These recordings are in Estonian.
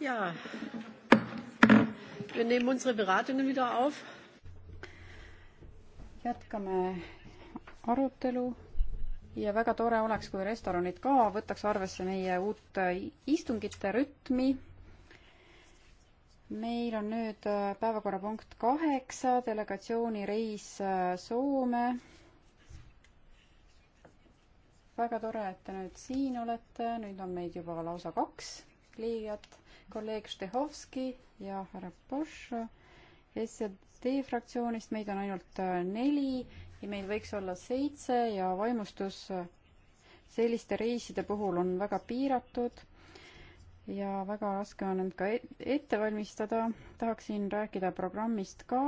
Ja, wir nehmen unsere Beratungen wieder auf. jätkame arutelu ja väga tore oleks, kui restoranid ka võtaks arvesse meie uut istungite rütmi. meil on nüüd äh, päevakorrapunkt kaheksa, delegatsiooni reis äh, Soome. väga tore, et te nüüd siin olete, nüüd on meid juba lausa kaks liiget, kolleeg Štehovski ja härra Bosch SD fraktsioonist, meid on ainult äh, neli ja meil võiks olla seitse ja vaimustus äh, selliste reiside puhul on väga piiratud ja väga raske on end ka e-, ette valmistada. tahaksin rääkida programmist ka.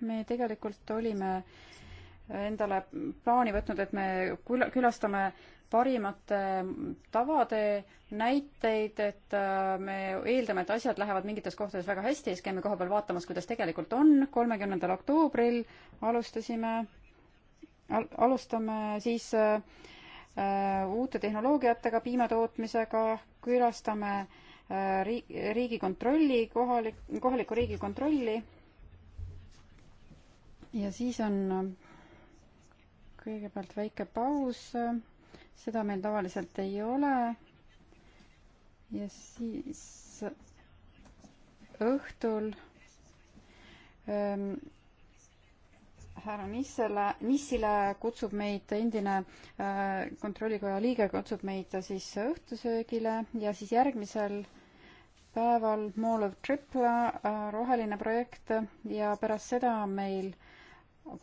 me tegelikult olime endale plaani võtnud, et me külastame parimate tavade näiteid, et äh, me eeldame, et asjad lähevad mingites kohtades väga hästi ja siis käime kohapeal vaatamas, kuidas tegelikult on. kolmekümnendal oktoobril alustasime al, alustame siis äh, äh uute tehnoloogiatega, piimatootmisega, külastame äh, riik, riigikontrolli, kohalik, kohalikku riigikontrolli. ja siis on äh, kõigepealt väike paus seda meil tavaliselt ei ole. ja siis õhtul ähm, härra Nissele, Nissile kutsub meid endine äh, kontrollikoja liige, kutsub meid siis õhtusöögile ja siis järgmisel päeval Mall of Tripla äh,, roheline projekt ja pärast seda on meil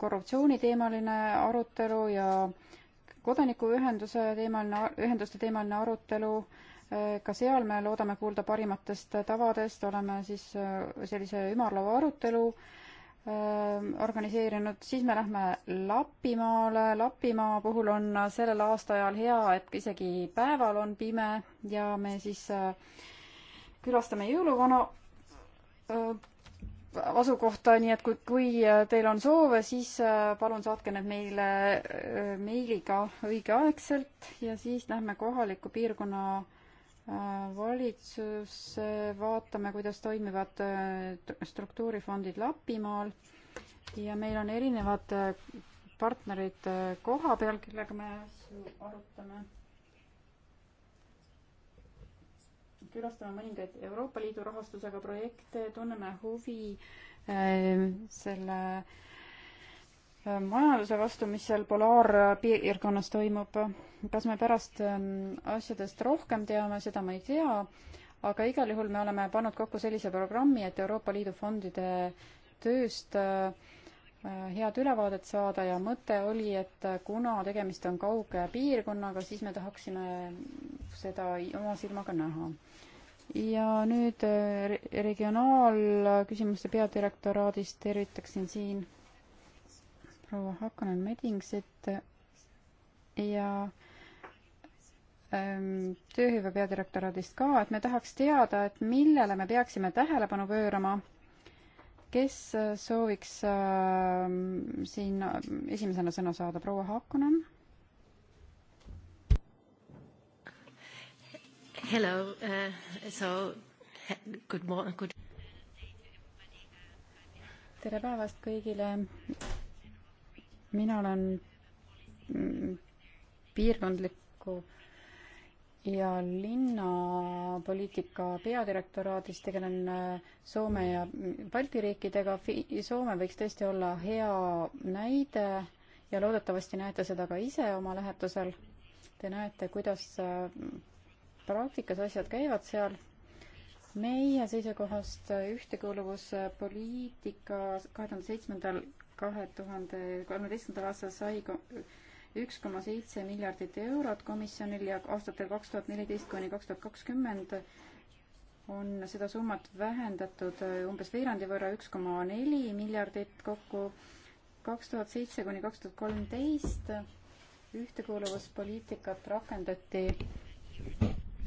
korruptsiooniteemaline arutelu ja äh, kodanikuühenduse teemaline, ühenduste teemaline arutelu, eh, ka seal me loodame kuulda parimatest tavadest, oleme siis eh, sellise ümarlaua arutelu eh, organiseerinud, siis me lähme Lapimaale, Lapimaa puhul on sellel aastaajal hea, et isegi päeval on pime ja me siis külastame jõuluvana asukohta, nii et kui, kui äh, teil on soove, siis äh, palun saatke need meile äh, meiliga õigeaegselt ja siis lähme kohaliku piirkonna valitsusse, vaatame, kuidas toimivad struktuurifondid Lapimaal ja meil on erinevad partnerid koha peal, kellega me asju arutame külastame mõningaid Euroopa Liidu rahastusega projekte, tunneme huvi äh, selle äh, majanduse vastu, mis seal polaarpiirkonnas toimub. kas me pärast ähm, asjadest rohkem teame, seda ma ei tea, aga igal juhul me oleme pannud kokku sellise programmi, et Euroopa Liidu fondide tööst äh, head ülevaadet saada ja mõte oli, et kuna tegemist on kauge piirkonnaga, siis me tahaksime seda oma silmaga näha. ja nüüd äh, regionaalküsimuste peadirektoraadist tervitaksin siin proua Hakanen Medingsit ja ähm, tööhõive peadirektoraadist ka, et me tahaks teada, et millele me peaksime tähelepanu pöörama kes äh, sooviks ähm, äh, siin esimesena sõna saada, proua Haakonen? Hello uh,, so good morning, good tere päevast kõigile, mina olen mm, piirkondliku ja linnapoliitika peadirektoraadis tegelen äh, Soome ja Balti riikidega. Soome võiks tõesti olla hea näide ja loodetavasti näete seda ka ise oma lähetusel. Te näete, kuidas äh, praktikas asjad käivad seal. meie seisukohast äh, ühtekuuluvuspoliitika kahe tuhande seitsmendal, kahe tuhande kolmeteistkümnendal aastal sai üks koma seitse miljardit eurot komisjonil ja aastatel kaks tuhat neliteist kuni kaks tuhat kakskümmend on seda summat vähendatud äh, umbes veerandi võrra, üks koma neli miljardit kokku. kaks tuhat seitse kuni kaks tuhat kolmteist ühtekuuluvuspoliitikat rakendati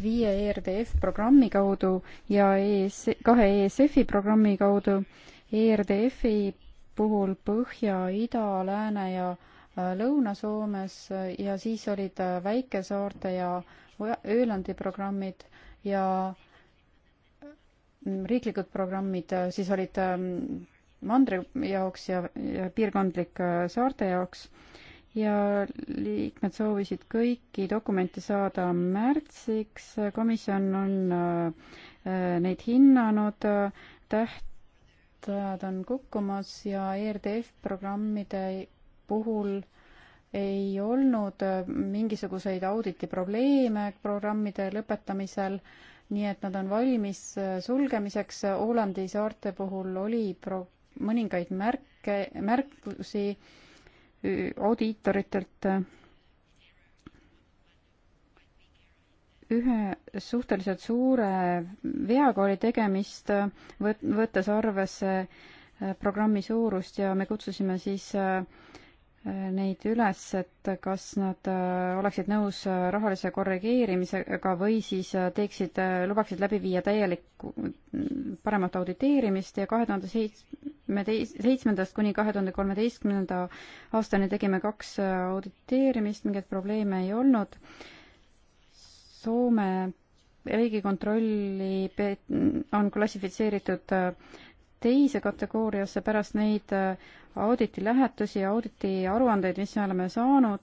viie ERDF programmi kaudu ja ES, kahe ESF-i programmi kaudu. ERDF-i puhul Põhja, Ida, Lääne ja Lõuna-Soomes ja siis olid väikesaarte ja Öölandi programmid ja riiklikud programmid, siis olid mandri jaoks ja, ja piirkondlik saarte jaoks ja liikmed soovisid kõiki dokumente saada märtsiks, komisjon on äh, neid hinnanud, tähtajad on kukkumas ja ERDF programmide puhul ei olnud äh, mingisuguseid auditi probleeme programmide lõpetamisel, nii et nad on valmis äh, sulgemiseks. Hollandi saarte puhul oli pro-, mõningaid märke, märkusi audiitoritelt äh. ühe suhteliselt suure veaga oli tegemist, võttes arvesse programmi suurust ja me kutsusime siis äh, neid üles, et kas nad äh, oleksid nõus äh, rahalise korrigeerimisega või siis äh, teeksid, lubaksid läbi viia täielikku, mm, paremat auditeerimist ja kahe tuhande seitsmeteist, seitsmendast kuni kahe tuhande kolmeteistkümnenda aastani tegime kaks auditeerimist, mingeid probleeme ei olnud. Soome riigikontrolli on klassifitseeritud teise kategooriasse pärast neid äh, auditi lähetusi ja auditi aruandeid, mis me oleme saanud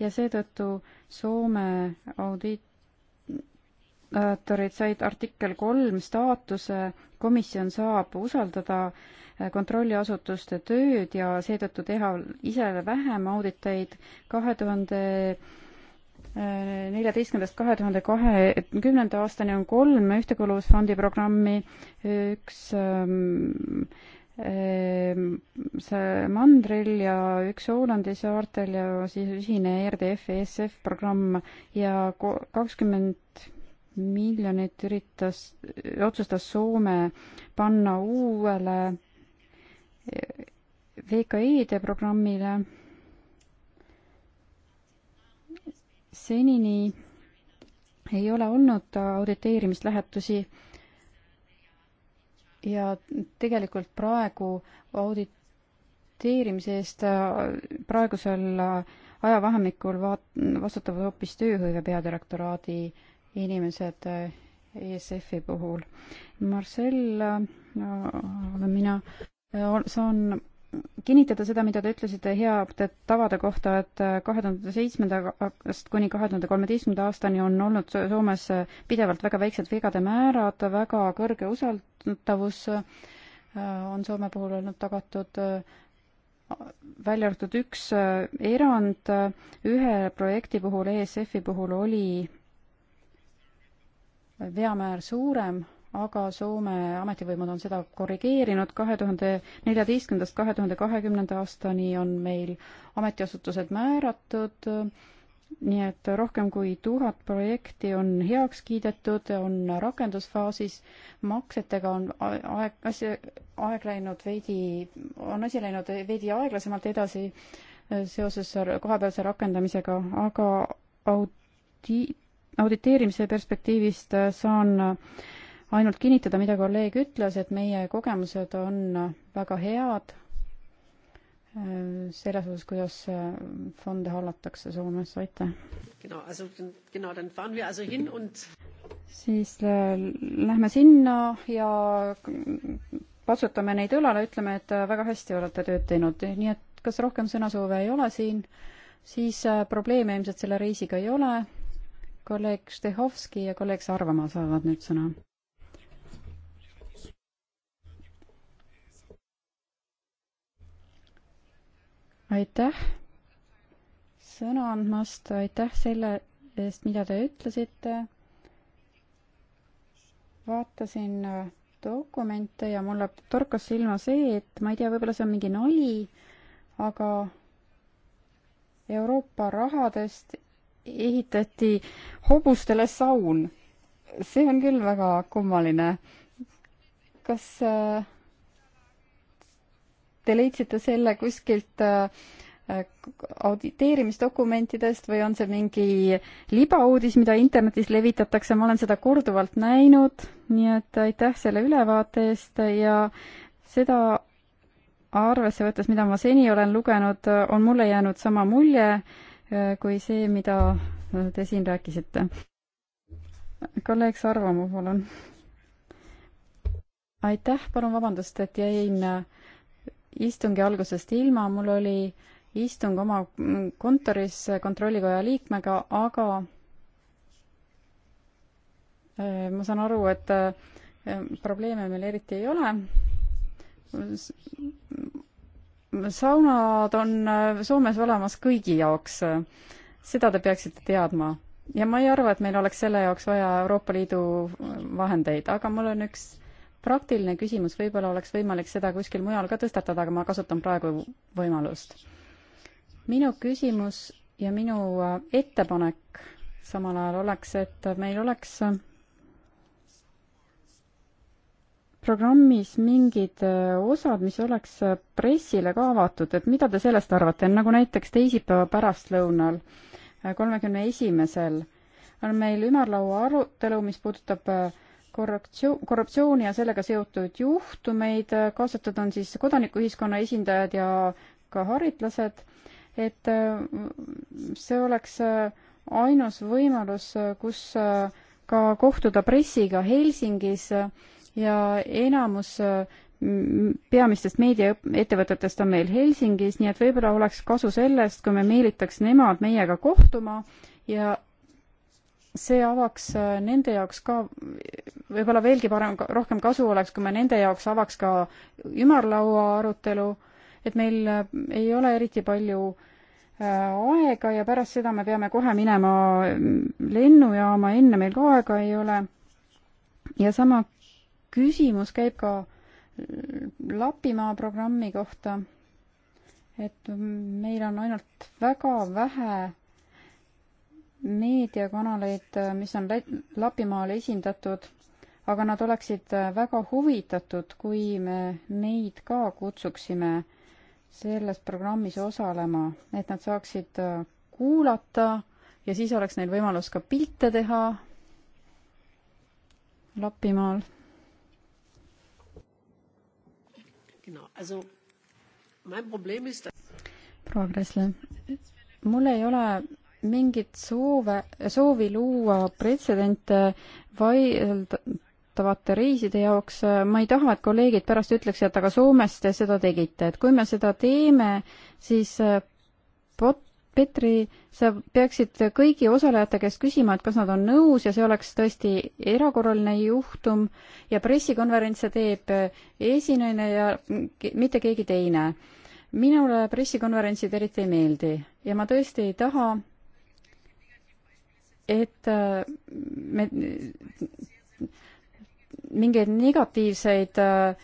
ja seetõttu Soome audiitorid said artikkel kolm staatuse, komisjon saab usaldada äh, kontrolliasutuste tööd ja seetõttu teha ise vähem auditeid. kahe tuhande neljateistkümnendast kahe tuhande kahekümnenda aastani on kolm ühtekuuluvusfondi programmi, üks ähm, ähm see mandril ja üks Hollandi saartel ja siis ühine RDF, ESF programm ja kakskümmend miljonit üritas, otsustas Soome panna uuele äh, VKI-de programmile senini ei ole olnud auditeerimislähetusi ja tegelikult praegu auditeerimise eest äh, praegusel äh, ajavahemikul vaat-, vastutavad hoopis tööhõive peadirektoraadi inimesed äh, ESF-i puhul. Marcel no,, olen mina, saan kinnitada seda, mida te ütlesite heade tavade kohta, et äh, kahe tuhande seitsmendast kuni kahe tuhande kolmeteistkümnenda aastani on olnud Soomes äh, pidevalt väga väiksed vigade määrad, väga kõrge usaldatavus äh, on Soome puhul olnud tagatud, välja arvatud üks erand, ühe projekti puhul, ESF-i puhul oli veamäär suurem aga Soome ametivõimud on seda korrigeerinud. kahe tuhande neljateistkümnendast kahe tuhande kahekümnenda aastani on meil ametiasutused määratud, nii et rohkem kui tuhat projekti on heaks kiidetud, on rakendusfaasis, maksetega on aeg, asja, aeg läinud veidi, on asi läinud veidi aeglasemalt edasi seoses kohapealse rakendamisega, aga audi-, auditeerimise perspektiivist saan äh, ainult kinnitada, mida kolleeg ütles, et meie kogemused on väga head äh, selles osas, kuidas äh, fonde hallatakse Soomes, aitäh. siis äh, lähme sinna ja patsutame neid õlale, ütleme, et väga hästi olete tööd teinud, nii et kas rohkem sõnasoove ei ole siin, siis probleeme ilmselt selle reisiga ei ole. kolleeg Štehovski ja kolleeg Sarvamaa saavad nüüd sõna. aitäh sõna andmast, aitäh selle eest, mida te ütlesite. vaatasin äh, dokumente ja mulle torkas silma see, et ma ei tea, võib-olla see on mingi nali, aga Euroopa rahadest ehitati hobustele saun. see on küll väga kummaline. kas äh, te leidsite selle kuskilt äh, auditeerimisdokumentidest või on see mingi libauudis, mida internetis levitatakse, ma olen seda korduvalt näinud, nii et aitäh selle ülevaate eest ja seda arvesse võttes, mida ma seni olen lugenud, on mulle jäänud sama mulje äh, kui see, mida äh, te siin rääkisite. kolleeg Sarvamaa, palun. aitäh, palun vabandust, et jäin istungi algusest ilma, mul oli istung oma kontoris kontrollikoja liikmega, aga äh, ma saan aru, et äh, probleeme meil eriti ei ole. saunad on äh, Soomes olemas kõigi jaoks, seda te peaksite teadma. ja ma ei arva, et meil oleks selle jaoks vaja Euroopa Liidu vahendeid, aga mul on üks praktiline küsimus, võib-olla oleks võimalik seda kuskil mujal ka tõstatada, aga ma kasutan praegu võimalust. minu küsimus ja minu äh, ettepanek samal ajal oleks, et meil oleks äh, programmis mingid äh, osad, mis oleks pressile ka avatud, et mida te sellest arvate, nagu näiteks teisipäeva pärastlõunal, kolmekümne esimesel on meil ümarlaua arutelu, mis puudutab äh, korruptsioon, korruptsiooni ja sellega seotud juhtumeid, kaasatud on siis kodanikuühiskonna esindajad ja ka haritlased, et äh, see oleks äh, ainus võimalus, äh, kus ka kohtuda pressiga Helsingis ja enamus peamistest meediaettevõtetest on meil Helsingis, nii et võib-olla oleks kasu sellest, kui me meelitaks nemad meiega kohtuma ja see avaks äh, nende jaoks ka, võib-olla veelgi parem, rohkem kasu oleks, kui me nende jaoks avaks ka ümarlaua arutelu, et meil äh, ei ole eriti palju äh, aega ja pärast seda me peame kohe minema mm, lennujaama, enne meil ka aega ei ole. ja sama küsimus käib ka Lapimaa programmi kohta, et mm, meil on ainult väga vähe meediakanaleid, mis on Lapimaal esindatud, aga nad oleksid väga huvitatud, kui me neid ka kutsuksime selles programmis osalema, et nad saaksid äh, kuulata ja siis oleks neil võimalus ka pilte teha Lapimaal. proua Kressle, mul ei ole mingit soove, soovi luua pretsedente vaieldavate reiside jaoks, ma ei taha, et kolleegid pärast ütleksid, et aga Soomes te seda tegite, et kui me seda teeme, siis pot-, äh, Petri, sa peaksid kõigi osalejate käest küsima, et kas nad on nõus ja see oleks tõesti erakorraline juhtum ja pressikonverentse teeb äh, esinaine ja mitte keegi teine. minule pressikonverentsid eriti ei meeldi ja ma tõesti ei taha, et äh, me mingeid negatiivseid äh,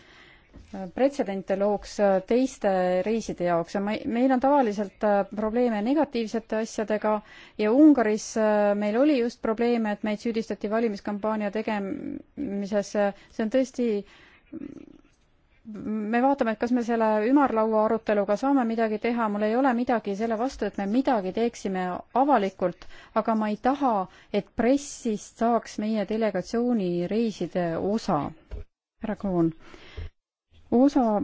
pretsedente looks äh, teiste reiside jaoks ja ma, meil on tavaliselt probleeme negatiivsete asjadega ja Ungaris meil oli just probleeme, et meid süüdistati valimiskampaania tegemises, see on tõesti me vaatame, et kas me selle ümarlaua aruteluga saame midagi teha, mul ei ole midagi selle vastu, et me midagi teeksime avalikult, aga ma ei taha, et pressist saaks meie delegatsiooni reiside osa. härra Kroon, osa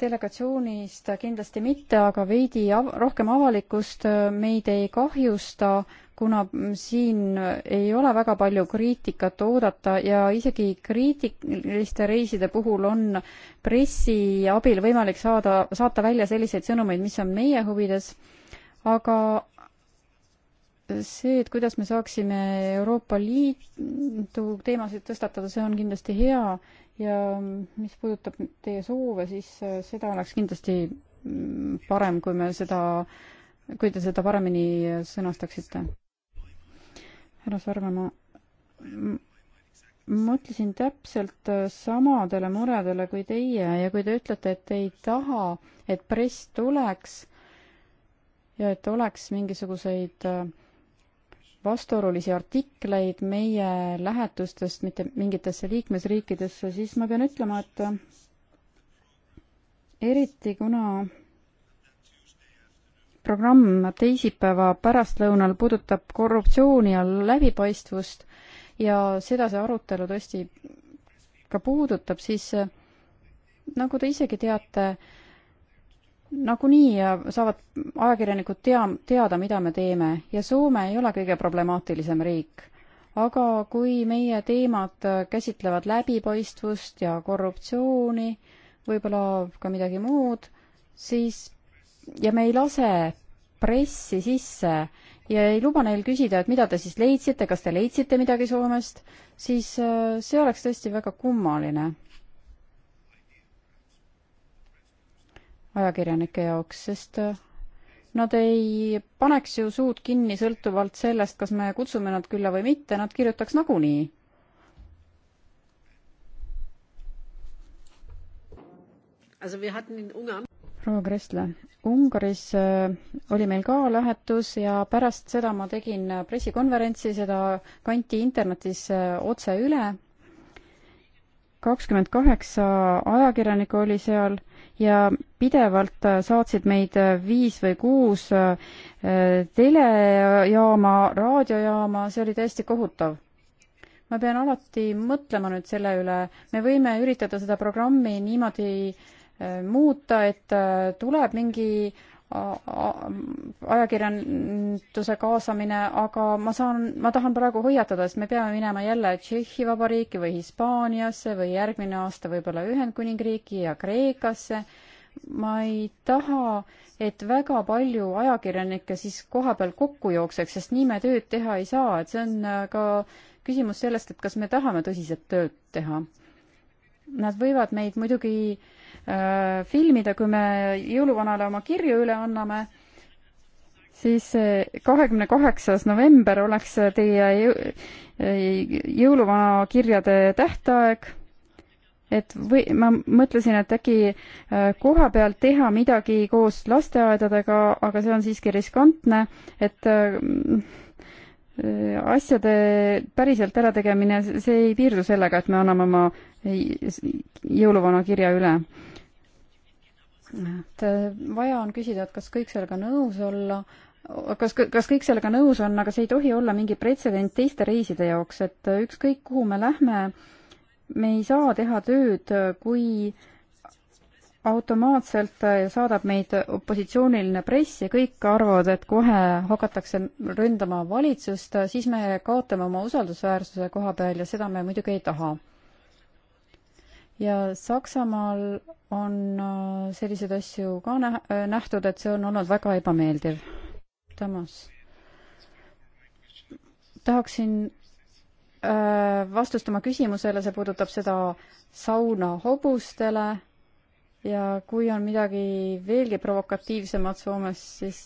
delegatsioonist kindlasti mitte, aga veidi av rohkem avalikkust äh, meid ei kahjusta, kuna siin ei ole väga palju kriitikat oodata ja isegi kriitiliste reiside puhul on pressi abil võimalik saada, saata välja selliseid sõnumeid, mis on meie huvides, aga see, et kuidas me saaksime Euroopa Liidu teemasid tõstatada, see on kindlasti hea ja mis puudutab teie soove, siis äh, seda oleks kindlasti mm, parem, kui me seda, kui te seda paremini äh, sõnastaksite. härra Sarve, ma mõtlesin täpselt äh, samadele muredele kui teie ja kui te ütlete, et te ei taha, et press tuleks ja et oleks mingisuguseid äh, vastuolulisi artikleid meie lähetustest mitte mingitesse liikmesriikidesse, siis ma pean ütlema, et eriti kuna programm teisipäeva pärastlõunal puudutab korruptsiooni ja läbipaistvust ja seda see arutelu tõesti ka puudutab, siis nagu te isegi teate, nagunii saavad ajakirjanikud tea, teada, mida me teeme ja Soome ei ole kõige problemaatilisem riik. aga kui meie teemad käsitlevad läbipaistvust ja korruptsiooni, võib-olla ka midagi muud, siis ja me ei lase pressi sisse ja ei luba neil küsida, et mida te siis leidsite, kas te leidsite midagi Soomest, siis äh, see oleks tõesti väga kummaline ajakirjanike jaoks, sest äh, nad ei paneks ju suud kinni sõltuvalt sellest, kas me kutsume nad külla või mitte, nad kirjutaks nagunii. proua Kressle, Ungaris äh, oli meil ka lähetus ja pärast seda ma tegin äh, pressikonverentsi, seda kanti internetis otse üle. kakskümmend kaheksa ajakirjanikku oli seal ja pidevalt saatsid meid viis või kuus eh, telejaama, raadiojaama, see oli täiesti kohutav. ma pean alati mõtlema nüüd selle üle, me võime üritada seda programmi niimoodi eh, muuta, et eh, tuleb mingi äh, ajakirjanduse kaasamine, aga ma saan, ma tahan praegu hoiatada, sest me peame minema jälle Tšehhi Vabariiki või Hispaaniasse või järgmine aasta võib-olla Ühendkuningriiki ja Kreekasse. ma ei taha, et väga palju ajakirjanikke siis kohapeal kokku jookseks, sest nii me tööd teha ei saa, et see on äh, ka küsimus sellest, et kas me tahame tõsiselt tööd teha. Nad võivad meid muidugi äh, Äh, filmida, kui me jõuluvanale oma kirju üle anname, siis äh, kahekümne kaheksas november oleks teie äh, jõuluvana kirjade tähtaeg et või ma mõtlesin, et äkki koha pealt teha midagi koos lasteaedadega, aga see on siiski riskantne, et asjade päriselt ärategemine, see ei piirdu sellega, et me anname oma jõuluvana kirja üle. et äh, vaja on küsida, et kas kõik sellega nõus olla, kas, kas kõik sellega nõus on, aga see ei tohi olla mingi pretsedent teiste reiside jaoks, et ükskõik, kuhu me lähme, me ei saa teha tööd, kui äh, automaatselt äh, saadab meid opositsiooniline press ja kõik arvavad, et kohe hakatakse ründama valitsust, äh, siis me kaotame oma usaldusväärsuse koha peal ja seda me muidugi ei taha. ja Saksamaal on äh, selliseid asju ka nähtud, et see on olnud väga ebameeldiv. Tamas, tahaksin vastust oma küsimusele, see puudutab seda sauna hobustele ja kui on midagi veelgi provokatiivsemat Soomes, siis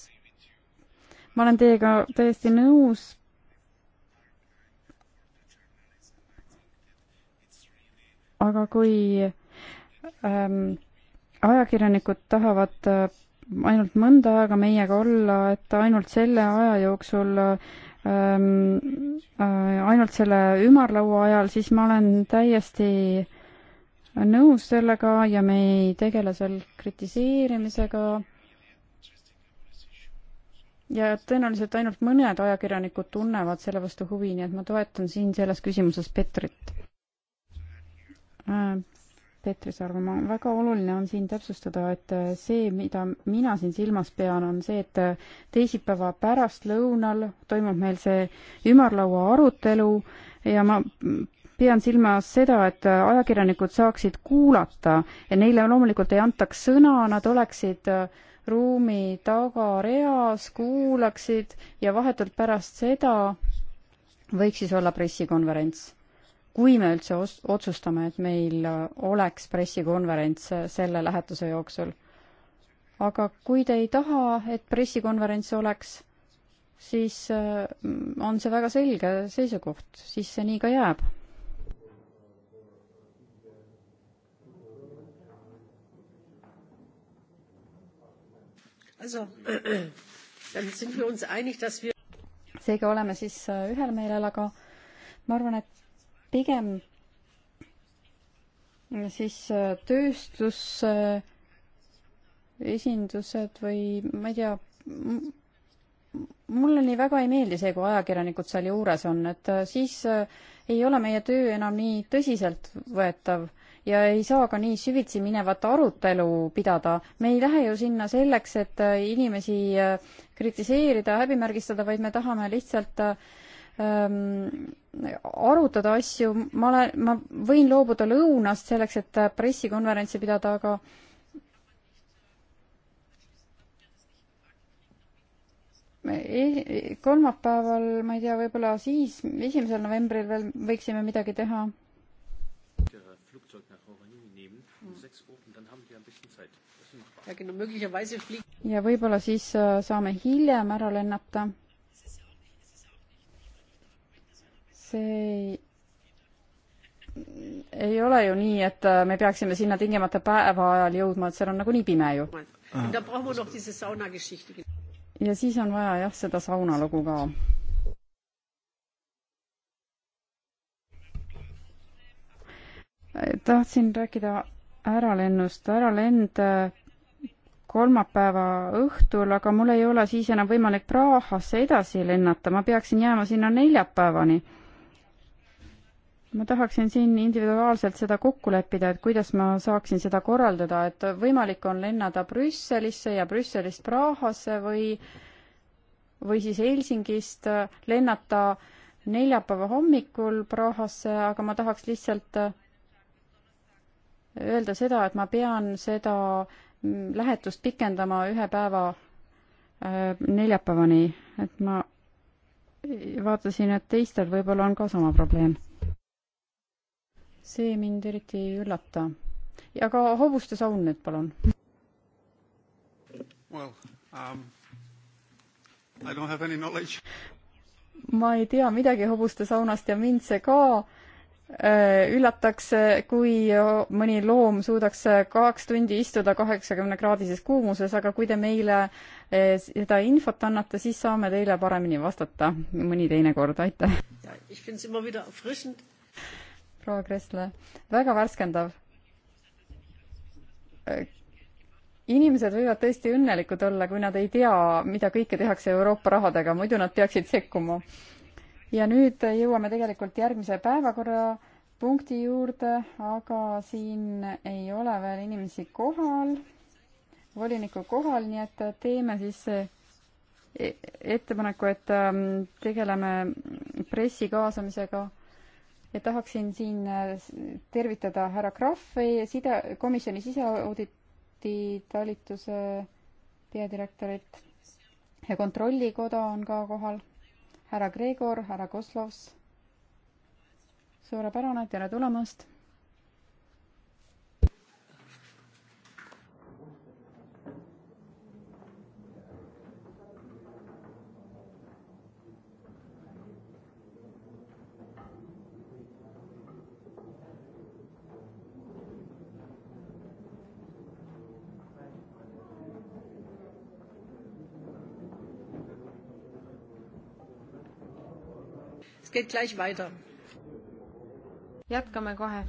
ma olen teiega täiesti nõus. aga kui ähm, ajakirjanikud tahavad äh, ainult mõnda aega meiega olla, et ainult selle aja jooksul ähm,, äh, ainult selle ümarlaua ajal, siis ma olen täiesti nõus sellega ja me ei tegele seal kritiseerimisega. ja tõenäoliselt ainult mõned ajakirjanikud tunnevad selle vastu huvi, nii et ma toetan siin selles küsimuses Petrit. Äh, Peetri Sarv, väga oluline on siin täpsustada, et äh, see, mida mina siin silmas pean, on see, et äh, teisipäeva pärastlõunal toimub meil see ümarlaua arutelu ja ma pean silmas seda, et ajakirjanikud saaksid kuulata ja neile loomulikult ei antaks sõna, nad oleksid äh, ruumi tagareas, kuulaksid ja vahetult pärast seda võiks siis olla pressikonverents. kui me üldse os-, otsustame, et meil äh, oleks pressikonverents äh, selle lähetuse jooksul. aga kui te ei taha, et pressikonverents oleks, siis on see väga selge seisukoht, siis see nii ka jääb seega oleme siis äh, ühel meelel, aga ma arvan, et pigem siis äh, tööstusesindused äh, või ma ei tea, mulle nii väga ei meeldi see, kui ajakirjanikud seal juures on, et siis ei ole meie töö enam nii tõsiseltvõetav ja ei saa ka nii süvitsi minevat arutelu pidada. me ei lähe ju sinna selleks, et äh, inimesi äh, kritiseerida, häbimärgistada, vaid me tahame lihtsalt ähm, arutada asju, ma olen, ma võin loobuda lõunast selleks, et äh, pressikonverentsi pidada, aga e-, kolmapäeval, ma ei tea, võib-olla siis, esimesel novembril veel võiksime midagi teha ja võib-olla siis äh, saame hiljem ära lennata. see ei ole ju nii, et äh, me peaksime sinna tingimata päeva ajal jõudma, et seal on nagunii pime ju. ja siis on vaja jah, seda sauna lugu ka. Äh, tahtsin rääkida äralennust, äralend kolmapäeva õhtul, aga mul ei ole siis enam võimalik Prahasse edasi lennata, ma peaksin jääma sinna neljapäevani. ma tahaksin siin individuaalselt seda kokku leppida, et kuidas ma saaksin seda korraldada, et võimalik on lennada Brüsselisse ja Brüsselist Prahasse või, või siis Helsingist lennata neljapäeva hommikul Prahasse, aga ma tahaks lihtsalt öelda seda, et ma pean seda äh, Mm, lähetust pikendama ühe päeva äh, neljapäevani, et ma vaatasin, et teistel võib-olla on ka sama probleem. see mind eriti ei üllata. ja ka hobuste saun nüüd, palun well,. Um, ma ei tea midagi hobuste saunast ja mind see ka Äh, üllataks, kui äh, mõni loom suudaks äh, kaks tundi istuda kaheksakümne kraadises kuumuses, aga kui te meile seda infot annate, siis saame teile paremini vastata mõni teine kord, aitäh. proua Kressle, väga värskendav. inimesed võivad tõesti õnnelikud olla, kui nad ei tea, mida kõike tehakse Euroopa rahadega, muidu nad peaksid sekkuma ja nüüd jõuame tegelikult järgmise päevakorrapunkti juurde, aga siin ei ole veel inimesi kohal, voliniku kohal, nii et teeme siis e-, ettepaneku, et ähm, tegeleme pressi kaasamisega ja tahaksin siin äh, tervitada härra Krahvi, side, komisjoni siseauditi talituse peadirektorit ja Kontrollikoda on ka kohal härra Gregor, härra Koslovs. suurepärane, tere tulemast geht gleich weiter. jätkame kohe.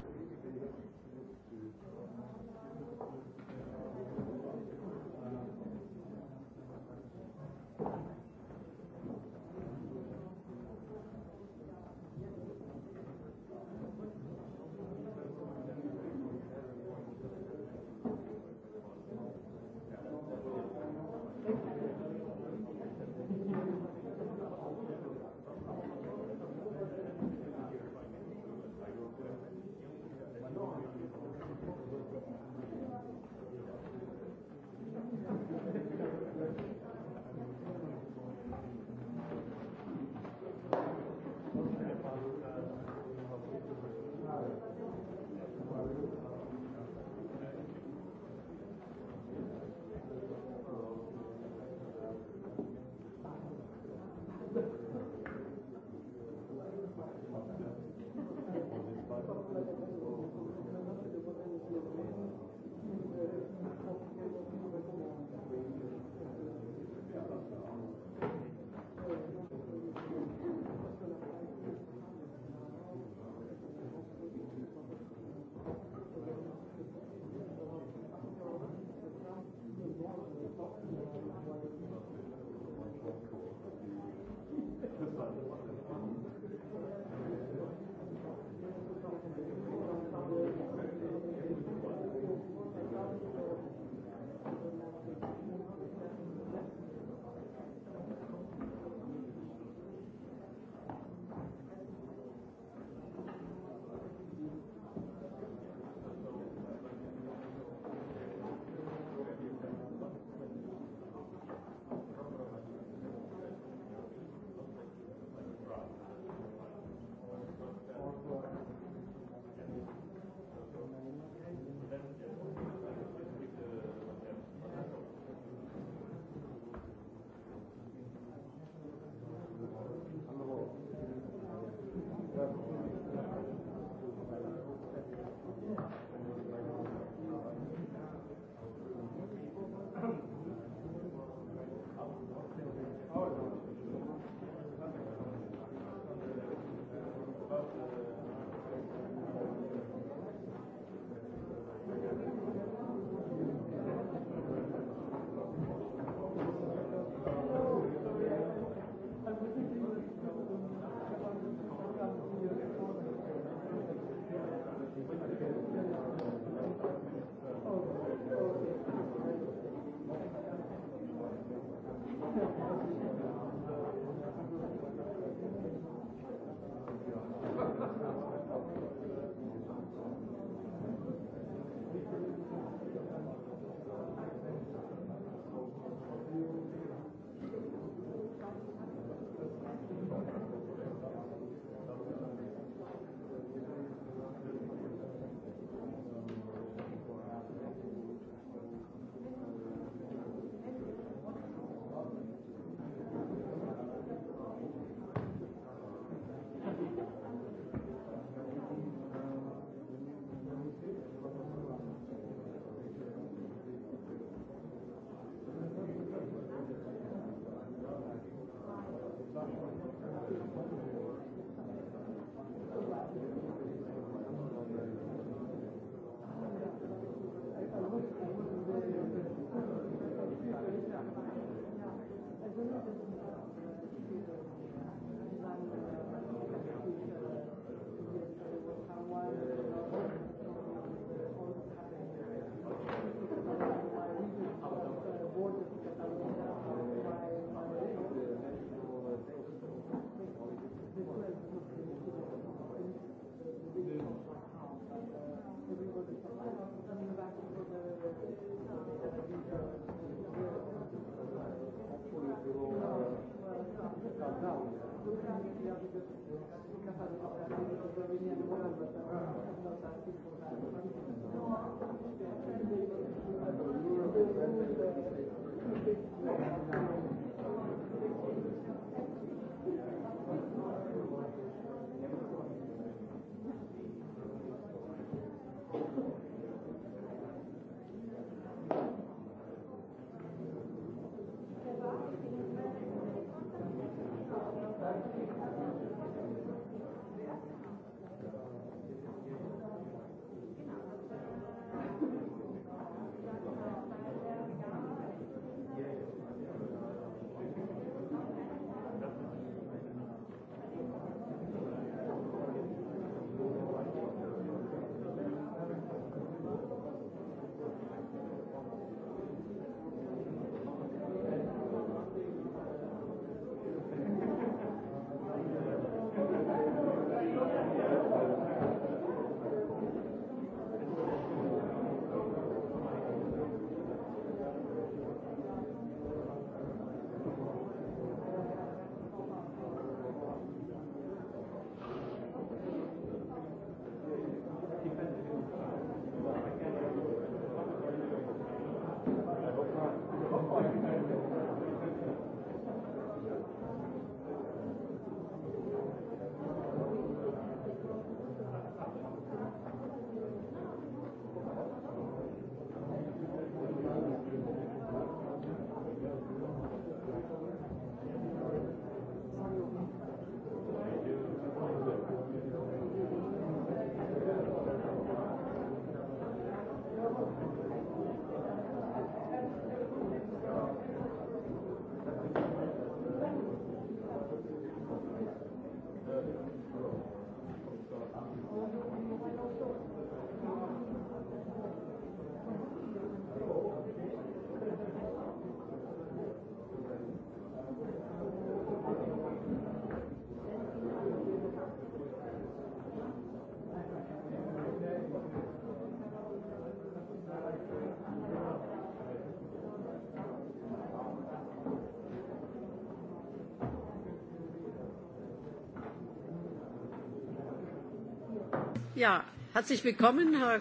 ja, herzlich willkommen, härra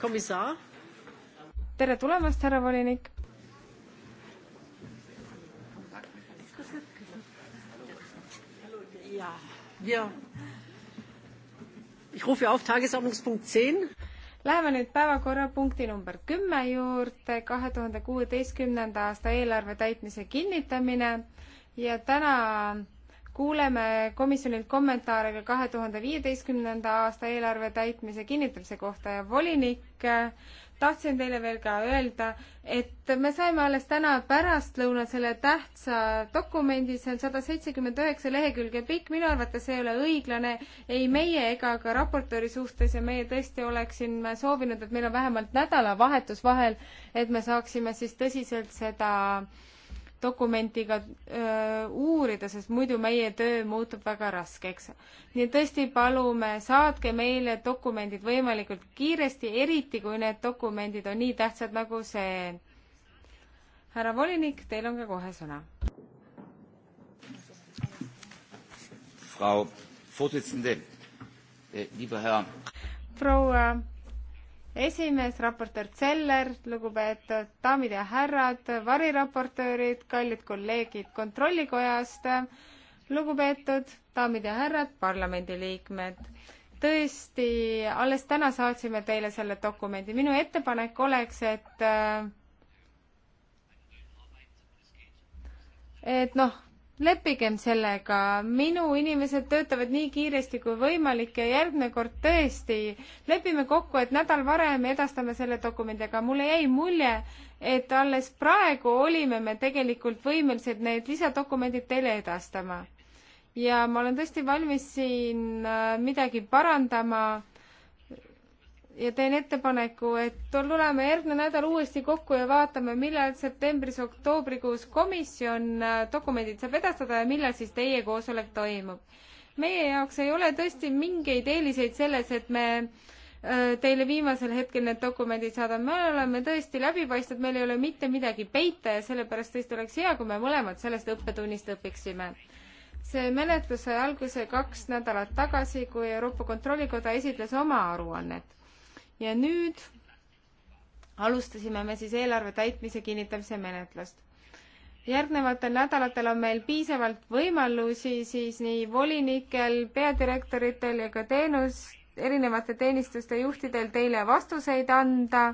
komissar. tere tulemast, härra volinik. ja, ja. Ich rufe auf Tagesordnungspunkt 10. Läheme nüüd päevakorrapunkti number kümme juurde, kahe tuhande kuueteistkümnenda aasta eelarve täitmise kinnitamine ja täna kuuleme komisjonilt kommentaare ka kahe tuhande viieteistkümnenda aasta eelarve täitmise kinnitamise kohta ja volinik, tahtsin teile veel ka öelda, et me saime alles täna pärastlõunal selle tähtsa dokumendi, see on sada seitsekümmend üheksa lehekülge pikk, minu arvates see ei ole õiglane ei meie ega ka raportööri suhtes ja meie tõesti oleksime soovinud, et meil on vähemalt nädalavahetus vahel, et me saaksime siis tõsiselt seda äh, dokumendiga öö, uurida, sest muidu meie töö muutub väga raskeks. nii et tõesti palume, saatke meile dokumendid võimalikult kiiresti, eriti kui need dokumendid on nii tähtsad nagu see. härra volinik, teil on ka kohe sõna. Äh, proua esimees, raportöör Zeller, lugupeetud daamid ja härrad, variraportöörid, kallid kolleegid Kontrollikojast, lugupeetud daamid ja härrad, parlamendiliikmed. tõesti, alles täna saatsime teile selle dokumendi. minu ettepanek oleks, et et noh, leppigem sellega, minu inimesed töötavad nii kiiresti kui võimalik ja järgmine kord tõesti lepime kokku, et nädal varem edastame selle dokumendi, aga mulle jäi mulje, et alles praegu olime me tegelikult võimelised need lisadokumendid teile edastama. ja ma olen tõesti valmis siin äh, midagi parandama ja teen ettepaneku, et tuleme järgmine nädal uuesti kokku ja vaatame, millal septembris-oktoobrikuus komisjon äh, dokumendid saab edastada ja millal siis teie koosolek toimub. meie jaoks ei ole tõesti mingeid eeliseid selles, et me äh, teile viimasel hetkel need dokumendid saadame, me oleme tõesti läbipaistvad, meil ei ole mitte midagi peita ja sellepärast tõesti oleks hea, kui me mõlemad sellest õppetunnist õpiksime. see menetlus sai alguse kaks nädalat tagasi, kui Euroopa Kontrollikoda esitles oma aruannet ja nüüd alustasime me siis eelarve täitmise kinnitamise menetlust. järgnevatel nädalatel on meil piisavalt võimalusi siis nii volinikel, peadirektoritel ja ka teenus, erinevate teenistuste juhtidel teile vastuseid anda,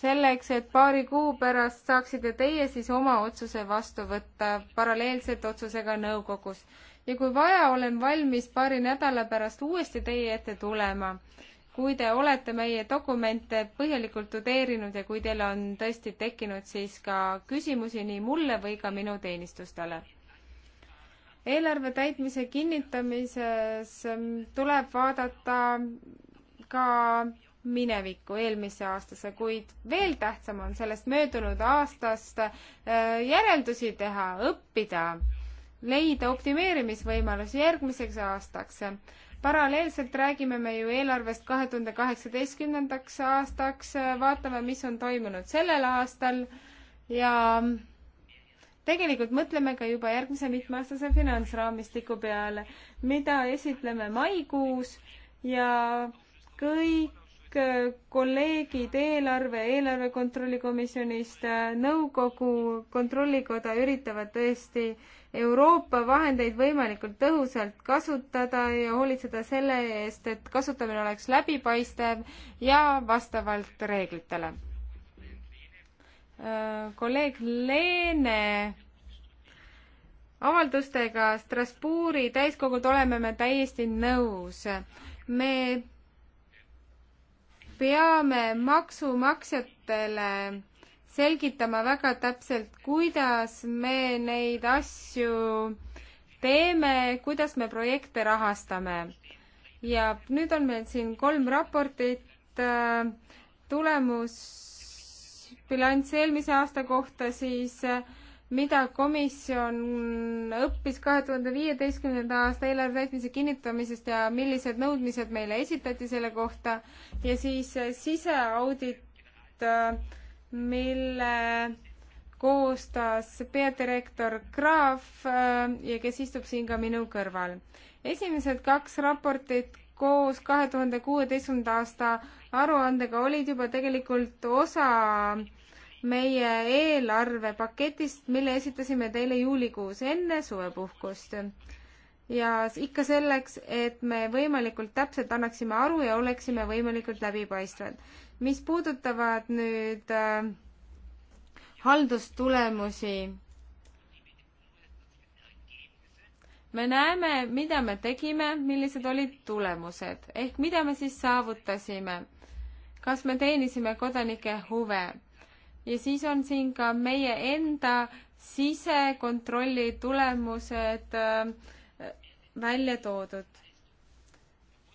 selleks, et paari kuu pärast saaksite teie siis oma otsuse vastu võtta paralleelselt otsusega nõukogus. ja kui vaja, olen valmis paari nädala pärast uuesti teie ette tulema kui te olete meie dokumente põhjalikult tudeerinud ja kui teil on tõesti tekkinud siis ka küsimusi nii mulle või ka minu teenistustele. eelarve täitmise kinnitamises ähm, tuleb vaadata ka minevikku, eelmisse aastasse, kuid veel tähtsam on sellest möödunud aastast äh, järeldusi teha, õppida, leida optimeerimisvõimalusi järgmiseks aastaks paralleelselt räägime me ju eelarvest kahe tuhande kaheksateistkümnendaks aastaks, vaatame, mis on toimunud sellel aastal ja tegelikult mõtleme ka juba järgmise mitmeaastase finantsraamistiku peale, mida esitleme maikuus ja kõik kolleegid eelarve, eelarve kontrolli komisjonist, nõukogu kontrollikoda üritavad tõesti äh, Euroopa vahendeid võimalikult tõhusalt kasutada ja hoolitseda selle eest, et kasutamine oleks läbipaistev ja vastavalt reeglitele. Äh, kolleeg Leene avaldustega Strasbourgi täiskogult oleme me täiesti nõus. me peame maksumaksjatele selgitama väga täpselt, kuidas me neid asju teeme, kuidas me projekte rahastame. ja nüüd on meil siin kolm raportit, tulemusbilanss eelmise aasta kohta siis mida komisjon õppis kahe tuhande viieteistkümnenda aasta eelarve täitmise kinnitamisest ja millised nõudmised meile esitati selle kohta ja siis siseaudit äh, mille koostas peadirektor Graaf äh, ja kes istub siin ka minu kõrval. esimesed kaks raportit koos kahe tuhande kuueteistkümnenda aasta aruandega olid juba tegelikult osa meie eelarvepaketist, mille esitasime teile juulikuus enne suvepuhkust. ja ikka selleks, et me võimalikult täpselt annaksime aru ja oleksime võimalikult läbipaistvad mis puudutavad nüüd äh, haldustulemusi, me näeme, mida me tegime, millised olid tulemused ehk mida me siis saavutasime. kas me teenisime kodanike huve? ja siis on siin ka meie enda sisekontrolli tulemused äh, välja toodud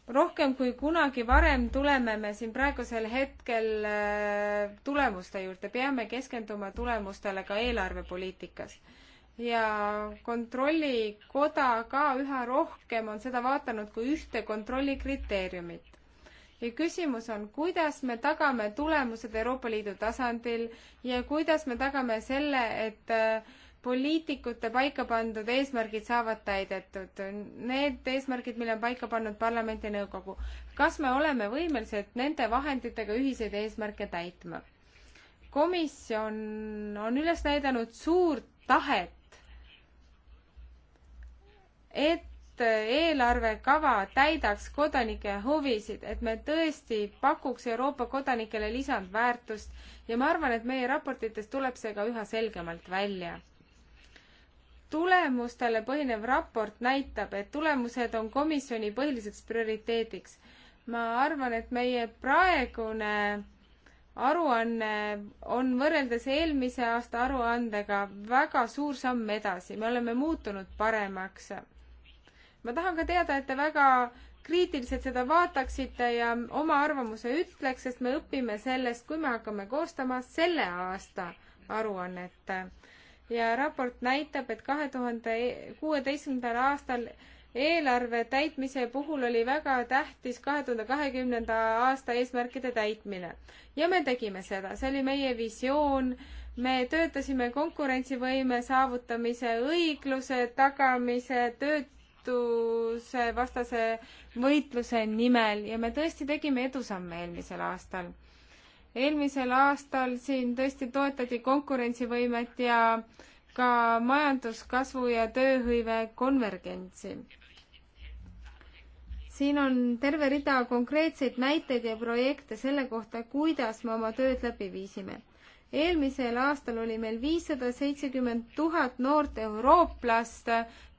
rohkem kui kunagi varem tuleme me siin praegusel hetkel äh, tulemuste juurde, peame keskenduma tulemustele ka eelarvepoliitikas. ja Kontrollikoda ka üha rohkem on seda vaadanud kui ühte kontrollikriteeriumit. ja küsimus on, kuidas me tagame tulemused Euroopa Liidu tasandil ja kuidas me tagame selle, et äh, poliitikute paika pandud eesmärgid saavad täidetud, need eesmärgid, mille on paika pannud parlament ja nõukogu. kas me oleme võimelised nende vahenditega ühiseid eesmärke täitma? komisjon on üles näidanud suurt tahet, et eelarvekava täidaks kodanike huvisid, et me tõesti pakuks Euroopa kodanikele lisandväärtust ja ma arvan, et meie raportites tuleb see ka üha selgemalt välja tulemustele põhinev raport näitab, et tulemused on komisjoni põhiliseks prioriteediks. ma arvan, et meie praegune aruanne on võrreldes eelmise aasta aruandega väga suur samm edasi, me oleme muutunud paremaks. ma tahan ka teada, et te väga kriitiliselt seda vaataksite ja oma arvamuse ütleks, sest me õpime sellest, kui me hakkame koostama selle aasta aruannet ja raport näitab, et kahe tuhande kuueteistkümnendal aastal eelarve täitmise puhul oli väga tähtis kahe tuhande kahekümnenda aasta eesmärkide täitmine. ja me tegime seda, see oli meie visioon, me töötasime konkurentsivõime saavutamise, õigluse tagamise, töötuse vastase võitluse nimel ja me tõesti tegime edusamme eelmisel aastal eelmisel aastal siin tõesti toetati konkurentsivõimet ja ka majanduskasvu ja tööhõive konvergentsi. siin on terve rida konkreetseid näiteid ja projekte selle kohta, kuidas me oma tööd läbi viisime. eelmisel aastal oli meil viissada seitsekümmend tuhat noort eurooplast,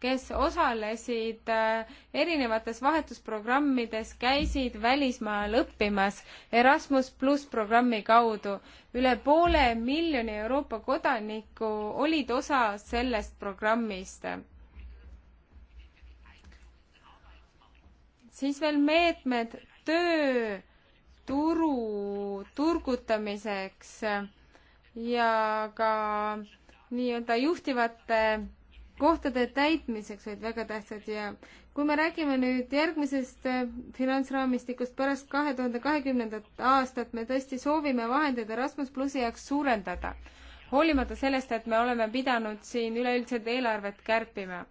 kes osalesid äh, erinevates vahetusprogrammides, käisid välismaal õppimas Erasmus pluss programmi kaudu. üle poole miljoni Euroopa kodaniku olid osa sellest programmist siis veel meetmed tööturu turgutamiseks ja ka nii-öelda juhtivate kohtade täitmiseks olid väga tähtsad ja kui me räägime nüüd järgmisest äh, finantsraamistikust pärast kahe tuhande kahekümnendat aastat, me tõesti soovime vahendeid Erasmus plussi jaoks suurendada, hoolimata sellest, et me oleme pidanud siin üleüldiselt eelarvet kärpima.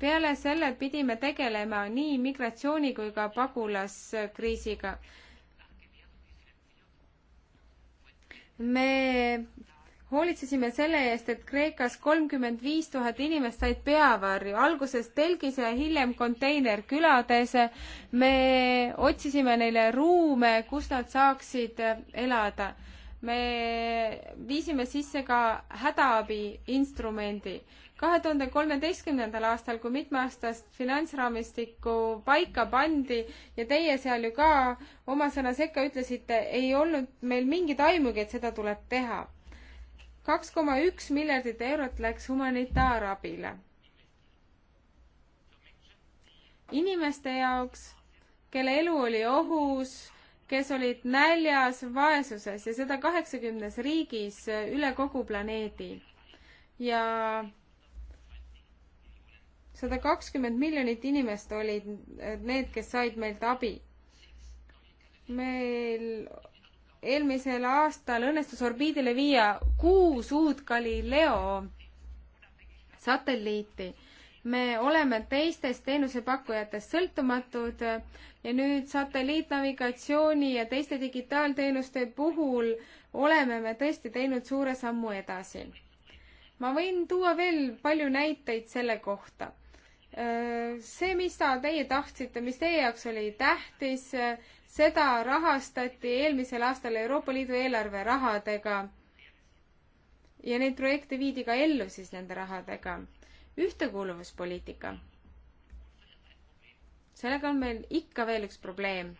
peale selle pidime tegelema nii migratsiooni kui ka pagulaskriisiga. me hoolitsesime selle eest, et Kreekas kolmkümmend viis tuhat inimest said peavarju, alguses telgis ja hiljem konteinerkülades. me otsisime neile ruume, kus nad saaksid elada. me viisime sisse ka hädaabi instrumendi. kahe tuhande kolmeteistkümnendal aastal, kui mitmeaastast finantsraamistikku paika pandi ja teie seal ju ka oma sõna sekka ütlesite, ei olnud meil mingit aimugi, et seda tuleb teha kaks koma üks miljardit eurot läks humanitaarabile. inimeste jaoks, kelle elu oli ohus, kes olid näljas, vaesuses ja seda kaheksakümnes riigis üle kogu planeedi. ja sada kakskümmend miljonit inimest olid need, kes said meilt abi. meil eelmisel aastal õnnestus orbiidile viia kuus uut Galileo satelliiti. me oleme teistest teenusepakkujatest sõltumatud ja nüüd satelliitnavigatsiooni ja teiste digitaalteenuste puhul oleme me tõesti teinud suure sammu edasi. ma võin tuua veel palju näiteid selle kohta see, mis ta, teie tahtsite, mis teie jaoks oli tähtis, seda rahastati eelmisel aastal Euroopa Liidu eelarve rahadega ja neid projekte viidi ka ellu siis nende rahadega. ühtekuuluvuspoliitika. sellega on meil ikka veel üks probleem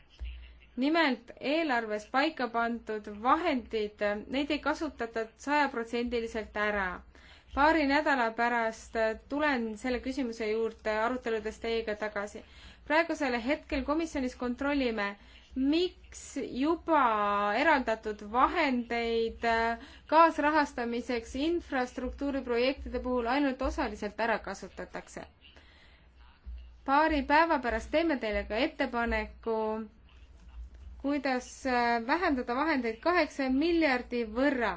nimelt eelarves paika pandud vahendid, neid ei kasutata sajaprotsendiliselt ära. paari nädala pärast tulen selle küsimuse juurde aruteludes teiega tagasi. praegusel hetkel komisjonis kontrollime, miks juba eraldatud vahendeid äh, kaasrahastamiseks infrastruktuuriprojektide puhul ainult osaliselt ära kasutatakse? paari päeva pärast teeme teile ka ettepaneku, kuidas äh, vähendada vahendeid kaheksa miljardi võrra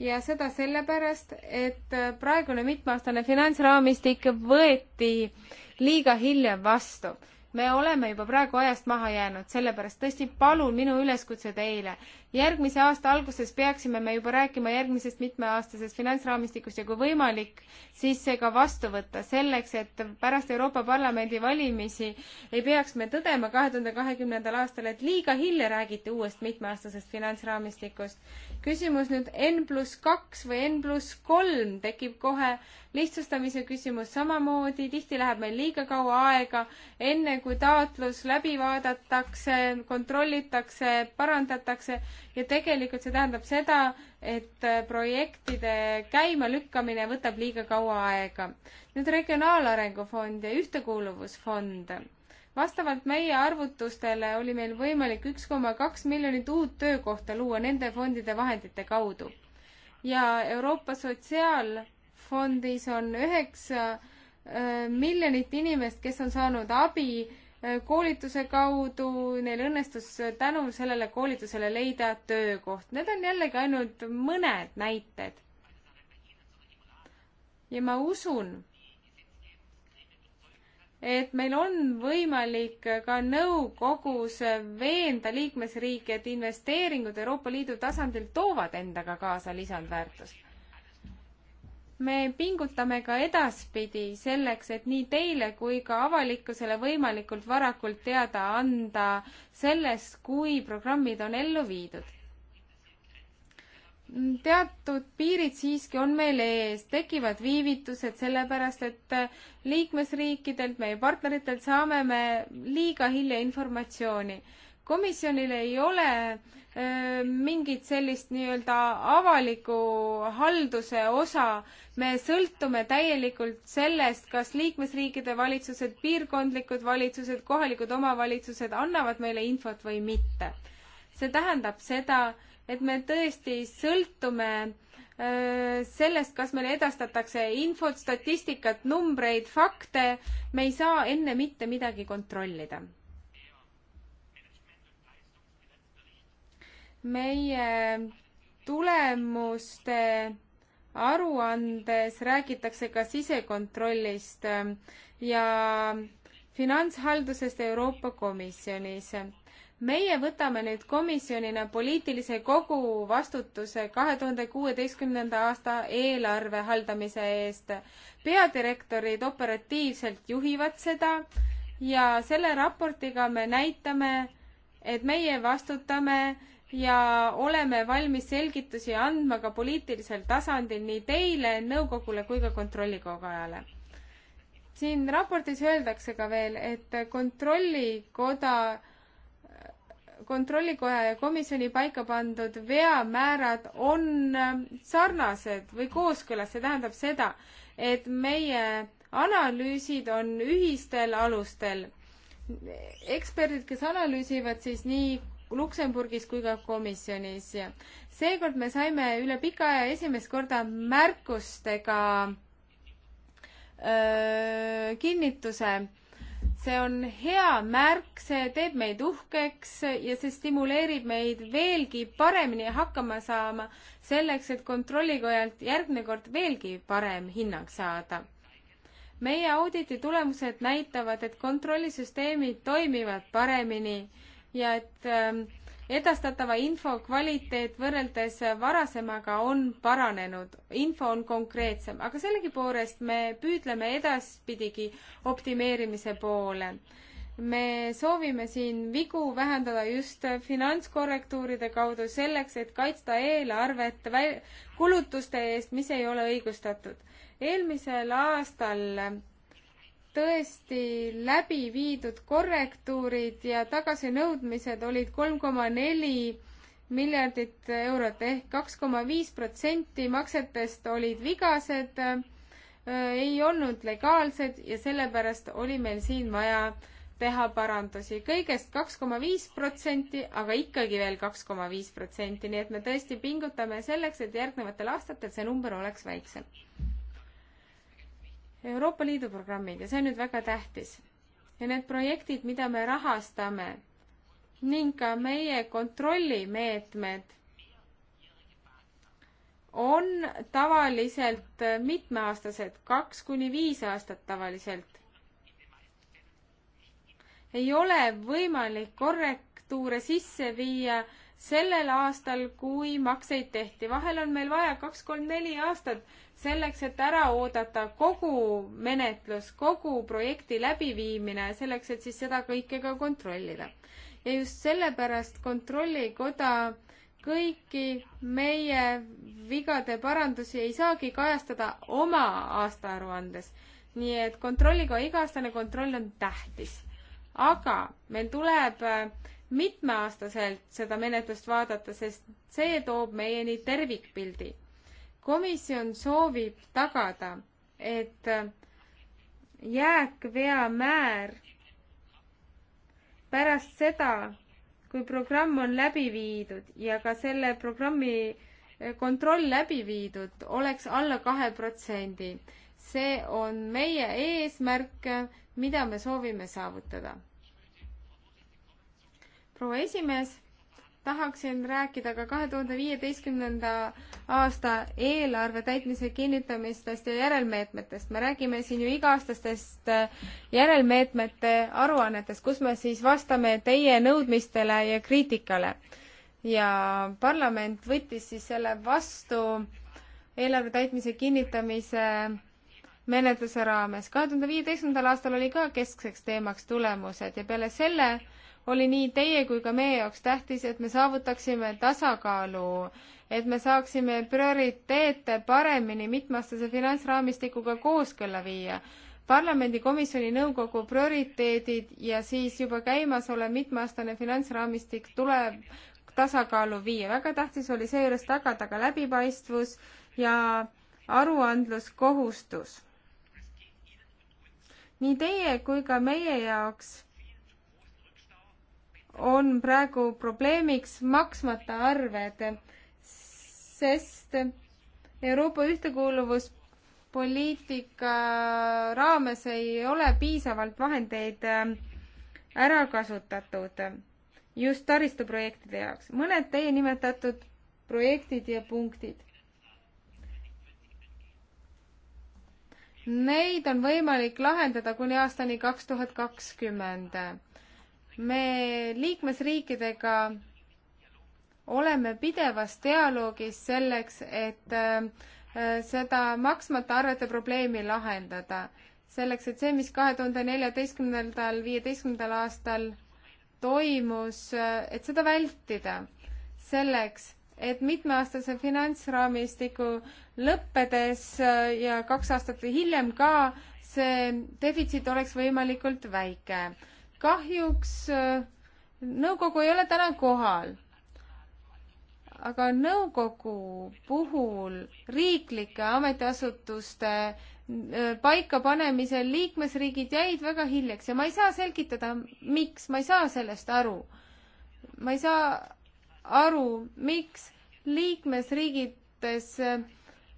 ja seda sellepärast, et äh, praegune mitmeaastane finantsraamistik võeti liiga hilja vastu me oleme juba praegu ajast maha jäänud, sellepärast tõesti palun minu üleskutse teile, järgmise aasta alguses peaksime me juba rääkima järgmisest mitmeaastasest finantsraamistikust ja kui võimalik, siis see ka vastu võtta, selleks et pärast Euroopa Parlamendi valimisi ei peaks me tõdema kahe tuhande kahekümnendal aastal, et liiga hilja räägiti uuest mitmeaastasest finantsraamistikust. küsimus nüüd N pluss kaks või N pluss kolm tekib kohe, lihtsustamise küsimus samamoodi, tihti läheb meil liiga kaua aega, enne kui taotlus läbi vaadatakse, kontrollitakse, parandatakse ja tegelikult see tähendab seda, et äh, projektide käimalükkamine võtab liiga kaua aega. nüüd Regionaalarengu Fond ja Ühtekuuluvusfond. vastavalt meie arvutustele oli meil võimalik üks koma kaks miljonit uut töökohta luua nende fondide vahendite kaudu. ja Euroopa Sotsiaalfondis on üheksa äh, miljonit inimest, kes on saanud abi koolituse kaudu, neil õnnestus tänu sellele koolitusele leida töökoht. Need on jällegi ainult mõned näited. ja ma usun, et meil on võimalik ka nõukogus veenda liikmesriike, et investeeringud Euroopa Liidu tasandil toovad endaga kaasa lisandväärtust me pingutame ka edaspidi selleks, et nii teile kui ka avalikkusele võimalikult varakult teada anda sellest, kui programmid on ellu viidud. teatud piirid siiski on meil ees, tekivad viivitused sellepärast, et liikmesriikidelt, meie partneritelt saame me liiga hilja informatsiooni komisjonil ei ole äh, mingit sellist nii-öelda avaliku halduse osa. me sõltume täielikult sellest, kas liikmesriikide valitsused, piirkondlikud valitsused, kohalikud omavalitsused annavad meile infot või mitte. see tähendab seda, et me tõesti sõltume äh, sellest, kas meile edastatakse infot, statistikat, numbreid, fakte, me ei saa enne mitte midagi kontrollida meie tulemuste aruandes räägitakse ka sisekontrollist ähm, ja finantshaldusest Euroopa Komisjonis. meie võtame nüüd komisjonina poliitilise kogu vastutuse kahe tuhande kuueteistkümnenda aasta eelarve haldamise eest. peadirektorid operatiivselt juhivad seda ja selle raportiga me näitame, et meie vastutame ja oleme valmis selgitusi andma ka poliitilisel tasandil nii teile, nõukogule kui ka kontrollikogajale. siin raportis öeldakse ka veel, et kontrollikoda, kontrollikoja ja komisjoni paika pandud veamäärad on sarnased või kooskõlas, see tähendab seda, et meie analüüsid on ühistel alustel. eksperdid, kes analüüsivad siis nii Luksemburgis kui ka komisjonis. seekord me saime üle pika aja esimest korda märkustega öö, kinnituse see on hea märk, see teeb meid uhkeks ja see stimuleerib meid veelgi paremini hakkama saama selleks, et kontrollikojalt järgmine kord veelgi parem hinnang saada. meie auditi tulemused näitavad, et kontrollisüsteemid toimivad paremini ja et ähm, edastatava info kvaliteet võrreldes varasemaga on paranenud, info on konkreetsem, aga sellegipoolest me püüdleme edaspidigi optimeerimise poole. me soovime siin vigu vähendada just finantskorrektuuride kaudu selleks, et kaitsta eelarvet kulutuste eest, mis ei ole õigustatud. eelmisel aastal tõesti läbi viidud korrektuurid ja tagasinõudmised olid kolm koma neli miljardit eurot ehk kaks koma viis protsenti maksetest olid vigased, ei olnud legaalsed ja sellepärast oli meil siin vaja teha parandusi kõigest kaks koma viis protsenti, aga ikkagi veel kaks koma viis protsenti, nii et me tõesti pingutame selleks, et järgnevatel aastatel see number oleks väiksem Euroopa Liidu programmid ja see on nüüd väga tähtis. ja need projektid, mida me rahastame ning ka meie kontrollimeetmed on tavaliselt mitmeaastased, kaks kuni viis aastat tavaliselt. ei ole võimalik korrektuure sisse viia sellel aastal, kui makseid tehti. vahel on meil vaja kaks-kolm-neli aastat selleks, et ära oodata kogu menetlus, kogu projekti läbiviimine, selleks, et siis seda kõike ka kontrollida. ja just sellepärast Kontrollikoda kõiki meie vigade parandusi ei saagi kajastada oma aastaaruandes. nii et kontrolliga iga-aastane kontroll on tähtis. aga meil tuleb äh, mitmeaastaselt seda menetlust vaadata, sest see toob meieni tervikpildi komisjon soovib tagada, et jääkveamäär pärast seda, kui programm on läbi viidud ja ka selle programmi kontroll läbi viidud, oleks alla kahe protsendi. see on meie eesmärk, mida me soovime saavutada. proua esimees tahaksin rääkida ka kahe tuhande viieteistkümnenda aasta eelarve täitmise kinnitamistest ja järelmeetmetest. me räägime siin ju iga-aastastest äh, järelmeetmete aruannetest, kus me siis vastame teie nõudmistele ja kriitikale. ja parlament võttis siis selle vastu eelarve täitmise kinnitamise menetluse raames. kahe tuhande viieteistkümnendal aastal oli ka keskseks teemaks tulemused ja peale selle oli nii teie kui ka meie jaoks tähtis, et me saavutaksime tasakaalu, et me saaksime prioriteete paremini mitmeaastase finantsraamistikuga kooskõlla viia. parlamendikomisjoni nõukogu prioriteedid ja siis juba käimasolev mitmeaastane finantsraamistik tuleb tasakaalu viia. väga tähtis oli seejuures tagada ka läbipaistvus ja aruandluskohustus. nii teie kui ka meie jaoks on praegu probleemiks maksmata arved, sest Euroopa ühtekuuluvuspoliitika raames ei ole piisavalt vahendeid äh, ära kasutatud just taristuprojektide jaoks. mõned teie nimetatud projektid ja punktid. Neid on võimalik lahendada kuni aastani kaks tuhat kakskümmend me liikmesriikidega oleme pidevas dialoogis selleks, et äh, seda maksmata arvete probleemi lahendada. selleks, et see, mis kahe tuhande neljateistkümnendal, viieteistkümnendal aastal toimus, äh, et seda vältida. selleks, et mitmeaastase finantsraamistiku lõppedes äh, ja kaks aastat hiljem ka see defitsiit oleks võimalikult väike kahjuks äh, nõukogu ei ole täna kohal. aga nõukogu puhul riiklike ametiasutuste äh, paikapanemisel liikmesriigid jäid väga hiljaks ja ma ei saa selgitada, miks, ma ei saa sellest aru. ma ei saa aru, miks liikmesriigides äh,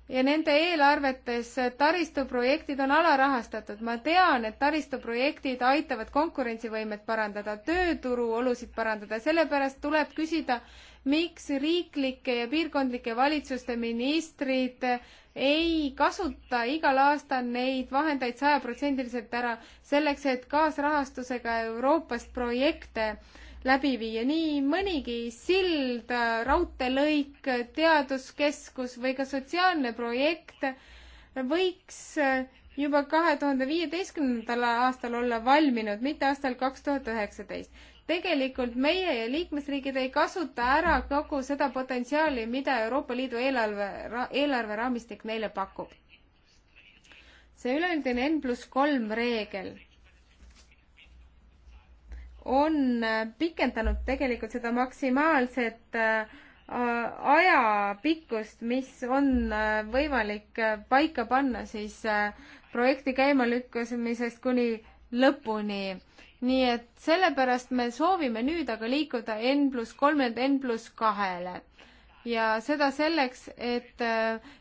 ja nende eelarvetes taristuprojektid on alarahastatud. ma tean, et taristuprojektid aitavad konkurentsivõimet parandada, tööturu olusid parandada, sellepärast tuleb küsida, miks riiklike ja piirkondlike valitsuste ministrid ei kasuta igal aastal neid vahendeid sajaprotsendiliselt ära selleks, et kaasrahastusega Euroopast projekte äh, läbi viia. nii mõnigi sild, raudteelõik, teaduskeskus või ka sotsiaalne projekt võiks juba kahe tuhande viieteistkümnendal aastal olla valminud, mitte aastal kaks tuhat üheksateist. tegelikult meie ja liikmesriigid ei kasuta ära kogu seda potentsiaali, mida Euroopa Liidu eelarve, eelarveraamistik neile pakub. see üleüldine N pluss kolm reegel on pikendanud tegelikult seda maksimaalset äh, ajapikkust, mis on äh, võimalik äh, paika panna siis projekti käimalükkamisest kuni lõpuni. nii et sellepärast me soovime nüüd aga liikuda N pluss kolmelt N pluss kahele ja seda selleks, et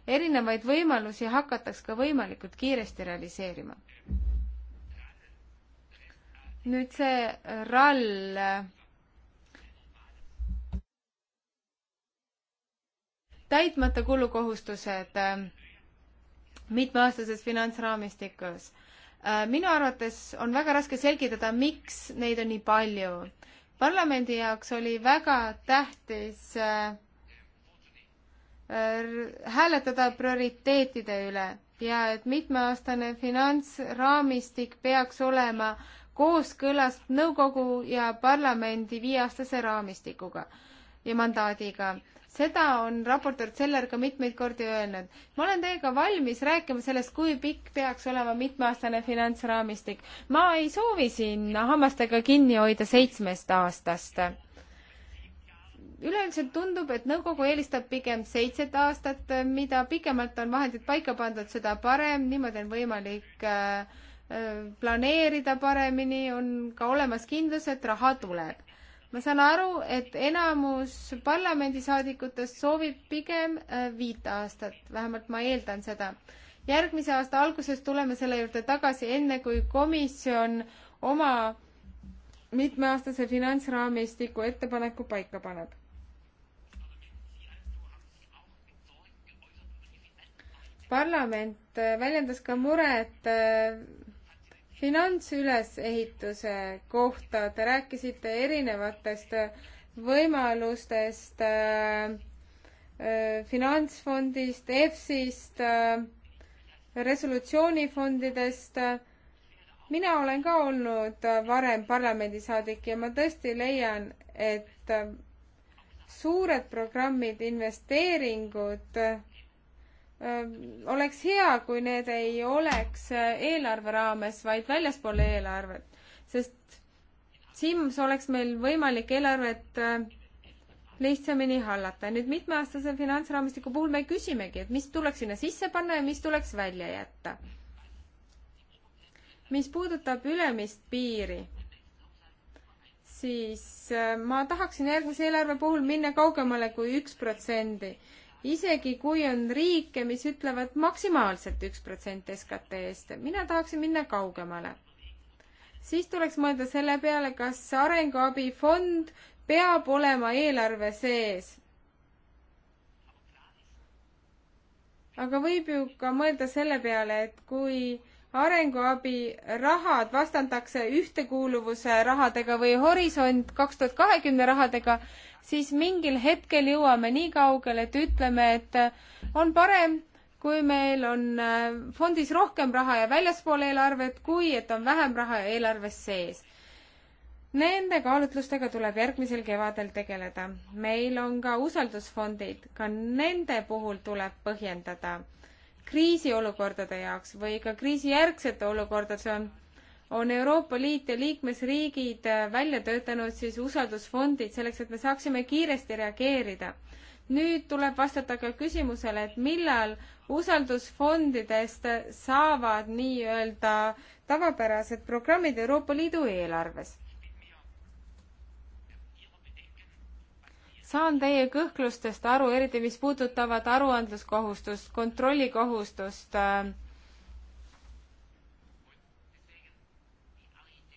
erinevaid võimalusi hakataks ka võimalikult kiiresti realiseerima nüüd see rall. täitmata kulukohustused äh, mitmeaastases finantsraamistikus. Äh, minu arvates on väga raske selgitada, miks neid on nii palju. parlamendi jaoks oli väga tähtis äh, hääletada prioriteetide üle ja et mitmeaastane finantsraamistik peaks olema kooskõlas nõukogu ja parlamendi viieaastase raamistikuga ja mandaadiga. seda on raportöör Zeller ka mitmeid kordi öelnud. ma olen teiega valmis rääkima sellest, kui pikk peaks olema mitmeaastane finantsraamistik. ma ei soovi siin hammastega kinni hoida seitsmest aastast. üleüldiselt tundub, et nõukogu eelistab pigem seitset aastat, mida pikemalt on vahendid paika pandud, seda parem, niimoodi on võimalik äh, Äh, planeerida paremini, on ka olemas kindlus, et raha tuleb. ma saan aru, et enamus parlamendisaadikutest soovib pigem äh, viit aastat, vähemalt ma eeldan seda. järgmise aasta alguses tuleme selle juurde tagasi, enne kui komisjon oma mitmeaastase finantsraamistiku ettepaneku paika paneb. parlament äh, väljendas ka muret finantsülesehituse kohta te rääkisite erinevatest võimalustest äh, äh, finantsfondist, EFSist äh,, resolutsioonifondidest. mina olen ka olnud varem parlamendisaadik ja ma tõesti leian, et suured programmid, investeeringud äh, Äh, oleks hea, kui need ei oleks äh, eelarve raames, vaid väljaspool eelarvet, sest Sims oleks meil võimalik eelarvet äh, lihtsamini hallata. nüüd mitmeaastase finantsraamistiku puhul me küsimegi, et mis tuleks sinna sisse panna ja mis tuleks välja jätta. mis puudutab ülemist piiri, siis ma tahaksin järgmise eelarve puhul minna kaugemale kui üks protsendi isegi kui on riike, mis ütlevad maksimaalselt üks protsent SKT-st. mina tahaksin minna kaugemale. siis tuleks mõelda selle peale, kas arenguabifond peab olema eelarve sees. aga võib ju ka mõelda selle peale, et kui arenguabi rahad vastandakse ühtekuuluvuse rahadega või Horisont kaks tuhat kahekümne rahadega, siis mingil hetkel jõuame nii kaugele, et ütleme, et on parem, kui meil on äh, fondis rohkem raha ja väljaspool eelarvet, kui et on vähem raha ja eelarves sees. Nende kaalutlustega tuleb järgmisel kevadel tegeleda. meil on ka usaldusfondid, ka nende puhul tuleb põhjendada kriisiolukordade jaoks või ka kriisijärgsete olukordade on, on Euroopa Liit ja liikmesriigid äh, välja töötanud siis usaldusfondid selleks, et me saaksime kiiresti reageerida. nüüd tuleb vastata ka küsimusele, et millal usaldusfondidest saavad nii-öelda tavapärased programmid Euroopa Liidu eelarves saan teie kõhklustest aru, eriti mis puudutavad aruandluskohustust, kontrollikohustust äh,.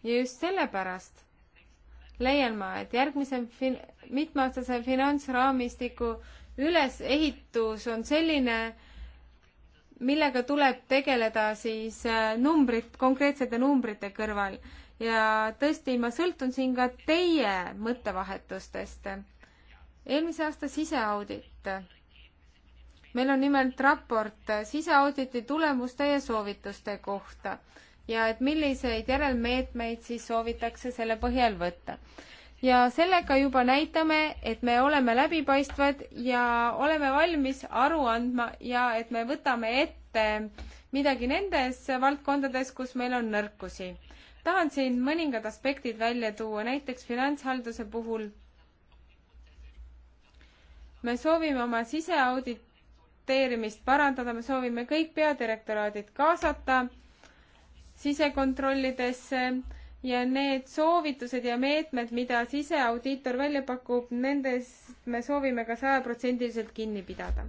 ja just sellepärast leian ma, et järgmise fin-, mitmeaastase finantsraamistiku ülesehitus on selline, millega tuleb tegeleda siis äh, numbrit, konkreetsete numbrite kõrval. ja tõesti, ma sõltun siin ka teie mõttevahetustest eelmise aasta siseaudit. meil on nimelt raport siseauditi tulemuste ja soovituste kohta ja et milliseid järelmeetmeid siis soovitakse selle põhjal võtta. ja sellega juba näitame, et me oleme läbipaistvad ja oleme valmis aru andma ja et me võtame ette midagi nendes valdkondades, kus meil on nõrkusi. tahan siin mõningad aspektid välja tuua, näiteks finantshalduse puhul me soovime oma siseauditeerimist parandada, me soovime kõik peadirektoraadid kaasata sisekontrollidesse ja need soovitused ja meetmed, mida siseaudiitor välja pakub, nendest me soovime ka sajaprotsendiliselt kinni pidada.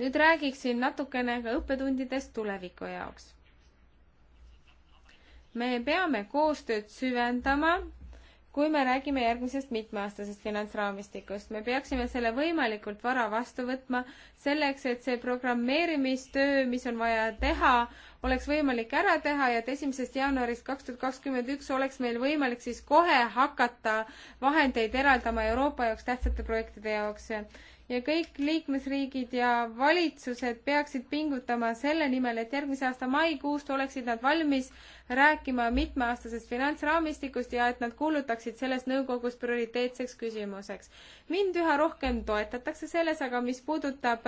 nüüd räägiksin natukene ka õppetundidest tuleviku jaoks. me peame koostööd süvendama kui me räägime järgmisest mitmeaastasest finantsraamistikust, me peaksime selle võimalikult vara vastu võtma selleks, et see programmeerimistöö, mis on vaja teha, oleks võimalik ära teha ja et esimesest jaanuarist kaks tuhat kakskümmend üks oleks meil võimalik siis kohe hakata vahendeid eraldama Euroopa jaoks tähtsate projektide jaoks. ja kõik liikmesriigid ja valitsused peaksid pingutama selle nimel, et järgmise aasta maikuust oleksid nad valmis rääkima mitmeaastasest finantsraamistikust ja et nad kuulutaksid selles nõukogus prioriteetseks küsimuseks. mind üha rohkem toetatakse selles, aga mis puudutab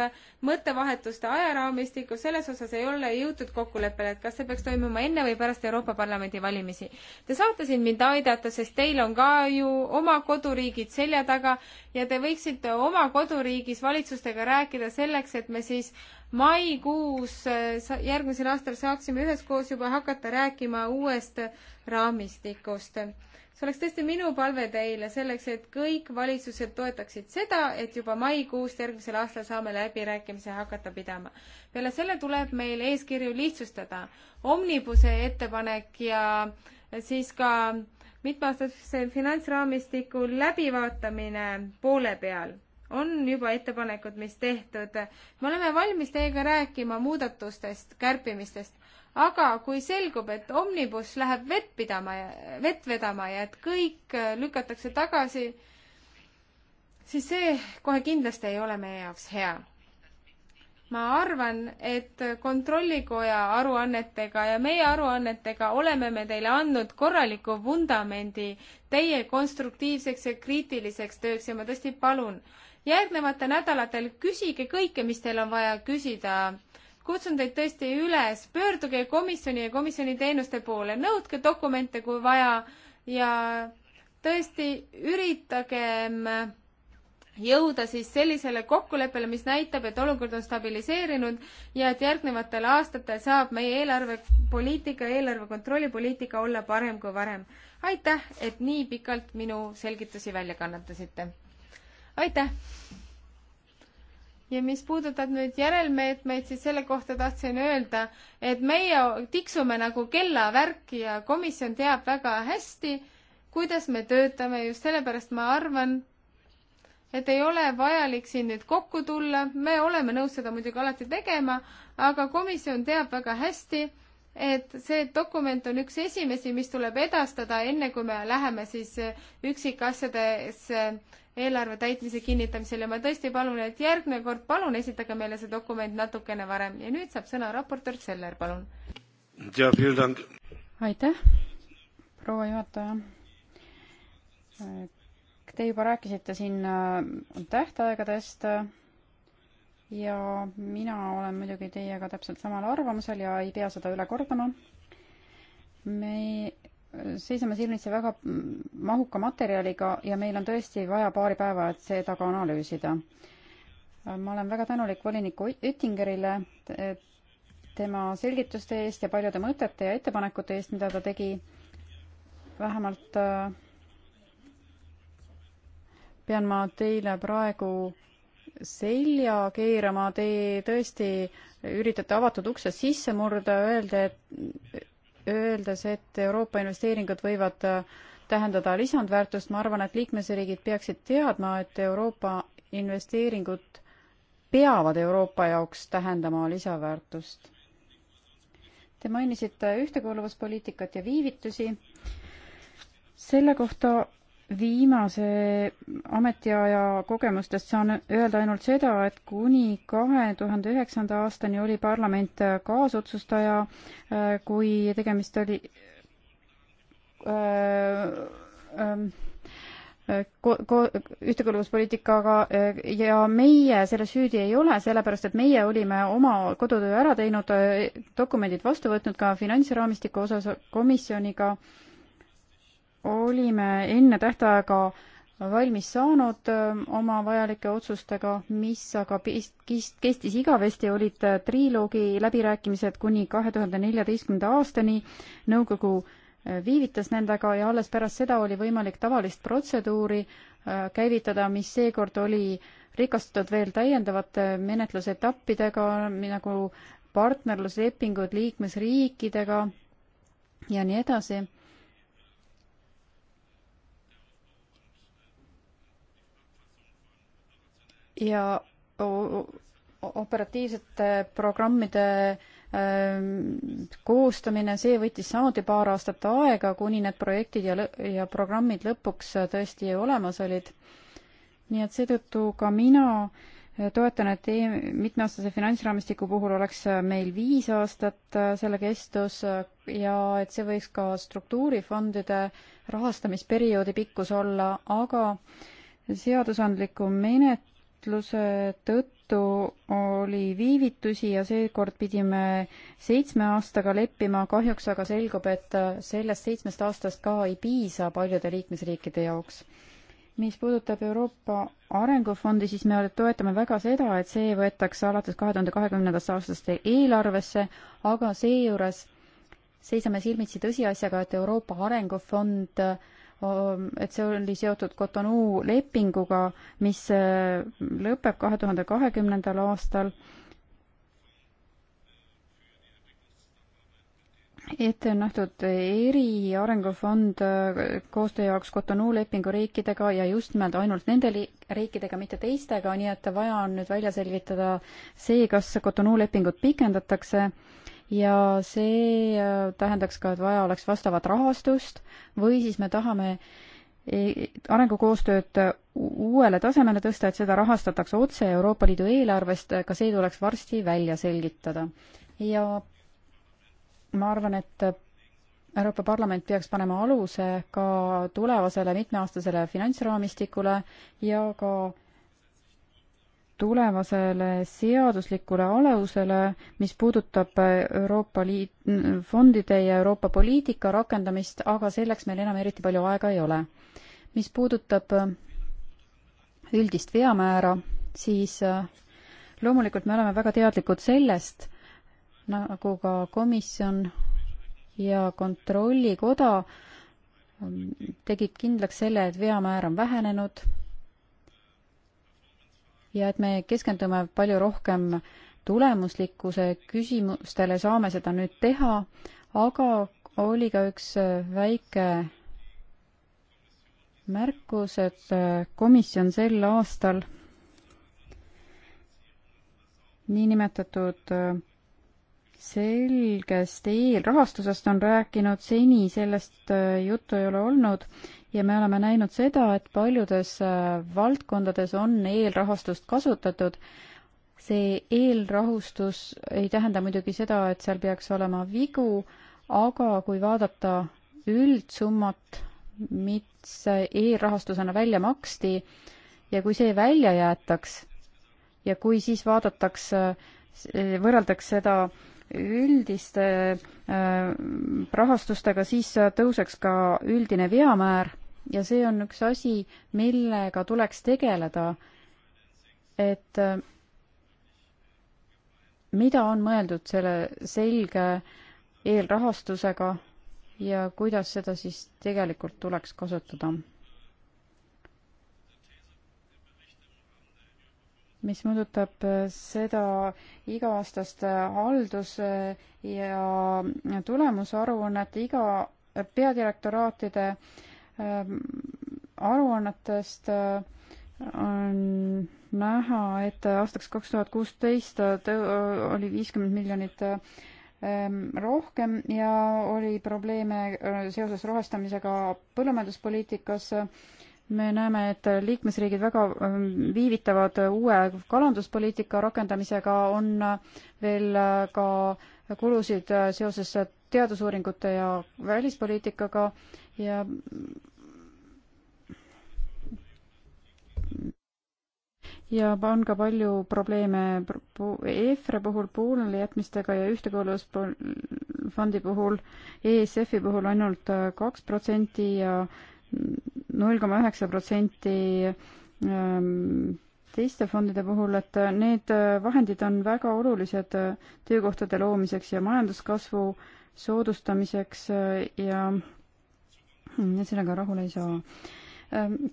mõttevahetuste ajaraamistikku, selles osas ei ole jõutud kokkuleppele, et kas see peaks toimuma enne või pärast Euroopa Parlamendi valimisi. Te saate siin mind aidata, sest teil on ka ju oma koduriigid selja taga ja te võiksite oma koduriigis valitsustega rääkida selleks, et me siis maikuus äh, järgmisel aastal saaksime üheskoos juba hakata rääkima uuest raamistikust. see oleks tõesti minu palve teile selleks, et kõik valitsused toetaksid seda, et juba maikuust järgmisel aastal saame läbirääkimisi hakata pidama. peale selle tuleb meil eeskirju lihtsustada. Omnibuse ettepanek ja siis ka mitmeaastase finantsraamistiku läbivaatamine poole peal on juba ettepanekud, mis tehtud. me oleme valmis teiega rääkima muudatustest, kärpimistest, aga kui selgub, et omnibus läheb vett pidama ja vett vedama ja et kõik äh, lükatakse tagasi, siis see kohe kindlasti ei ole meie jaoks hea ma arvan, et Kontrollikoja aruannetega ja meie aruannetega oleme me teile andnud korraliku vundamendi teie konstruktiivseks ja kriitiliseks tööks ja ma tõesti palun, järgnevatel nädalatel küsige kõike, mis teil on vaja küsida. kutsun teid tõesti üles, pöörduge komisjoni ja komisjoni teenuste poole, nõudke dokumente, kui vaja ja tõesti üritagem jõuda siis sellisele kokkuleppele, mis näitab, et olukord on stabiliseerinud ja et järgnevatel aastatel saab meie eelarvepoliitika, eelarve kontrollipoliitika olla parem kui varem. aitäh, et nii pikalt minu selgitusi välja kannatasite. aitäh! ja mis puudutab nüüd järelmeetmeid, siis selle kohta tahtsin öelda, et meie tiksume nagu kellavärki ja komisjon teab väga hästi, kuidas me töötame, just sellepärast ma arvan, et ei ole vajalik siin nüüd kokku tulla, me oleme nõus seda muidugi alati tegema, aga komisjon teab väga hästi, et see dokument on üks esimesi, mis tuleb edastada, enne kui me läheme siis üksikasjades eelarve täitmise kinnitamisel ja ma tõesti palun, et järgmine kord palun esitage meile see dokument natukene varem ja nüüd saab sõna raportöör Seller, palun. aitäh, proua juhataja Te juba rääkisite siin äh, tähtaegadest äh, ja mina olen muidugi teiega täpselt samal arvamusel ja ei pea seda üle kordama. me seisame silmitsi väga mahuka materjaliga ja meil on tõesti vaja paari päeva, et seda ka analüüsida. Äh, ma olen väga tänulik volinik Oettingerile tema selgituste eest ja paljude mõtete ja ettepanekute eest, mida ta tegi. vähemalt äh, pean ma teile praegu selja keerama, te tõesti üritate avatud uksest sisse murda, öelda, et, öeldes, et Euroopa investeeringud võivad tähendada lisandväärtust, ma arvan, et liikmesriigid peaksid teadma, et Euroopa investeeringud peavad Euroopa jaoks tähendama lisaväärtust. Te mainisite ühtekuuluvuspoliitikat ja viivitusi. selle kohta viimase ametiaja kogemustest saan öelda ainult seda, et kuni kahe tuhande üheksanda aastani oli parlament kaasotsustaja, äh, kui tegemist oli öö, äh, öö, ähm, ko-, ko-, ühtekuuluvuspoliitikaga äh, ja meie selles süüdi ei ole, sellepärast et meie olime oma kodutöö ära teinud, dokumendid vastu võtnud ka finantsraamistiku osas komisjoniga äh, olime enne tähtaega valmis saanud äh, oma vajalike otsustega, mis aga kestis igavesti, olid äh, triloogi läbirääkimised kuni kahe tuhande neljateistkümnenda aastani. nõukogu äh, viivitas nendega ja alles pärast seda oli võimalik tavalist protseduuri käivitada, mis seekord oli rikastatud veel täiendavate menetlusetappidega, nagu partnerluslepingud liikmesriikidega ja nii edasi ja operatiivsete programmide ähm, koostamine, see võttis samuti paar aastat aega, kuni need projektid ja, ja programmid lõpuks äh, tõesti olemas olid. nii et seetõttu ka mina äh, toetan, et e-, mitmeaastase finantsraamistiku puhul oleks äh, meil viis aastat selle kestus ja et see võiks ka struktuurifondide rahastamisperioodi pikkus olla, aga seadusandliku menet-, menetluse tõttu oli viivitusi ja seekord pidime seitsme aastaga leppima, kahjuks aga selgub, et sellest seitsmest aastast ka ei piisa paljude liikmesriikide jaoks. mis puudutab Euroopa Arengufondi, siis me toetame väga seda, et see võetakse alates kahe tuhande kahekümnendast aastast eelarvesse, aga seejuures seisame silmitsi tõsiasjaga, et Euroopa Arengufond äh, et see oli seotud Cotonou lepinguga, mis lõpeb kahe tuhande kahekümnendal aastal. ette on nähtud eriarengufond koostöö jaoks Cotonou lepingu riikidega ja just nimelt ainult nende riikidega, mitte teistega, nii et vaja on nüüd välja selgitada see, kas Cotonou lepingut pikendatakse ja see äh, tähendaks ka, et vaja oleks vastavat rahastust või siis me tahame e, arengukoostööd äh, uuele tasemele tõsta, et seda rahastatakse otse Euroopa Liidu eelarvest, äh, ka see tuleks varsti välja selgitada. ja ma arvan, et Euroopa Parlament peaks panema aluse ka tulevasele mitmeaastasele finantsraamistikule ja ka tulevasele seaduslikule alusele, mis puudutab Euroopa Liit, fondide ja Euroopa poliitika rakendamist, aga selleks meil enam eriti palju aega ei ole. mis puudutab üldist veamäära, siis äh, loomulikult me oleme väga teadlikud sellest, nagu ka komisjon ja kontrollikoda mm, tegid kindlaks selle, et veamäär on vähenenud ja et me keskendume palju rohkem tulemuslikkuse küsimustele, saame seda nüüd teha, aga oli ka üks äh, väike märkus, et äh, komisjon sel aastal niinimetatud äh, selgest eelrahastusest on rääkinud, seni sellest juttu ei ole olnud ja me oleme näinud seda, et paljudes äh, valdkondades on eelrahastust kasutatud. see eelrahustus ei tähenda muidugi seda, et seal peaks olema vigu, aga kui vaadata üldsummat, mis eelrahastusena välja maksti ja kui see välja jäetaks ja kui siis vaadatakse, äh, võrreldakse seda üldiste äh, rahastustega, siis tõuseks ka üldine veamäär ja see on üks asi, millega tuleks tegeleda, et äh, mida on mõeldud selle selge eelrahastusega ja kuidas seda siis tegelikult tuleks kasutada. mis puudutab äh, seda iga-aastast äh, halduse ja tulemusaruannet iga peadirektoraatide äh, Ähm, aruannetest äh, on näha, et aastaks kaks tuhat kuusteist äh, äh, oli viiskümmend miljonit ähm, rohkem ja oli probleeme seoses rohestamisega põllumajanduspoliitikas me näeme, et liikmesriigid väga ähm, viivitavad uue kalanduspoliitika rakendamisega, on äh, veel äh, ka kulusid äh, seoses teadusuuringute ja välispoliitikaga ja ja on ka palju probleeme EFRE puhul pooleli jätmistega ja ühtekuuluvusfondi puhul, ESF-i puhul ainult kaks protsenti ja null koma üheksa protsenti ähm, teiste fondide puhul, et äh, need äh, vahendid on väga olulised äh, töökohtade loomiseks ja majanduskasvu soodustamiseks ja sellega rahule ei saa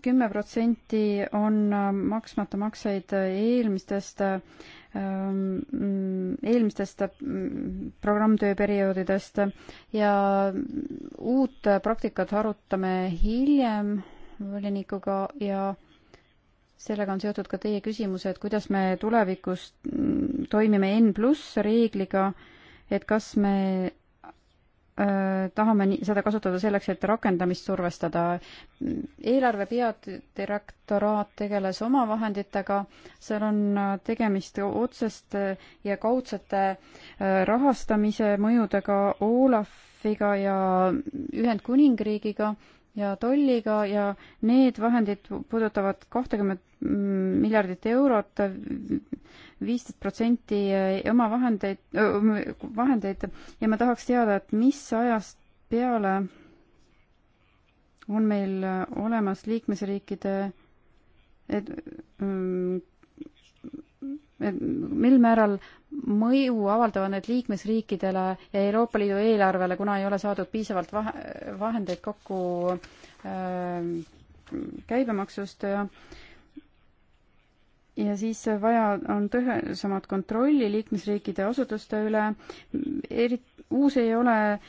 kümme protsenti on ähm, maksmata makseid äh, eelmistest ähm, mm, eelmistest äh, mm, programmtöö perioodidest ja uut praktikat arutame hiljem volinikuga ja sellega on seotud ka teie küsimus, et kuidas me tulevikus mm, toimime N pluss reegliga, et kas me tahame seda kasutada selleks, et rakendamist survestada. eelarve peadirektoraat tegeles omavahenditega, seal on tegemist otseste ja kaudsete rahastamise mõjudega Olafiga ja Ühendkuningriigiga ja tolliga ja need vahendid puudutavad kahtekümmet mm, miljardit eurot viisteist protsenti äh, oma vahendeid, äh, vahendeid ja ma tahaks teada, et mis ajast peale on meil äh, olemas liikmesriikide, et, mm, et mil määral mõju avaldavad need liikmesriikidele ja Euroopa Liidu eelarvele, kuna ei ole saadud piisavalt vahe, vahendeid kokku äh, käibemaksust ja äh, ja siis vaja on tõhusamat kontrolli liikmesriikide asutuste üle. eri-, uus ei ole äh,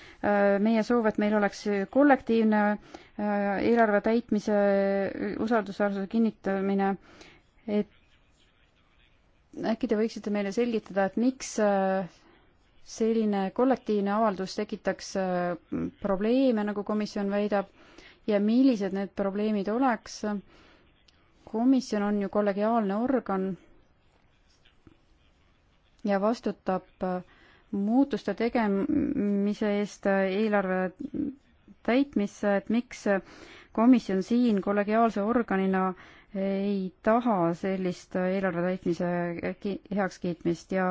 meie soov, et meil oleks kollektiivne äh, eelarve täitmise usaldusväärsuse kinnitamine, et äkki te võiksite meile selgitada, et miks äh, selline kollektiivne avaldus tekitaks probleeme, nagu komisjon väidab, ja millised need probleemid oleks äh, komisjon on ju kollegiaalne organ ja vastutab äh, muutuste tegemise eest äh, eelarve täitmisse, et miks äh, komisjon siin kollegiaalse organina ei taha sellist eelarve täitmise heakskiitmist ja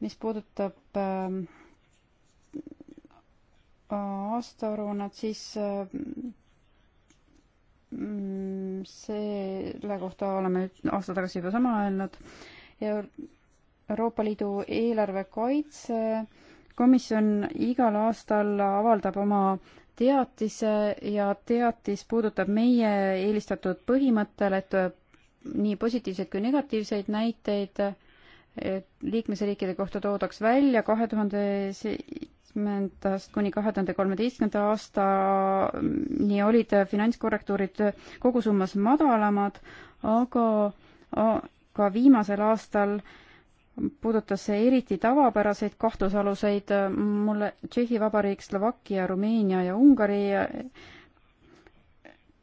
mis puudutab ähm, aastaaruannet, siis Mm, selle kohta oleme aasta tagasi juba sama öelnud. Euroopa Liidu eelarve kaitse komisjon igal aastal avaldab oma teatise ja teatis puudutab meie eelistatud põhimõttel, et nii positiivseid kui negatiivseid näiteid liikmesriikide kohta toodaks välja kahe tuhande üheksakümnendast kuni kahe tuhande kolmeteistkümnenda aastani olid finantskorrektuurid kogusummas madalamad, aga ka viimasel aastal puudutas see eriti tavapäraseid kahtlusaluseid, mulle Tšehhi Vabariik, Slovakkia, Rumeenia ja Ungari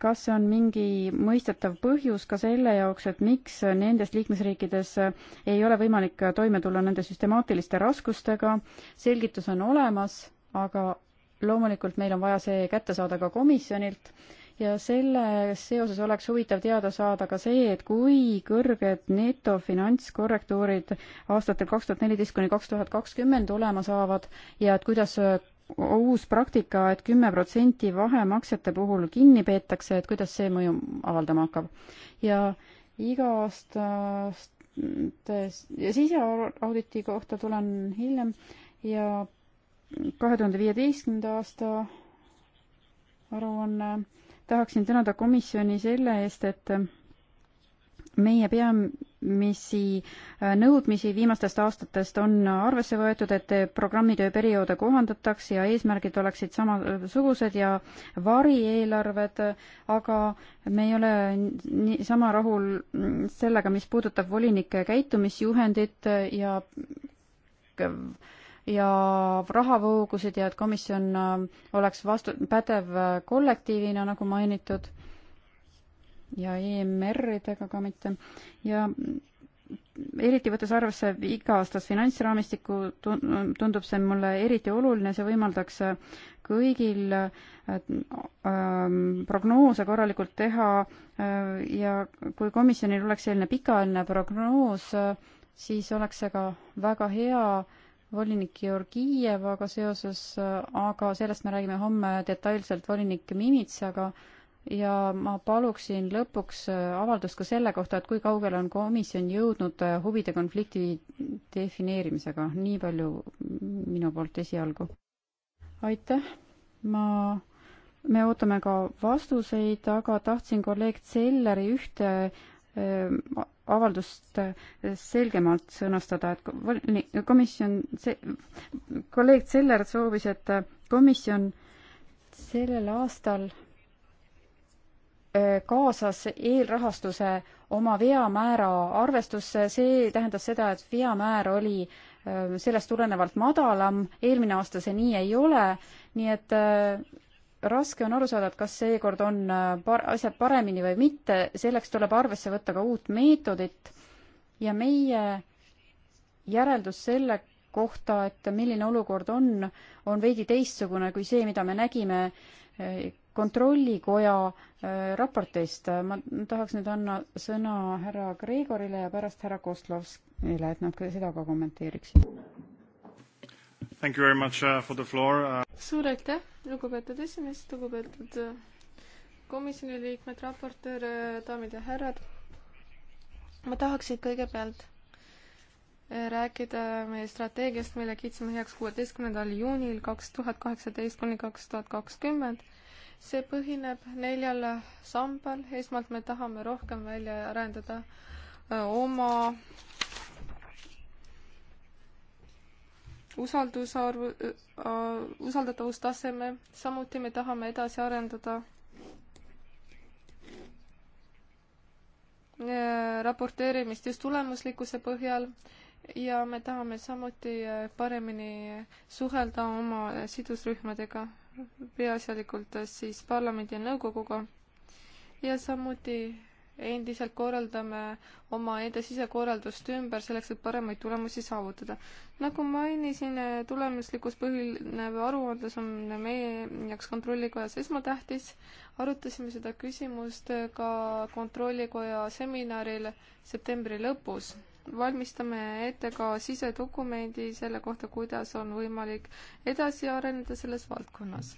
kas on mingi mõistetav põhjus ka selle jaoks, et miks nendes liikmesriikides ei ole võimalik toime tulla nende süstemaatiliste raskustega, selgitus on olemas, aga loomulikult meil on vaja see kätte saada ka komisjonilt ja selles seoses oleks huvitav teada saada ka see, et kui kõrged netofinantskorrektuurid aastatel kaks tuhat neliteist kuni kaks tuhat kakskümmend olema saavad ja et kuidas uus praktika et, et kümme protsenti vahemaksete puhul kinni peetakse, et kuidas see mõju avaldama hakkab. ja iga aasta ja siseauditi kohta tulen hiljem ja kahe tuhande viieteistkümnenda aasta aruanne tahaksin tänada komisjoni selle eest, et meie peamisi äh, nõudmisi viimastest aastatest on arvesse võetud, et programmitöö perioode kohandataks ja eesmärgid oleksid samasugused ja varieelarved, aga me ei ole niisama rahul sellega, mis puudutab volinike käitumisjuhendit ja ja rahavoogusid ja et komisjon äh, oleks vastu, pädev kollektiivina, nagu mainitud ja EMR-idega ka mitte ja eriti võttes arvesse iga-aastast finantsraamistikku, tundub see mulle eriti oluline, see võimaldaks kõigil ähm, prognoose korralikult teha äh, ja kui komisjonil oleks selline pikaajaline prognoos, siis oleks see ka väga hea volinik Georgievaga seoses, äh, aga sellest me räägime homme detailselt volinik Mimitsaga ja ma paluksin lõpuks äh, avaldust ka selle kohta, et kui kaugele on komisjon jõudnud äh, huvide konflikti defineerimisega. nii palju minu poolt esialgu. aitäh, ma, me ootame ka vastuseid, aga tahtsin kolleeg Selleri ühte äh, avaldust selgemalt sõnastada, et komisjon, see, kolleeg Seller soovis, et komisjon sellel aastal kaasas eelrahastuse oma veamäära arvestusse, see tähendas seda, et veamäär oli äh, sellest tulenevalt madalam, eelmine aasta see nii ei ole, nii et äh, raske on aru saada, et kas seekord on äh, par-, asjad paremini või mitte, selleks tuleb arvesse võtta ka uut meetodit ja meie järeldus selle kohta, et milline olukord on, on veidi teistsugune kui see, mida me nägime kontrollikoja äh, raportist. ma tahaks nüüd anna sõna härra Gregorile ja pärast härra Kostlovskile, et nad seda ka kommenteeriksid. Thank you very much uh, for the floor. Uh. suur aitäh, lugupeetud esimees, lugupeetud uh, komisjoni liikmed, raportöör, daamid ja härrad. ma tahaksin kõigepealt rääkida meie strateegiast, mille kiitsime heaks kuueteistkümnendal juunil kaks tuhat kaheksateist kuni kaks tuhat kakskümmend see põhineb neljal sambal, esmalt me tahame rohkem välja arendada äh, oma usaldusarvu, äh, äh, usaldatavustaseme, samuti me tahame edasi arendada raporteerimist just tulemuslikkuse põhjal ja me tahame samuti paremini suhelda oma sidusrühmadega peaasjalikult siis parlamendi ja nõukoguga ja samuti endiselt korraldame oma enda sisekorraldust ümber selleks, et paremaid tulemusi saavutada. nagu mainisin, tulemuslikkus põhinev aruandlus on meie jaoks Kontrollikojas esmatähtis. arutasime seda küsimust ka Kontrollikoja seminaril septembri lõpus valmistame ette ka sisedokumendi selle kohta, kuidas on võimalik edasi areneda selles valdkonnas.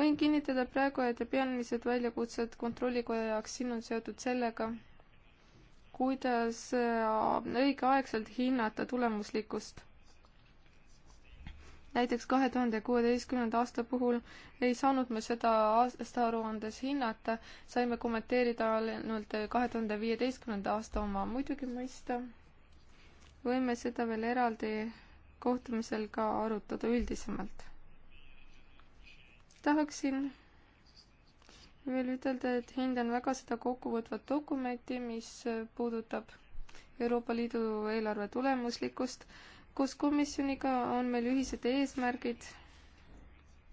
võin kinnitada praegu, et peamised väljakutsed Kontrollikoja jaoks siin on seotud sellega, kuidas äh, õigeaegselt hinnata tulemuslikkust. näiteks kahe tuhande kuueteistkümnenda aasta puhul ei saanud me seda aastaaruandes hinnata, saime kommenteerida ainult kahe tuhande viieteistkümnenda aasta oma, muidugi mõista võime seda veel eraldi kohtumisel ka arutada üldisemalt. tahaksin veel ütelda, et hindan väga seda kokkuvõtvat dokumenti, mis puudutab Euroopa Liidu eelarve tulemuslikkust. koos komisjoniga on meil ühised eesmärgid,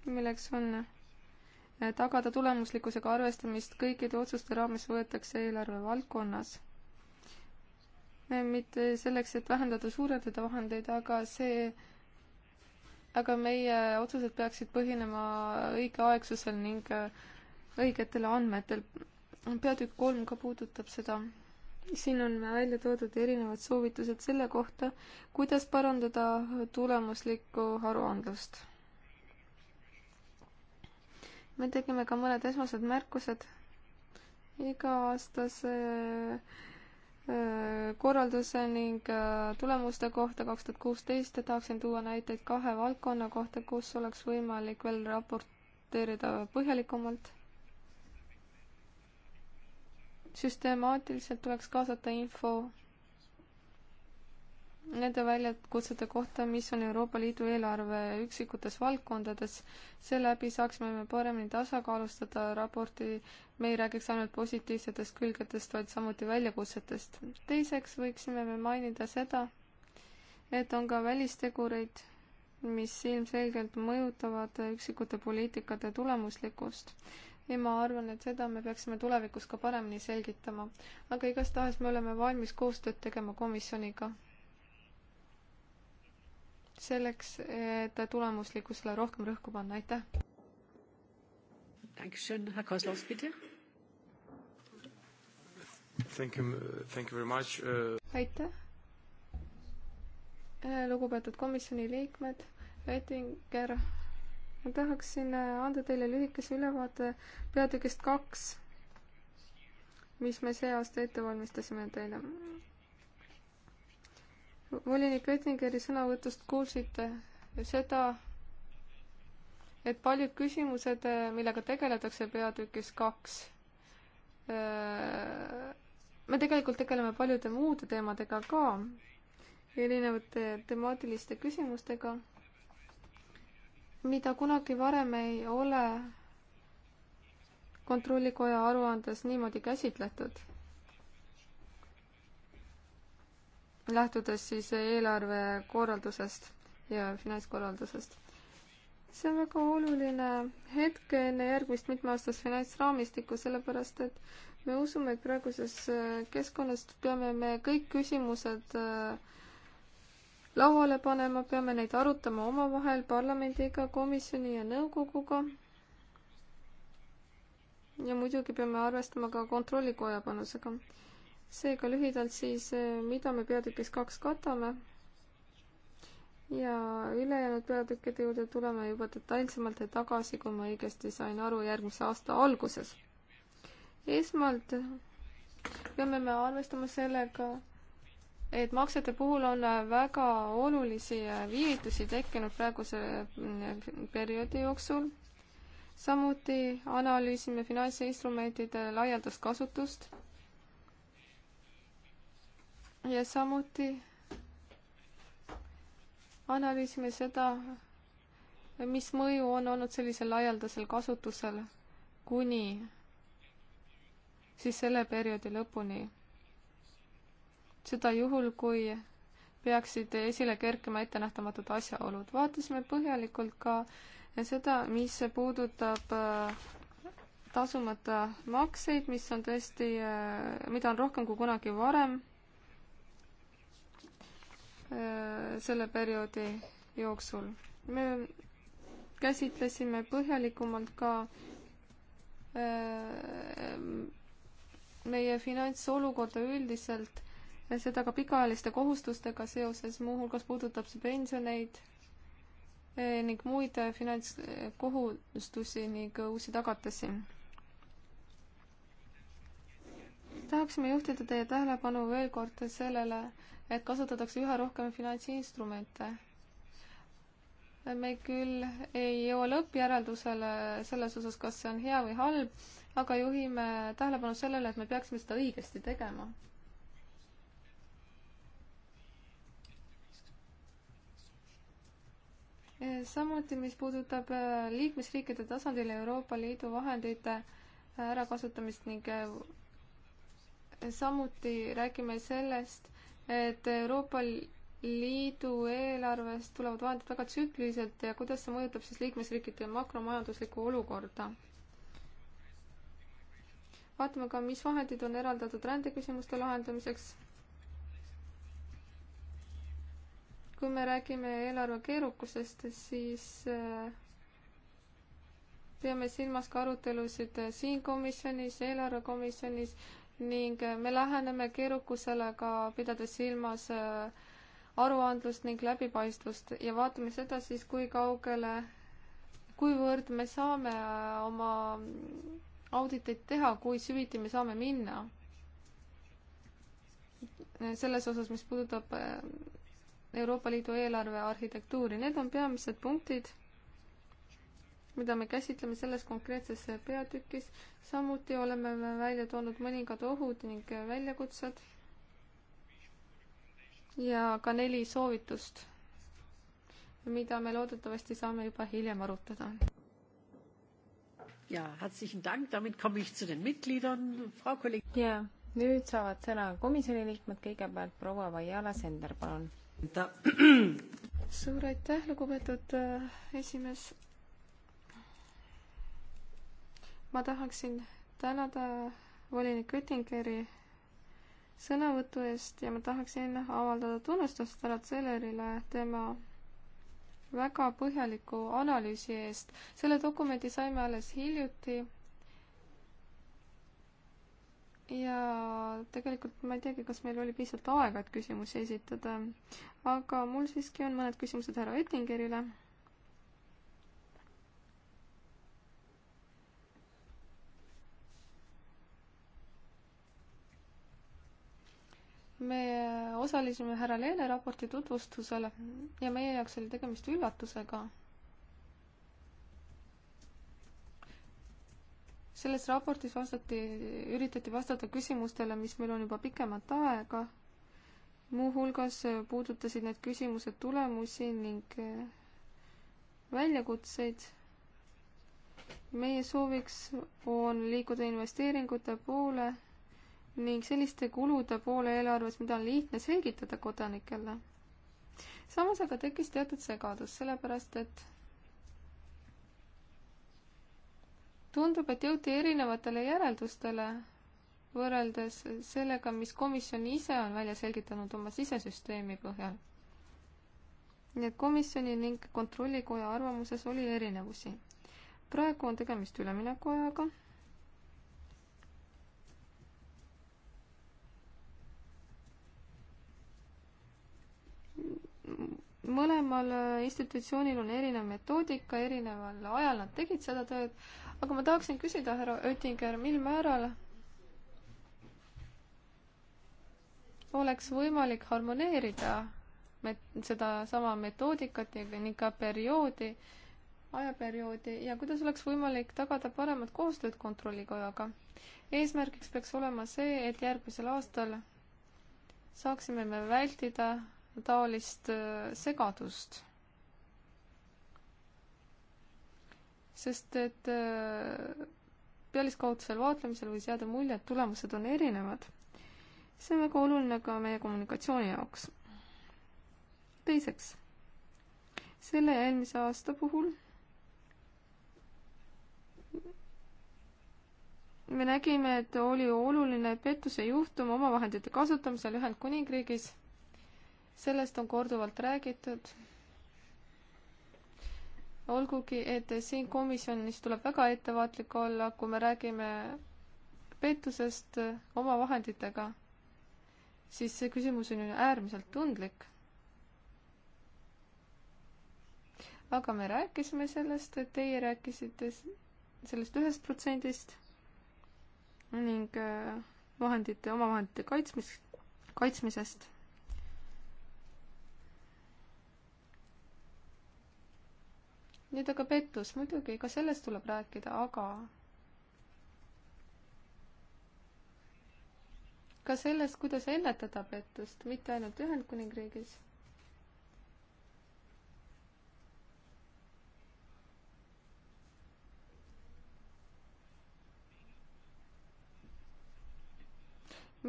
milleks on eh, tagada tulemuslikkusega arvestamist kõikide otsuste raames võetakse eelarve valdkonnas mitte selleks, et vähendada, suurendada vahendeid, aga see, aga meie otsused peaksid põhinema õigeaegsusel ning äh, õigetel andmetel. peatükk kolm ka puudutab seda. siin on välja toodud erinevad soovitused selle kohta, kuidas parandada tulemuslikku aruandlust. me tegime ka mõned esmased märkused iga-aastase äh, korralduse ning äh, tulemuste kohta kaks tuhat kuusteist tahaksin tuua näiteid kahe valdkonna kohta, kus oleks võimalik veel raporteerida põhjalikumalt. süstemaatiliselt tuleks kaasata info nende väljakutsete kohta, mis on Euroopa Liidu eelarve üksikutes valdkondades. seeläbi saaksime me paremini tasakaalustada raporti, me ei räägiks ainult positiivsetest külgedest, vaid samuti väljakutsetest. teiseks võiksime me mainida seda, et on ka välistegureid, mis ilmselgelt mõjutavad üksikute poliitikate tulemuslikkust ja ma arvan, et seda me peaksime tulevikus ka paremini selgitama. aga igastahes me oleme valmis koostööd tegema komisjoniga selleks, et tulemuslikkusele rohkem rõhku panna, aitäh! Uh, aitäh! Äh, lugupeetud komisjoni liikmed, Oettinger, ma tahaksin äh, anda teile lühikese ülevaate peatükist kaks, mis me see aasta ette valmistasime teile volinik Oettingeri sõnavõtust kuulsite seda, et paljud küsimused, äh, millega tegeletakse peatükis kaks, äh, me tegelikult tegeleme paljude muude teemadega ka, erinevate temaatiliste küsimustega, mida kunagi varem ei ole kontrollikoja aruandes niimoodi käsitletud lähtudes siis eelarve korraldusest ja finantskorraldusest. see on väga oluline hetk enne järgmist mitmeaastast finantsraamistikku, sellepärast et me usume, et praeguses äh, keskkonnas peame me kõik küsimused äh, lauale panema, peame neid arutama omavahel parlamendiga, komisjoni ja nõukoguga. ja muidugi peame arvestama ka kontrollikoja panusega seega lühidalt siis, eh, mida me peatükis kaks katame. ja ülejäänud peatükkide juurde tuleme juba detailsemalt tagasi, kui ma õigesti sain aru, järgmise aasta alguses. esmalt peame me arvestama sellega, et maksete puhul on väga olulisi viivitusi tekkinud praeguse mm, perioodi jooksul. samuti analüüsime finantsinstrumentide laialdast kasutust ja samuti analüüsime seda, mis mõju on olnud sellisel laialdasel kasutusel kuni siis selle perioodi lõpuni. seda juhul, kui peaksid esile kerkima ettenähtamatud asjaolud. vaatasime põhjalikult ka seda, mis puudutab äh, tasumata makseid, mis on tõesti, äh, mida on rohkem kui kunagi varem Äh, selle perioodi jooksul. me käsitlesime põhjalikumalt ka äh, meie finantsolukorda üldiselt, seda ka pikaajaliste kohustustega seoses, muuhulgas puudutab see pensioneid äh, ning muid finantskohustusi ning uusi tagatisi. tahaksime juhtida teie tähelepanu veel kord sellele, et kasutatakse üha rohkem finantsinstrumente. me küll ei jõua lõppjäreldusele selles osas, kas see on hea või halb, aga juhime tähelepanu sellele, et me peaksime seda õigesti tegema. samuti, mis puudutab äh, liikmesriikide tasandil Euroopa Liidu vahendite äh, ärakasutamist ning äh, samuti räägime sellest, et Euroopa Liidu eelarvest tulevad vahendid väga tsükliliselt ja kuidas see mõjutab siis liikmesriikide makromajanduslikku olukorda? vaatame ka, mis vahendid on eraldatud rändeküsimuste lahendamiseks. kui me räägime eelarve keerukusest, siis äh, peame silmas ka arutelusid äh, siin komisjonis, eelarvekomisjonis ning äh, me läheneme keerukusele ka pidades silmas äh, aruandlust ning läbipaistvust ja vaatame seda siis, kui kaugele, kuivõrd me saame äh, oma auditeid teha, kui süviti me saame minna. selles osas, mis puudutab Euroopa Liidu eelarve arhitektuuri, need on peamised punktid mida me käsitleme selles konkreetses peatükis. samuti oleme me välja toonud mõningad ohud ning väljakutsed ja ka neli soovitust, mida me loodetavasti saame juba hiljem arutada. ja, ja nüüd saavad sõna komisjoni liikmed, kõigepealt proua Vaiala Sender, palun. suur aitäh, lugupeetud äh, esimees ma tahaksin tänada volinik Oettingeri sõnavõtu eest ja ma tahaksin avaldada tunnustust härra Zellerile tema väga põhjaliku analüüsi eest. selle dokumendi saime alles hiljuti. ja tegelikult ma ei teagi, kas meil oli piisavalt aega, et küsimusi esitada, aga mul siiski on mõned küsimused härra Oettingerile me osalesime härra Leele raporti tutvustusel ja meie jaoks oli tegemist üllatusega. selles raportis vastati, üritati vastata küsimustele, mis meil on juba pikemat aega. muuhulgas puudutasid need küsimused tulemusi ning väljakutseid. meie sooviks on liikuda investeeringute poole ning selliste kulude poole eelarves, mida on lihtne selgitada kodanikele. samas aga tekkis teatud segadus, sellepärast et tundub, et jõuti erinevatele järeldustele võrreldes sellega, mis komisjon ise on välja selgitanud oma sisesüsteemi põhjal. nii et komisjoni ning kontrollikoja arvamuses oli erinevusi. praegu on tegemist üleminekuajaga mõlemal äh, institutsioonil on erinev metoodika, erineval ajal nad tegid seda tööd, aga ma tahaksin küsida, härra Oettinger, mil määral oleks võimalik harmoneerida met-, sedasama metoodikat ja ning ka perioodi, ajaperioodi ja kuidas oleks võimalik tagada paremat koostööd Kontrollikojaga. eesmärgiks peaks olema see, et järgmisel aastal saaksime me vältida taolist äh, segadust. sest et äh, pealiskaudsel vaatlemisel võis jääda mulje, et tulemused on erinevad. see on väga oluline ka meie kommunikatsiooni jaoks. teiseks, selle ja eelmise aasta puhul me nägime, et oli oluline pettuse juhtum omavahendite kasutamisel Ühendkuningriigis sellest on korduvalt räägitud. olgugi, et siin komisjonis tuleb väga ettevaatlik olla, kui me räägime pettusest oma vahenditega, siis see küsimus on ju äärmiselt tundlik. aga me rääkisime sellest, teie rääkisite sellest ühest protsendist ning äh, vahendite, omavahendite kaitsmis, kaitsmisest nüüd aga pettus, muidugi, ka sellest tuleb rääkida, aga ka sellest, kuidas ennetada pettust, mitte ainult Ühendkuningriigis.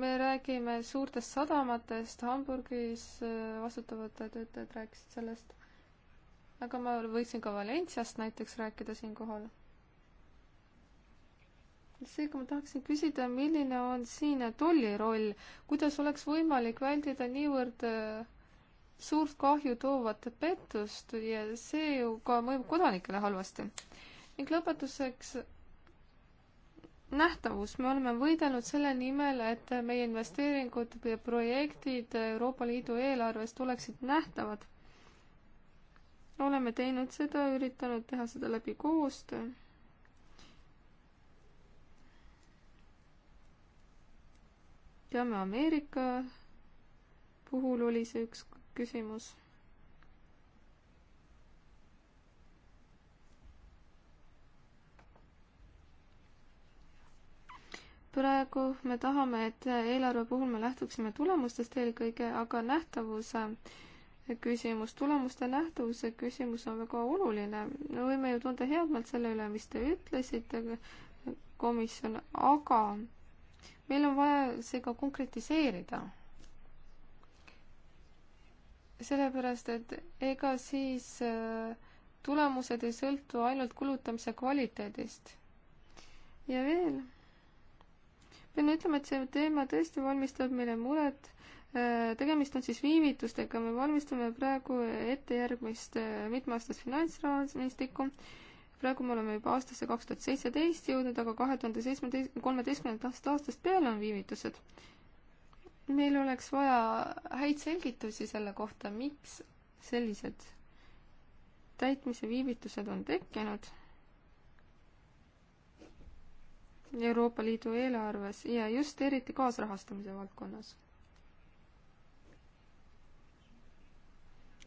me räägime suurtest sadamatest, Hamburgis äh, vastutavad töötajad rääkisid sellest aga ma võiksin ka Valentsiast näiteks rääkida siinkohal. seega ma tahaksin küsida, milline on siin tolli roll, kuidas oleks võimalik vältida niivõrd äh, suurt kahju toovat pettust ja see ju ka mõjub kodanikele halvasti. ning lõpetuseks nähtavus, me oleme võidelnud selle nimel, et meie investeeringud ja projektid Euroopa Liidu eelarves oleksid nähtavad oleme teinud seda, üritanud teha seda läbi koostöö. teame, Ameerika puhul oli see üks küsimus. praegu me tahame, et eelarve puhul me lähtuksime tulemustest eelkõige, aga nähtavuse äh, küsimus, tulemuste nähtavuse küsimus on väga oluline. me võime ju tunda head meelt selle üle, mis te ütlesite, komisjon, aga meil on vaja see ka konkretiseerida. sellepärast, et ega siis äh, tulemused ei sõltu ainult kulutamise kvaliteedist. ja veel, pean ütlema, et see teema tõesti valmistab meile muret Äh, tegemist on siis viivitustega, me valmistame praegu ette järgmist äh, mitmeaastast finantsraamistikku. praegu me oleme juba aastasse kaks tuhat seitseteist jõudnud, aga kahe tuhande seitsmeteist, kolmeteistkümnendast aastast peale on viivitused. meil oleks vaja häid selgitusi selle kohta, miks sellised täitmise viivitused on tekkinud Euroopa Liidu eelarves ja just eriti kaasrahastamise valdkonnas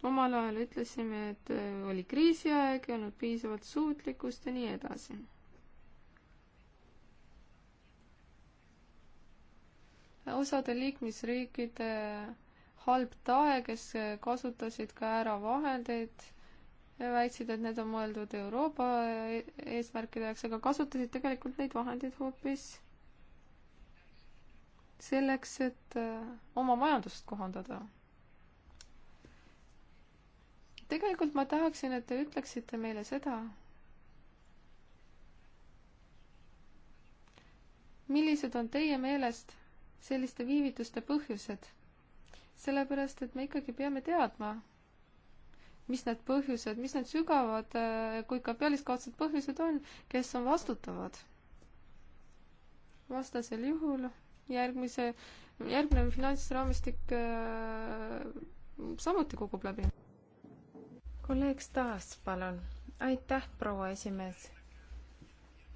omal ajal ütlesime, et äh, oli kriisiaeg, ei olnud piisavalt suutlikkust ja nii edasi. osade liikmesriikide halb tae, kes kasutasid ka ära vahendeid, väitsid, et need on mõeldud Euroopa eesmärkide jaoks, aga kasutasid tegelikult neid vahendeid hoopis selleks, et äh, oma majandust kohandada tegelikult ma tahaksin, et te ütleksite meile seda, millised on teie meelest selliste viivituste põhjused? sellepärast, et me ikkagi peame teadma, mis need põhjused, mis need sügavad äh, kui ka pealiskaudsed põhjused on, kes on vastutavad. vastasel juhul järgmise, järgnev finantsraamistik äh, samuti kukub läbi kolleeg Staas, palun. aitäh, proua esimees.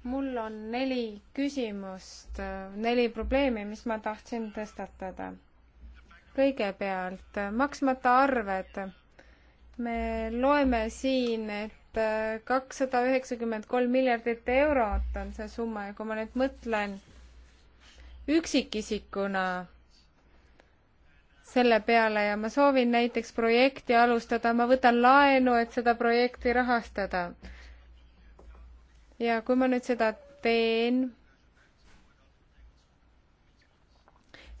mul on neli küsimust, neli probleemi, mis ma tahtsin tõstatada. kõigepealt maksmata arved. me loeme siin, et äh, kakssada üheksakümmend kolm miljardit eurot on see summa ja kui ma nüüd mõtlen üksikisikuna selle peale ja ma soovin näiteks projekti alustada, ma võtan laenu, et seda projekti rahastada. ja kui ma nüüd seda teen,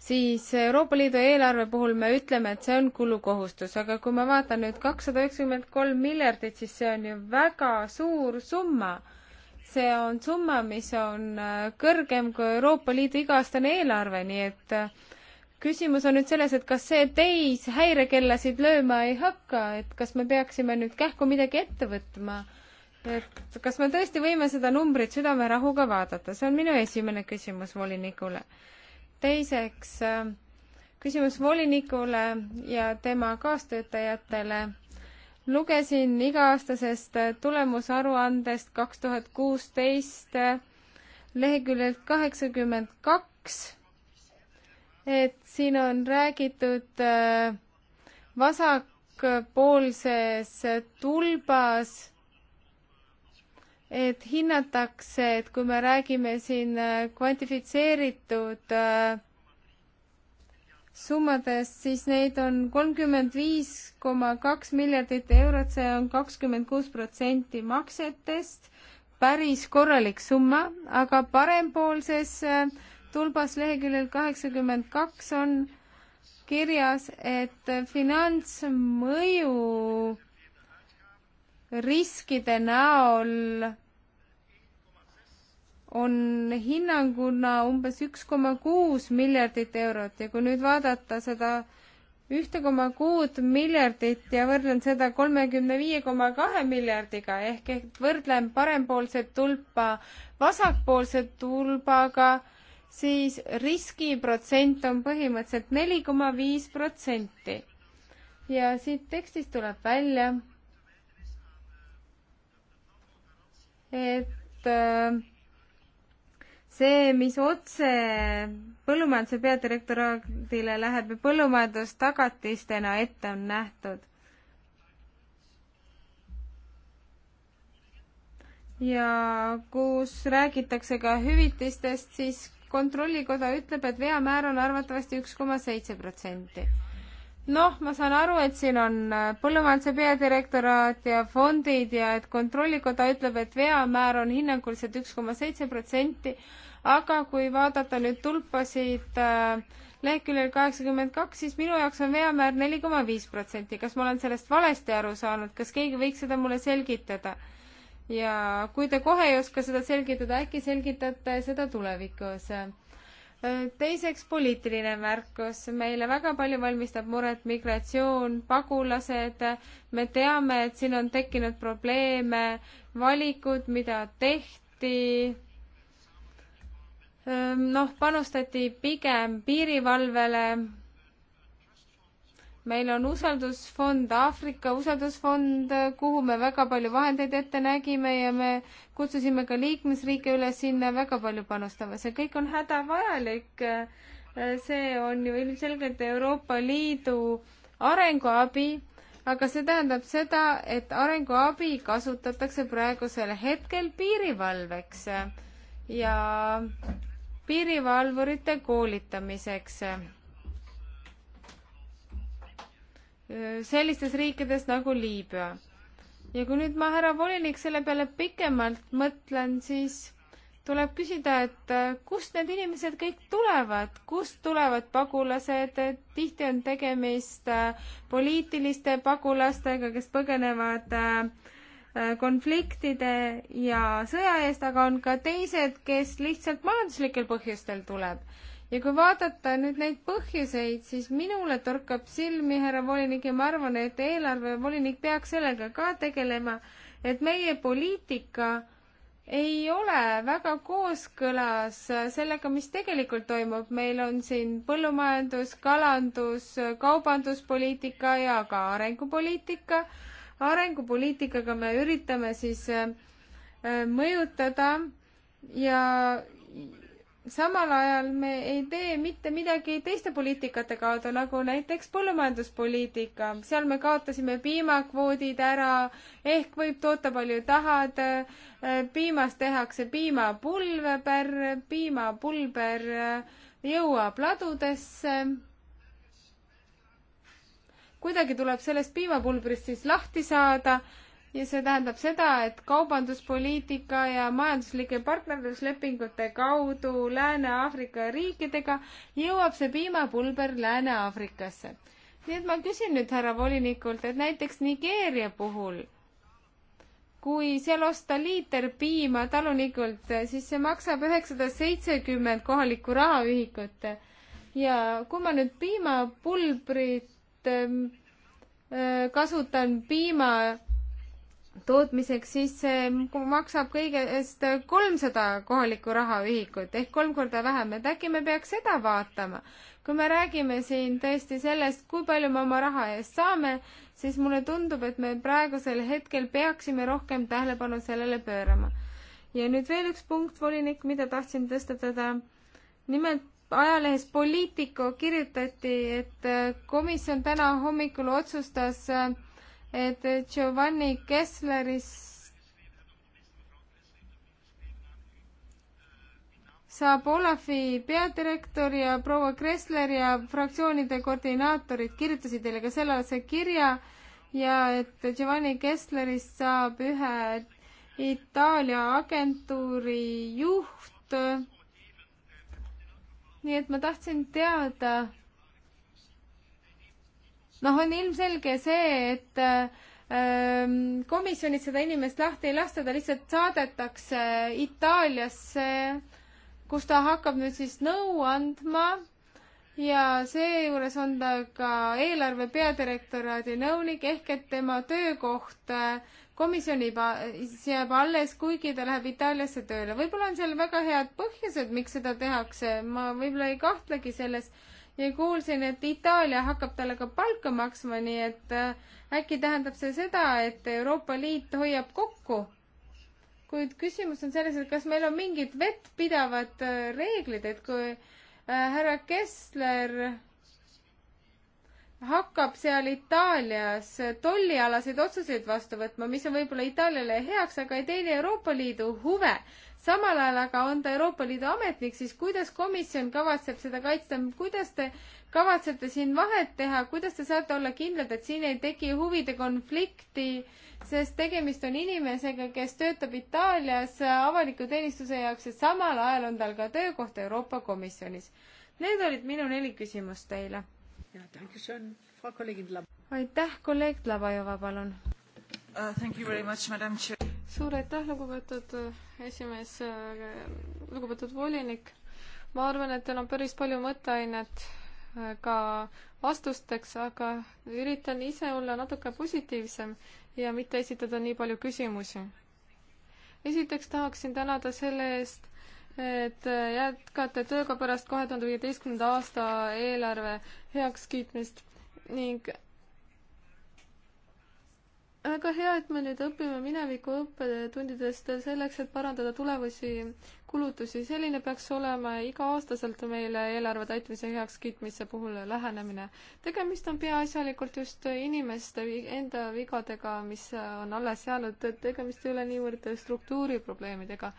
siis Euroopa Liidu eelarve puhul me ütleme, et see on kulukohustus, aga kui ma vaatan nüüd kakssada üheksakümmend kolm miljardit, siis see on ju väga suur summa. see on summa, mis on kõrgem kui Euroopa Liidu iga-aastane eelarve, nii et äh, küsimus on nüüd selles, et kas see teis häirekellasid lööma ei hakka, et kas me peaksime nüüd kähku midagi ette võtma? et kas me tõesti võime seda numbrit südamerahuga vaadata, see on minu esimene küsimus volinikule. teiseks äh, küsimus volinikule ja tema kaastöötajatele lugesin iga-aastasest äh, tulemusaruandest kaks tuhat kuusteist äh, leheküljelt kaheksakümmend kaks et siin on räägitud äh, vasakpoolses tulbas, et hinnatakse, et kui me räägime siin äh, kvantifitseeritud äh, summadest, siis neid on kolmkümmend viis koma kaks miljardit eurot, see on kakskümmend kuus protsenti maksetest, päris korralik summa, aga parempoolses äh, tulbas leheküljel kaheksakümmend kaks on kirjas, et finantsmõju riskide näol on hinnanguna umbes üks koma kuus miljardit eurot ja kui nüüd vaadata seda ühte koma kuut miljardit ja võrdlen seda kolmekümne viie koma kahe miljardiga ehk, ehk võrdlen parempoolset tulpa vasakpoolse tulbaga, siis riskiprotsent on põhimõtteliselt neli koma viis protsenti. ja siit tekstist tuleb välja, et äh, see, mis otse põllumajanduse peadirektoraadile läheb ja põllumajandustagatistena ette on nähtud. ja kus räägitakse ka hüvitistest, siis kontrollikoda ütleb, et veamäär on arvatavasti üks koma seitse protsenti. noh, ma saan aru, et siin on äh, põllumajanduse peadirektoraat ja fondid ja et kontrollikoda ütleb, et veamäär on hinnanguliselt üks koma seitse protsenti, aga kui vaadata nüüd tulpasid äh, leheküljel kaheksakümmend kaks, siis minu jaoks on veamäär neli koma viis protsenti. kas ma olen sellest valesti aru saanud, kas keegi võiks seda mulle selgitada? ja kui te kohe ei oska seda selgitada, äkki selgitate seda tulevikus. Äh, teiseks poliitiline märkus. meile väga palju valmistab muret migratsioon, pagulased. me teame, et siin on tekkinud probleeme, valikud, mida tehti äh, noh, panustati pigem piirivalvele meil on usaldusfond, Aafrika usaldusfond, kuhu me väga palju vahendeid ette nägime ja me kutsusime ka liikmesriike üles sinna väga palju panustama, see kõik on hädavajalik. see on ju ilmselgelt Euroopa Liidu arenguabi, aga see tähendab seda, et arenguabi kasutatakse praegusel hetkel piirivalveks ja piirivalvurite koolitamiseks sellistes riikides nagu Liibüa. ja kui nüüd ma, härra volinik, selle peale pikemalt mõtlen, siis tuleb küsida, et äh, kust need inimesed kõik tulevad, kust tulevad pagulased, et tihti on tegemist äh, poliitiliste pagulastega, kes põgenevad äh, konfliktide ja sõja eest, aga on ka teised, kes lihtsalt majanduslikel põhjustel tuleb ja kui vaadata nüüd neid põhjuseid, siis minule torkab silmi, härra volinik, ja ma arvan, et eelarvevolinik peaks sellega ka tegelema, et meie poliitika ei ole väga kooskõlas sellega, mis tegelikult toimub. meil on siin põllumajandus, kalandus, kaubanduspoliitika ja ka arengupoliitika. arengupoliitikaga me üritame siis äh, mõjutada ja samal ajal me ei tee mitte midagi teiste poliitikate kaudu, nagu näiteks põllumajanduspoliitika. seal me kaotasime piimakvoodid ära, ehk võib toota palju tahad. piimast tehakze piimapulber, piimapulber jõuab ladudesse. kuidagi tuleb sellest piimapulbrist siis lahti saada ja see tähendab seda, et kaubanduspoliitika ja majanduslike partnerluslepingute kaudu Lääne-Aafrika riikidega jõuab see piimapulber Lääne-Aafrikasse. nii et ma küsin nüüd härra volinikult, et näiteks Nigeeria puhul, kui seal osta liiter piima talunikult, siis see maksab üheksasada seitsekümmend kohalikku rahaühikut. ja kui ma nüüd piimapulbrit ehm, kasutan piima tootmiseks, siis see maksab kõigest kolmsada kohalikku rahaühikut ehk kolm korda vähem, et äkki me peaks seda vaatama. kui me räägime siin tõesti sellest, kui palju me oma raha eest saame, siis mulle tundub, et me praegusel hetkel peaksime rohkem tähelepanu sellele pöörama. ja nüüd veel üks punkt, volinik, mida tahtsin tõstatada. nimelt ajalehes Politico kirjutati, et komisjon täna hommikul otsustas äh, et Giovanni Kesslerist saab Olafi peadirektor ja proua Kressler ja fraktsioonide koordinaatorid kirjutasid teile ka sellealase kirja ja et Giovanni Kesslerist saab ühe Itaalia agentuuri juht. nii et ma tahtsin teada, noh, on ilmselge see, et ähm, komisjonis seda inimest lahti ei lasta, ta lihtsalt saadetakse Itaaliasse, kus ta hakkab nüüd siis nõu andma ja seejuures on ta ka eelarve peadirektoraadi nõunik, ehk et tema töökoht äh, komisjoni jääb alles, kuigi ta läheb Itaaliasse tööle. võib-olla on seal väga head põhjused, miks seda tehakse, ma võib-olla ei kahtlegi selles ja kuulsin, et Itaalia hakkab talle ka palka maksma, nii et äh, äkki tähendab see seda, et Euroopa Liit hoiab kokku. kuid küsimus on selles, et kas meil on mingid vettpidavad äh, reeglid, et kui äh, härra Kessler hakkab seal Itaalias tollialaseid otsuseid vastu võtma, mis on võib-olla Itaaliale heaks, aga ei teeni Euroopa Liidu huve, samal ajal aga on ta Euroopa Liidu ametnik, siis kuidas komisjon kavatseb seda kaitsta, kuidas te kavatsete siin vahet teha, kuidas te saate olla kindlad, et siin ei teki huvide konflikti, sest tegemist on inimesega, kes töötab Itaalias avaliku teenistuse jaoks ja samal ajal on tal ka töökoht Euroopa Komisjonis. Need olid minu neli küsimust teile. aitäh, kolleeg Tlabajova, palun uh, suur aitäh, lugupeetud äh, esimees, äh, lugupeetud volinik. ma arvan, et teil on päris palju mõtteainet äh, ka vastusteks, aga üritan ise olla natuke positiivsem ja mitte esitada nii palju küsimusi. esiteks tahaksin tänada selle eest, et jätkate tööga pärast kahe tuhande viieteistkümnenda aasta eelarve heakskiitmist ning väga hea, et me nüüd õpime mineviku õppetundidest selleks, et parandada tulevasi kulutusi. selline peaks olema iga-aastaselt meile eelarve täitmise heakskiitmise puhul lähenemine. tegemist on peaasjalikult just inimeste enda vigadega, mis on alles jäänud, tegemist ei ole niivõrd struktuuriprobleemidega.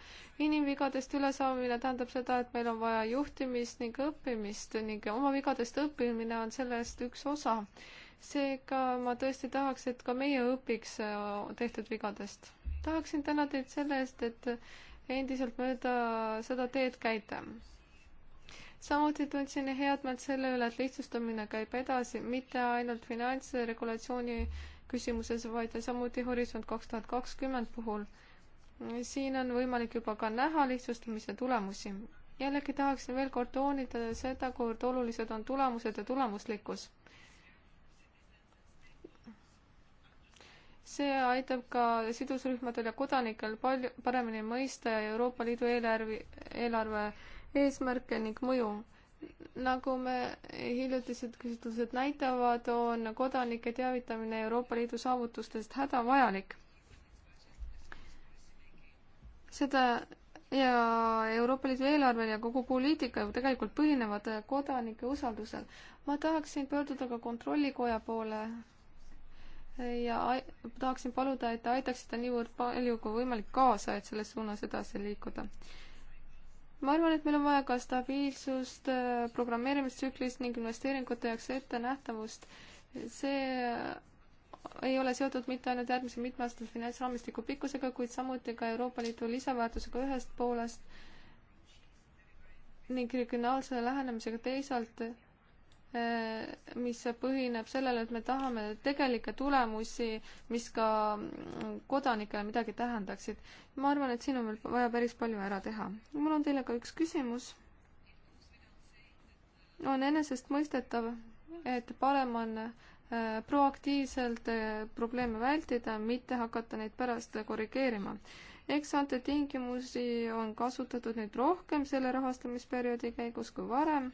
inimvigadest ülesaamine tähendab seda, et meil on vaja juhtimist ning õppimist ning oma vigadest õppimine on sellest üks osa seega ma tõesti tahaks, et ka meie õpiks äh, tehtud vigadest. tahaksin täna teid selle eest, et endiselt mööda seda teed käite. samuti tundsin head meelt selle üle, et lihtsustamine käib edasi, mitte ainult finantsregulatsiooni küsimuses, vaid samuti Horisont kaks tuhat kakskümmend puhul. siin on võimalik juba ka näha lihtsustamise tulemusi. jällegi tahaksin veel kord toonitada seda, kuivõrd olulised on tulemused ja tulemuslikkus see aitab ka sidusrühmadel ja kodanikel palju paremini mõista Euroopa Liidu eelarve, eelarve eesmärke ning mõju. nagu me hiljutised küsitlused näitavad, on kodanike teavitamine Euroopa Liidu saavutustest hädavajalik. seda ja Euroopa Liidu eelarvel ja kogu poliitika ju tegelikult põhinevad kodanike usaldusel. ma tahaksin pöörduda ka Kontrollikoja poole ja tahaksin paluda, et te aitaksite niivõrd palju kui võimalik kaasa, et selles suunas edasi liikuda. ma arvan, et meil on vaja ka stabiilsust programmeerimistsüklist ning investeeringute jaoks ettenähtavust. see ei ole seotud mitte ainult järgmise mitmeaastase finantsraamistiku pikkusega, kuid samuti ka Euroopa Liidu lisaväärtusega ühest poolest ning regionaalse lähenemisega teisalt Äh, mis põhineb sellele, et me tahame tegelikke tulemusi, mis ka mm, kodanikele midagi tähendaksid. ma arvan, et siin on veel vaja päris palju ära teha. mul on teile ka üks küsimus. on enesestmõistetav, et parem on äh, proaktiivselt äh, probleeme vältida, mitte hakata neid pärast korrigeerima. eks ante tingimusi on kasutatud nüüd rohkem selle rahastamisperioodi käigus kui varem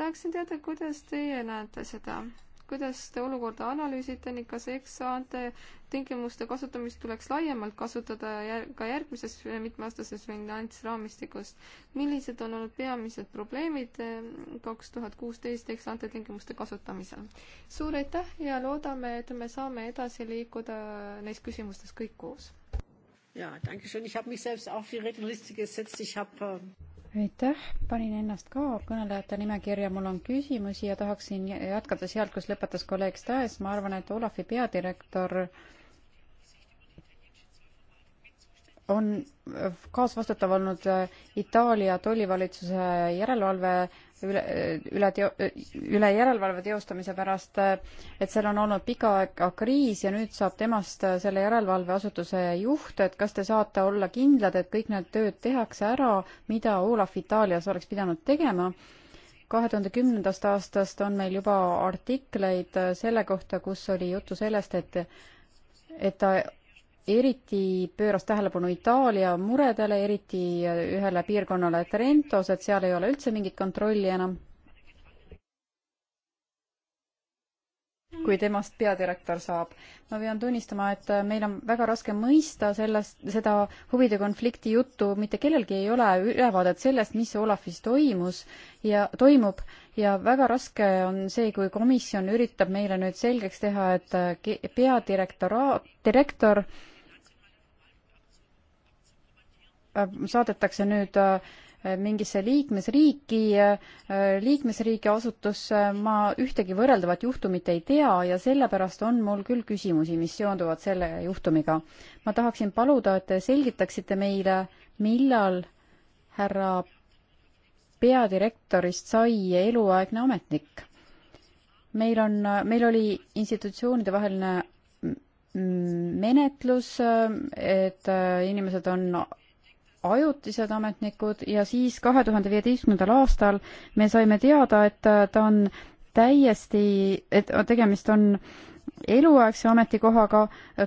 tahaksin teada, kuidas teie näete seda, kuidas te olukorda analüüsite ning kas eksante tingimuste kasutamist tuleks laiemalt kasutada jär ka järgmises mitmeaastases finantsraamistikus. millised on olnud peamised probleemid eh, kaks tuhat kuusteist eksante tingimuste kasutamisel? suur aitäh ja loodame, et me saame edasi liikuda neis küsimustes kõik koos. jaa, tänke schön, ich hab mich selbst auf die redenliste gesetzt, ich hab äh aitäh, panin ennast ka kõnelejate nimekirja, mul on küsimusi ja tahaksin jätkata sealt, kus lõpetas kolleeg Staes, ma arvan, et Olafi peadirektor on kaasvastutav olnud Itaalia tollivalitsuse järelevalve üle, üle teo-, üle järelevalve teostamise pärast, et seal on olnud pikka aega kriis ja nüüd saab temast selle järelevalveasutuse juht, et kas te saate olla kindlad, et kõik need tööd tehakse ära, mida Olav Itaalias oleks pidanud tegema? kahe tuhande kümnendast aastast on meil juba artikleid selle kohta, kus oli juttu sellest, et et ta eriti pööras tähelepanu Itaalia muredele, eriti ühele piirkonnale Tarentos, et seal ei ole üldse mingit kontrolli enam. kui temast peadirektor saab. ma pean tunnistama, et meil on väga raske mõista sellest, seda huvide konflikti juttu, mitte kellelgi ei ole ülevaadet sellest, mis Olafis toimus ja toimub ja väga raske on see, kui komisjon üritab meile nüüd selgeks teha, et äh, peadirektora-, direktor äh, saadetakse nüüd äh, mingisse liikmesriiki, liikmesriigi asutusse, ma ühtegi võrreldavat juhtumit ei tea ja sellepärast on mul küll küsimusi, mis seonduvad selle juhtumiga. ma tahaksin paluda, et te selgitaksite meile, millal härra peadirektorist sai eluaegne ametnik. meil on, meil oli institutsioonide vaheline menetlus, et äh, inimesed on ajutised ametnikud ja siis kahe tuhande viieteistkümnendal aastal me saime teada, et äh, ta on täiesti, et tegemist on äh, eluaegse ametikohaga,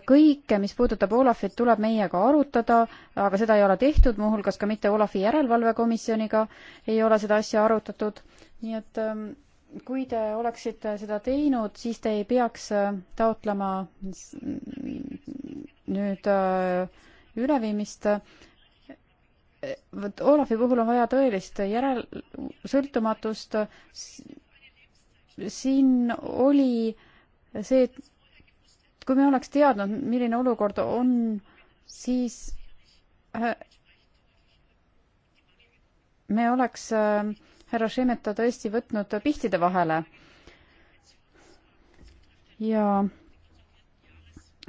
kõike, mis puudutab Olafit, tuleb meiega arutada, aga seda ei ole tehtud, muuhulgas ka mitte Olafi järelevalvekomisjoniga ei ole seda asja arutatud, nii et ähm, kui te oleksite seda teinud, siis te ei peaks äh, taotlema nüüd äh, üleviimist vot Olavi puhul on vaja tõelist järel, sõltumatust. siin oli see, et kui me oleks teadnud, milline olukord on, siis äh, me oleks äh, härra Šemeta tõesti võtnud pihtide vahele. ja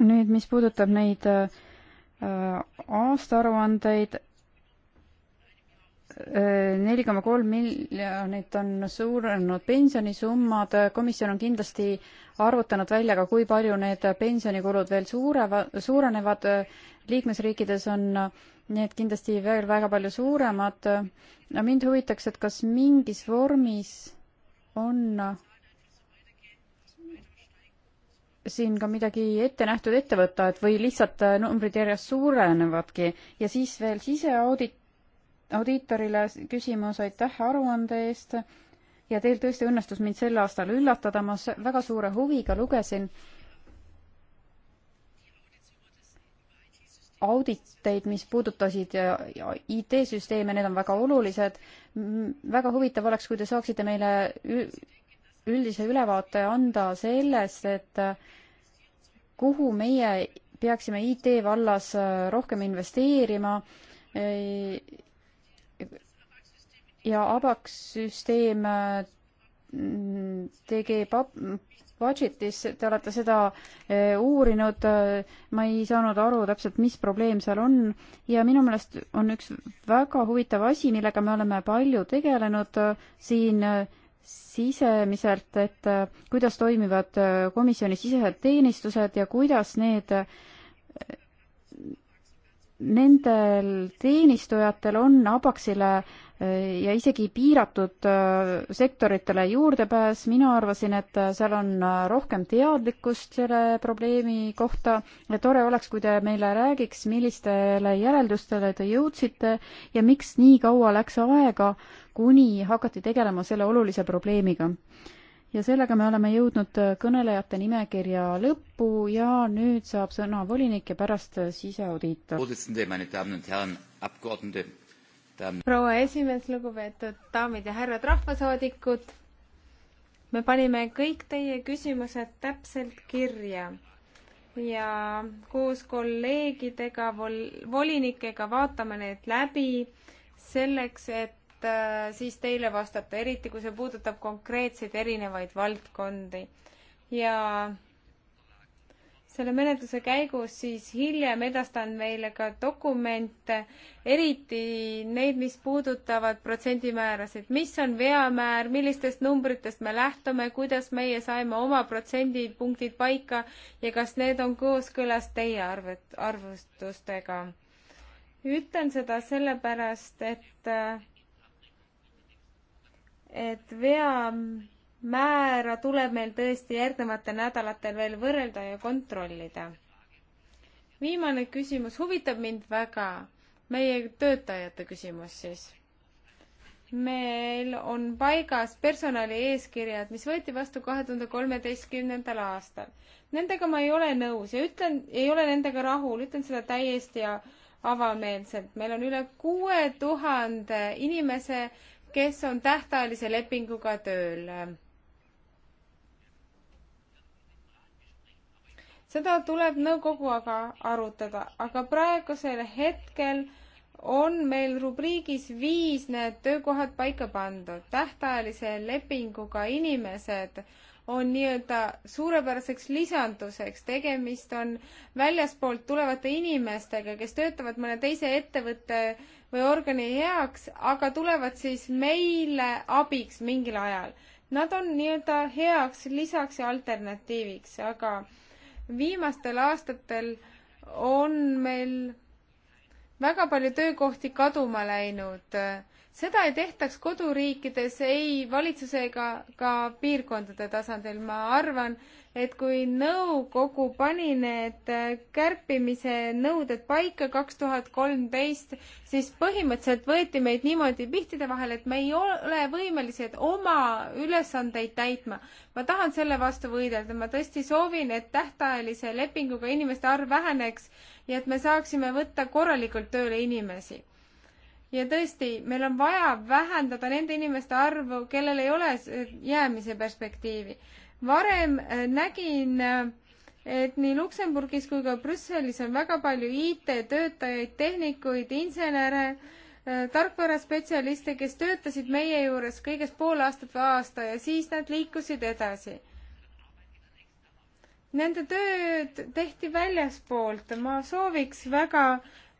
nüüd, mis puudutab neid äh, aastaaruandeid, neli koma kolm miljonit on suurenenud pensionisummad, komisjon on kindlasti arvutanud välja ka, kui palju need pensionikulud veel suureva, suurenevad, liikmesriikides on need kindlasti veel väga palju suuremad. mind huvitaks, et kas mingis vormis on siin ka midagi ette nähtud ette võtta, et või lihtsalt numbrid järjest suurenevadki ja siis veel siseaudit audiitorile küsimus, aitäh aruande eest ja teil tõesti õnnestus mind sel aastal üllatada, ma väga suure huviga lugesin auditeid, mis puudutasid IT-süsteeme, need on väga olulised. väga huvitav oleks, kui te saaksite meile üldise ülevaate anda sellest, et kuhu meie peaksime IT vallas rohkem investeerima ja ABAX süsteem mm, tegi pap-, budgetis, te olete seda e, uurinud, e, ma ei saanud aru täpselt, mis probleem seal on ja minu meelest on üks väga huvitav asi, millega me oleme palju tegelenud e, siin sisemiselt, et kuidas toimivad komisjoni sisesed teenistused ja kuidas need nendel teenistujatel on Abaxile eh, ja isegi piiratud eh, sektoritele juurdepääs, mina arvasin, et eh, seal on rohkem teadlikkust selle probleemi kohta ja tore oleks, kui te meile räägiks, millistele järeldustele te jõudsite ja miks nii kaua läks aega, kuni hakati tegelema selle olulise probleemiga ja sellega me oleme jõudnud äh, kõnelejate nimekirja lõppu ja nüüd saab sõna volinik ja pärast äh, siseaudiitor. proua esimees, lugupeetud daamid ja härrad rahvasaadikud, me panime kõik teie küsimused täpselt kirja ja koos kolleegidega vol,, volinikega vaatame need läbi selleks, et et äh, siis teile vastata, eriti kui see puudutab konkreetseid erinevaid valdkondi. ja selle menetluse käigus siis hiljem edastan meile ka dokumente, eriti neid, mis puudutavad protsendimäärasid, mis on veamäär, millistest numbritest me lähtume, kuidas meie saime oma protsendipunktid paika ja kas need on kooskõlas teie arvet, arvutustega. ütlen seda sellepärast, et äh, et veamäära tuleb meil tõesti järgnevatel nädalatel veel võrrelda ja kontrollida. viimane küsimus huvitab mind väga, meie töötajate küsimus siis meil on paigas personali eeskirjad, mis võeti vastu kahe tuhande kolmeteistkümnendal aastal. Nendega ma ei ole nõus ja ütlen, ei ole nendega rahul, ütlen seda täiesti avameelselt. meil on üle kuue tuhande inimese, kes on tähtajalise lepinguga tööl. seda tuleb nõukogu aga arutada, aga praegusel hetkel on meil rubriigis viis need töökohad paika pandud. tähtajalise lepinguga inimesed on nii-öelda suurepäraseks lisanduseks, tegemist on väljaspoolt tulevate inimestega, kes töötavad mõne teise ettevõtte äh, või organi heaks, aga tulevad siis meile abiks mingil ajal. Nad on nii-öelda heaks lisaks ja alternatiiviks, aga viimastel aastatel on meil väga palju töökohti kaduma läinud. seda ei tehtaks koduriikides ei valitsuse ega ka piirkondade tasandil. ma arvan, et kui nõukogu pani need äh, kärpimise nõuded paika kaks tuhat kolmteist, siis põhimõtteliselt võeti meid niimoodi pihtide vahel, et me ei ole võimelised oma ülesandeid täitma. ma tahan selle vastu võidelda, ma tõesti soovin, et tähtajalise lepinguga inimeste arv väheneks ja et me saaksime võtta korralikult tööle inimesi ja tõesti, meil on vaja vähendada nende inimeste arvu, kellel ei ole jäämise perspektiivi varem äh, nägin, äh, et nii Luksemburgis kui ka Brüsselis on väga palju IT-töötajaid, tehnikuid, insenere, äh, tarkvaraspetsialiste, kes töötasid meie juures kõigest pool aastat või aasta ja siis nad liikusid edasi. Nende tööd tehti väljaspoolt, ma sooviks väga,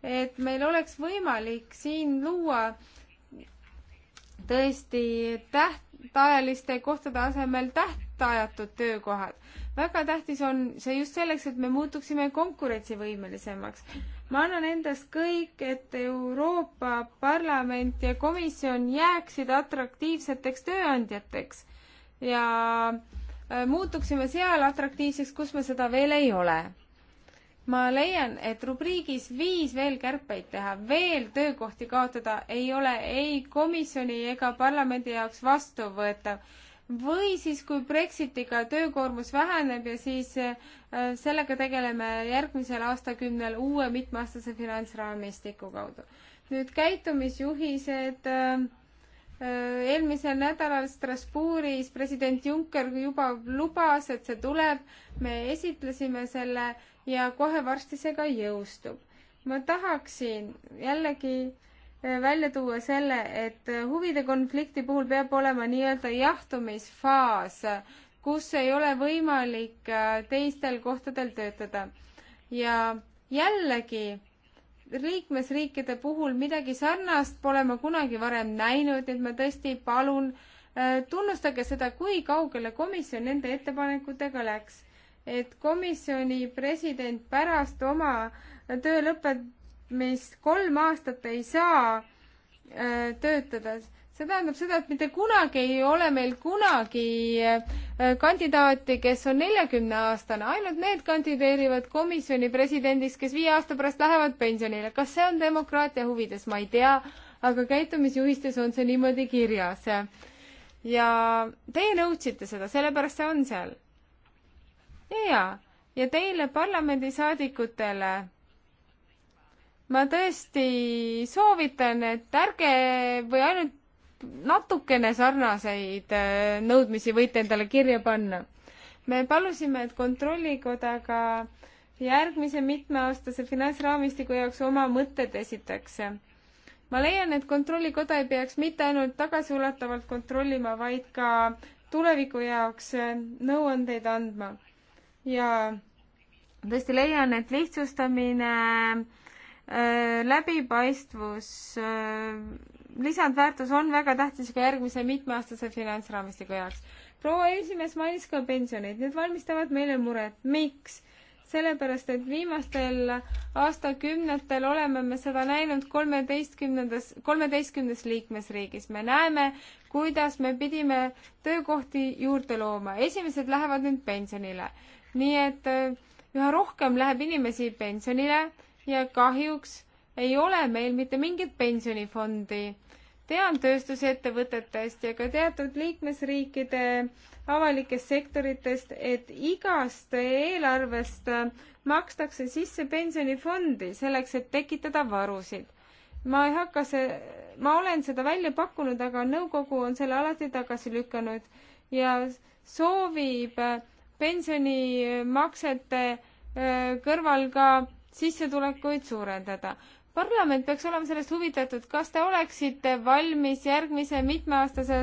et meil oleks võimalik siin luua tõesti täht-, tähtajaliste kohtade asemel tähtajatud töökohad. väga tähtis on see just selleks, et me muutuksime konkurentsivõimelisemaks. ma annan endast kõik, et Euroopa Parlament ja Komisjon jääksid atraktiivseteks tööandjateks ja äh, muutuksime seal atraktiivseks, kus me seda veel ei ole ma leian, et rubriigis viis veel kärpeid teha, veel töökohti kaotada ei ole ei komisjoni ega parlamendi jaoks vastuvõetav. või siis, kui Brexitiga töökoormus väheneb ja siis äh, sellega tegeleme järgmisel aastakümnel uue mitmeaastase finantsraamistiku kaudu. nüüd käitumisjuhised äh, eelmisel nädalal Strasbourgis president Juncker juba lubas, et see tuleb, me esitlesime selle ja kohe varsti see ka jõustub. ma tahaksin jällegi eh, välja tuua selle, et huvide konflikti puhul peab olema nii-öelda jahtumisfaas, kus ei ole võimalik eh, teistel kohtadel töötada. ja jällegi liikmesriikide puhul midagi sarnast pole ma kunagi varem näinud, et ma tõesti palun äh, tunnustage seda, kui kaugele komisjon nende ettepanekutega läks. et komisjoni president pärast oma töö lõpetamist kolm aastat ei saa äh, töötada see tähendab seda, et mitte kunagi ei ole meil kunagi äh, kandidaati, kes on neljakümneaastane, ainult need kandideerivad komisjoni presidendiks, kes viie aasta pärast lähevad pensionile. kas see on demokraatia huvides, ma ei tea, aga käitumisjuhistes on see niimoodi kirjas. ja teie nõudsite seda, sellepärast see on seal. ja, ja, ja teile parlamendisaadikutele ma tõesti soovitan, et ärge või ainult natukene sarnaseid äh, nõudmisi võite endale kirja panna. me palusime, et Kontrollikoda ka järgmise mitmeaastase finantsraamistiku jaoks oma mõtted esitaks. ma leian, et Kontrollikoda ei peaks mitte ainult tagasiulatavalt kontrollima, vaid ka tuleviku jaoks äh, nõuandeid andma. ja tõesti leian, et lihtsustamine, äh, läbipaistvus lisandväärtus on väga tähtis ka järgmise mitmeaastase finantsraamistiku jaoks. proua esimees mainis ka pensioneid, need valmistavad meile muret. miks? sellepärast, et viimastel aastakümnetel oleme me seda näinud kolmeteistkümnendas, kolmeteistkümnes liikmesriigis. me näeme, kuidas me pidime töökohti juurde looma. esimesed lähevad nüüd pensionile. nii et äh, üha rohkem läheb inimesi pensionile ja kahjuks ei ole meil mitte mingit pensionifondi. tean tööstusettevõtetest ja ka teatud liikmesriikide avalikest sektoritest, et igast eelarvest makstakse sisse pensionifondi selleks, et tekitada varusid. ma ei hakka see, ma olen seda välja pakkunud, aga nõukogu on selle alati tagasi lükanud ja soovib pensionimaksete äh, kõrval ka sissetulekuid suurendada parlament peaks olema sellest huvitatud, kas te oleksite valmis järgmise mitmeaastase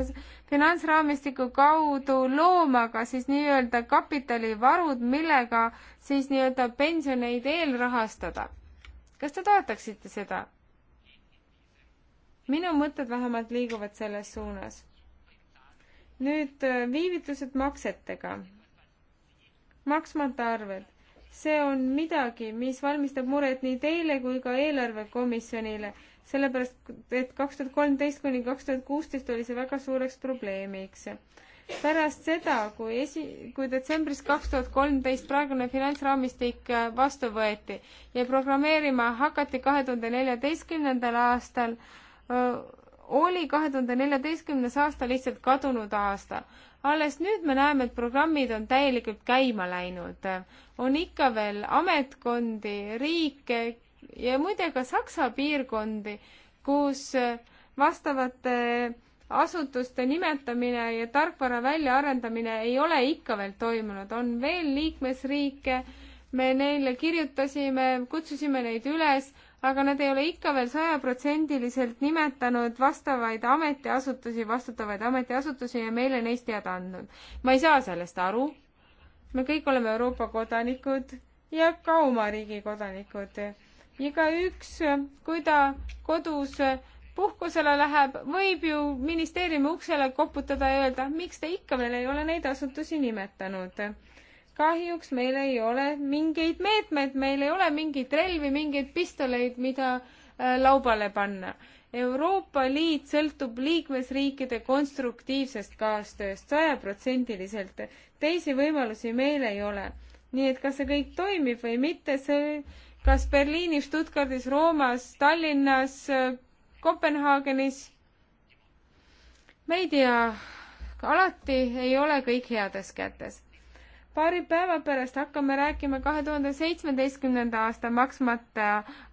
finantsraamistiku kaudu looma ka siis nii-öelda kapitalivarud, millega siis nii-öelda pensioneid eelrahastada? kas te toetaksite seda? minu mõtted vähemalt liiguvad selles suunas. nüüd äh, viivitused maksetega, maksmata arved see on midagi, mis valmistab muret nii teile kui ka eelarvekomisjonile, sellepärast et kaks tuhat kolmteist kuni kaks tuhat kuusteist oli see väga suureks probleemiks. pärast seda, kui esi, kui detsembris kaks tuhat kolmteist praegune finantsraamistik äh, vastu võeti ja programmeerima hakati kahe tuhande neljateistkümnendal aastal, äh, oli kahe tuhande neljateistkümnes aasta lihtsalt kadunud aasta alles nüüd me näeme, et programmid on täielikult käima läinud. on ikka veel ametkondi, riike ja muide ka Saksa piirkondi, kus vastavate asutuste nimetamine ja tarkvara väljaarendamine ei ole ikka veel toimunud, on veel liikmesriike, me neile kirjutasime, kutsusime neid üles aga nad ei ole ikka veel sajaprotsendiliselt nimetanud vastavaid ametiasutusi, vastutavaid ametiasutusi ja meile neist teada andnud. ma ei saa sellest aru. me kõik oleme Euroopa kodanikud ja ka oma riigi kodanikud. igaüks, kui ta kodus puhkusele läheb, võib ju ministeeriumi uksele koputada ja öelda, miks te ikka veel ei ole neid asutusi nimetanud kahjuks meil ei ole mingeid meetmeid, meil ei ole mingeid relvi, mingeid pistoleid, mida äh, laubale panna. Euroopa Liit sõltub liikmesriikide konstruktiivsest kaastööst sajaprotsendiliselt. teisi võimalusi meil ei ole. nii et kas see kõik toimib või mitte, see kas Berliinis, Stuttgardis, Roomas, Tallinnas, Kopenhaagenis, me ei tea, alati ei ole kõik heades kätes paari päeva pärast hakkame rääkima kahe tuhande seitsmeteistkümnenda aasta maksmata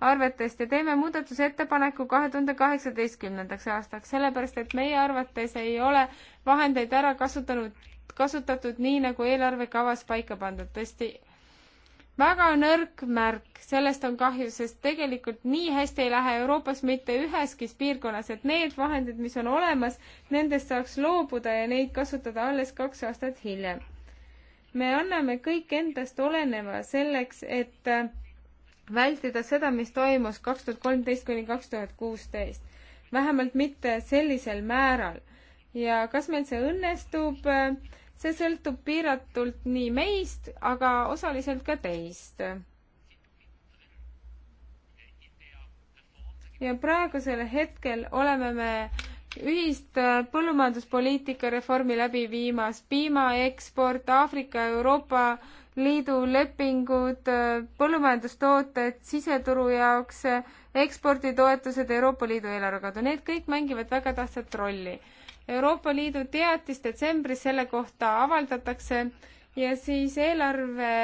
arvetest ja teeme muudatusettepaneku kahe tuhande kaheksateistkümnendaks aastaks, sellepärast et meie arvates ei ole vahendeid ära kasutanud, kasutatud nii, nagu eelarvekavas paika pandud, tõesti väga nõrk märk, sellest on kahju, sest tegelikult nii hästi ei lähe Euroopas mitte üheski piirkonnas, et need vahendid, mis on olemas, nendest saaks loobuda ja neid kasutada alles kaks aastat hiljem me anname kõik endast oleneva selleks, et äh, vältida seda, mis toimus kaks tuhat kolmteist kuni kaks tuhat kuusteist. vähemalt mitte sellisel määral. ja kas meil see õnnestub, see sõltub piiratult nii meist, aga osaliselt ka teist. ja praegusel hetkel oleme me ühist äh, põllumajanduspoliitika reformi läbi viimas, piimaeksport, Aafrika, Euroopa Liidu lepingud, äh, põllumajandustooted siseturu jaoks, äh, eksporditoetused Euroopa Liidu eelarve kaudu, need kõik mängivad väga tähtsat rolli. Euroopa Liidu teatis detsembris selle kohta avaldatakse ja siis eelarve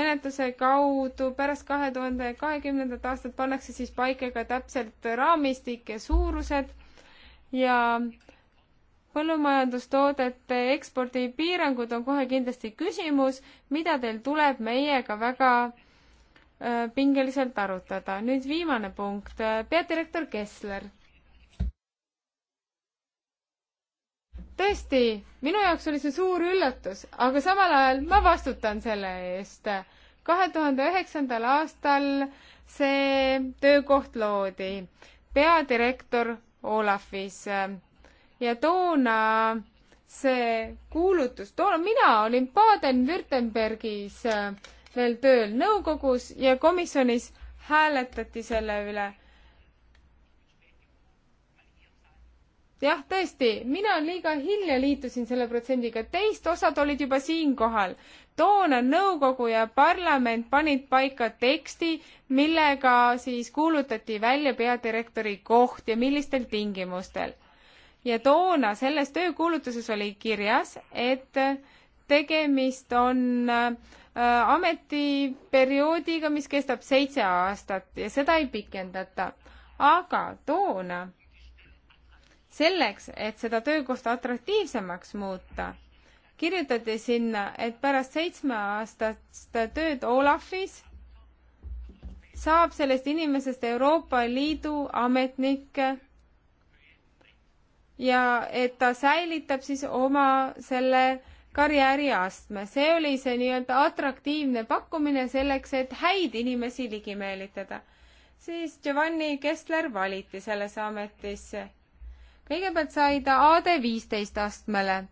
menetluse kaudu pärast kahe tuhande kahekümnendat aastat pannakse siis paika ka täpselt raamistik ja suurused ja põllumajandustoodete ekspordipiirangud on kohe kindlasti küsimus, mida teil tuleb meiega väga äh, pingeliselt arutada. nüüd viimane punkt, äh, peadirektor Kessler. tõesti, minu jaoks oli see suur üllatus, aga samal ajal ma vastutan selle eest. kahe tuhande üheksandal aastal see töökoht loodi, peadirektor Olafis ja toona see kuulutus, toona mina olin Baden-Württembergis äh, veel tööl nõukogus ja komisjonis hääletati selle üle. jah, tõesti, mina liiga hilja liitusin selle protsendiga, teist osad olid juba siinkohal toona nõukogu ja parlament panid paika teksti, millega siis kuulutati välja peadirektori koht ja millistel tingimustel. ja toona selles töökuulutuses oli kirjas, et tegemist on äh, ametiperioodiga, mis kestab seitse aastat ja seda ei pikendata. aga toona selleks, et seda töökohta atraktiivsemaks muuta kirjutati sinna, et pärast seitsmeaastast tööd Olafis saab sellest inimesest Euroopa Liidu ametnik ja et ta säilitab siis oma selle karjääriastme. see oli see nii-öelda atraktiivne pakkumine selleks, et häid inimesi ligi meelitada. siis Giovanni Kessler valiti sellesse ametisse. kõigepealt sai ta AD viisteist astmele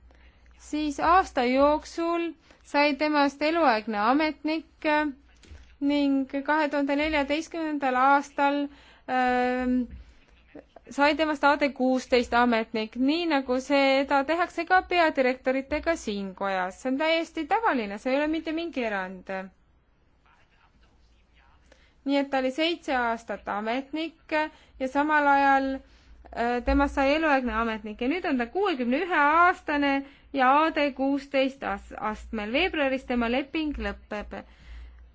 siis aasta jooksul sai temast eluaegne ametnik äh, ning kahe tuhande neljateistkümnendal aastal ähm, sai temast AD kuusteist ametnik, nii nagu seda tehakse ka peadirektoritega siin kojas. see on täiesti tavaline, see ei ole mitte mingi erand. nii et ta oli seitse aastat ametnik ja samal ajal Äh, temast sai eluaegne ametnik ja nüüd on ta kuuekümne ühe aastane ja AD kuusteist astmel. veebruaris tema leping lõpeb.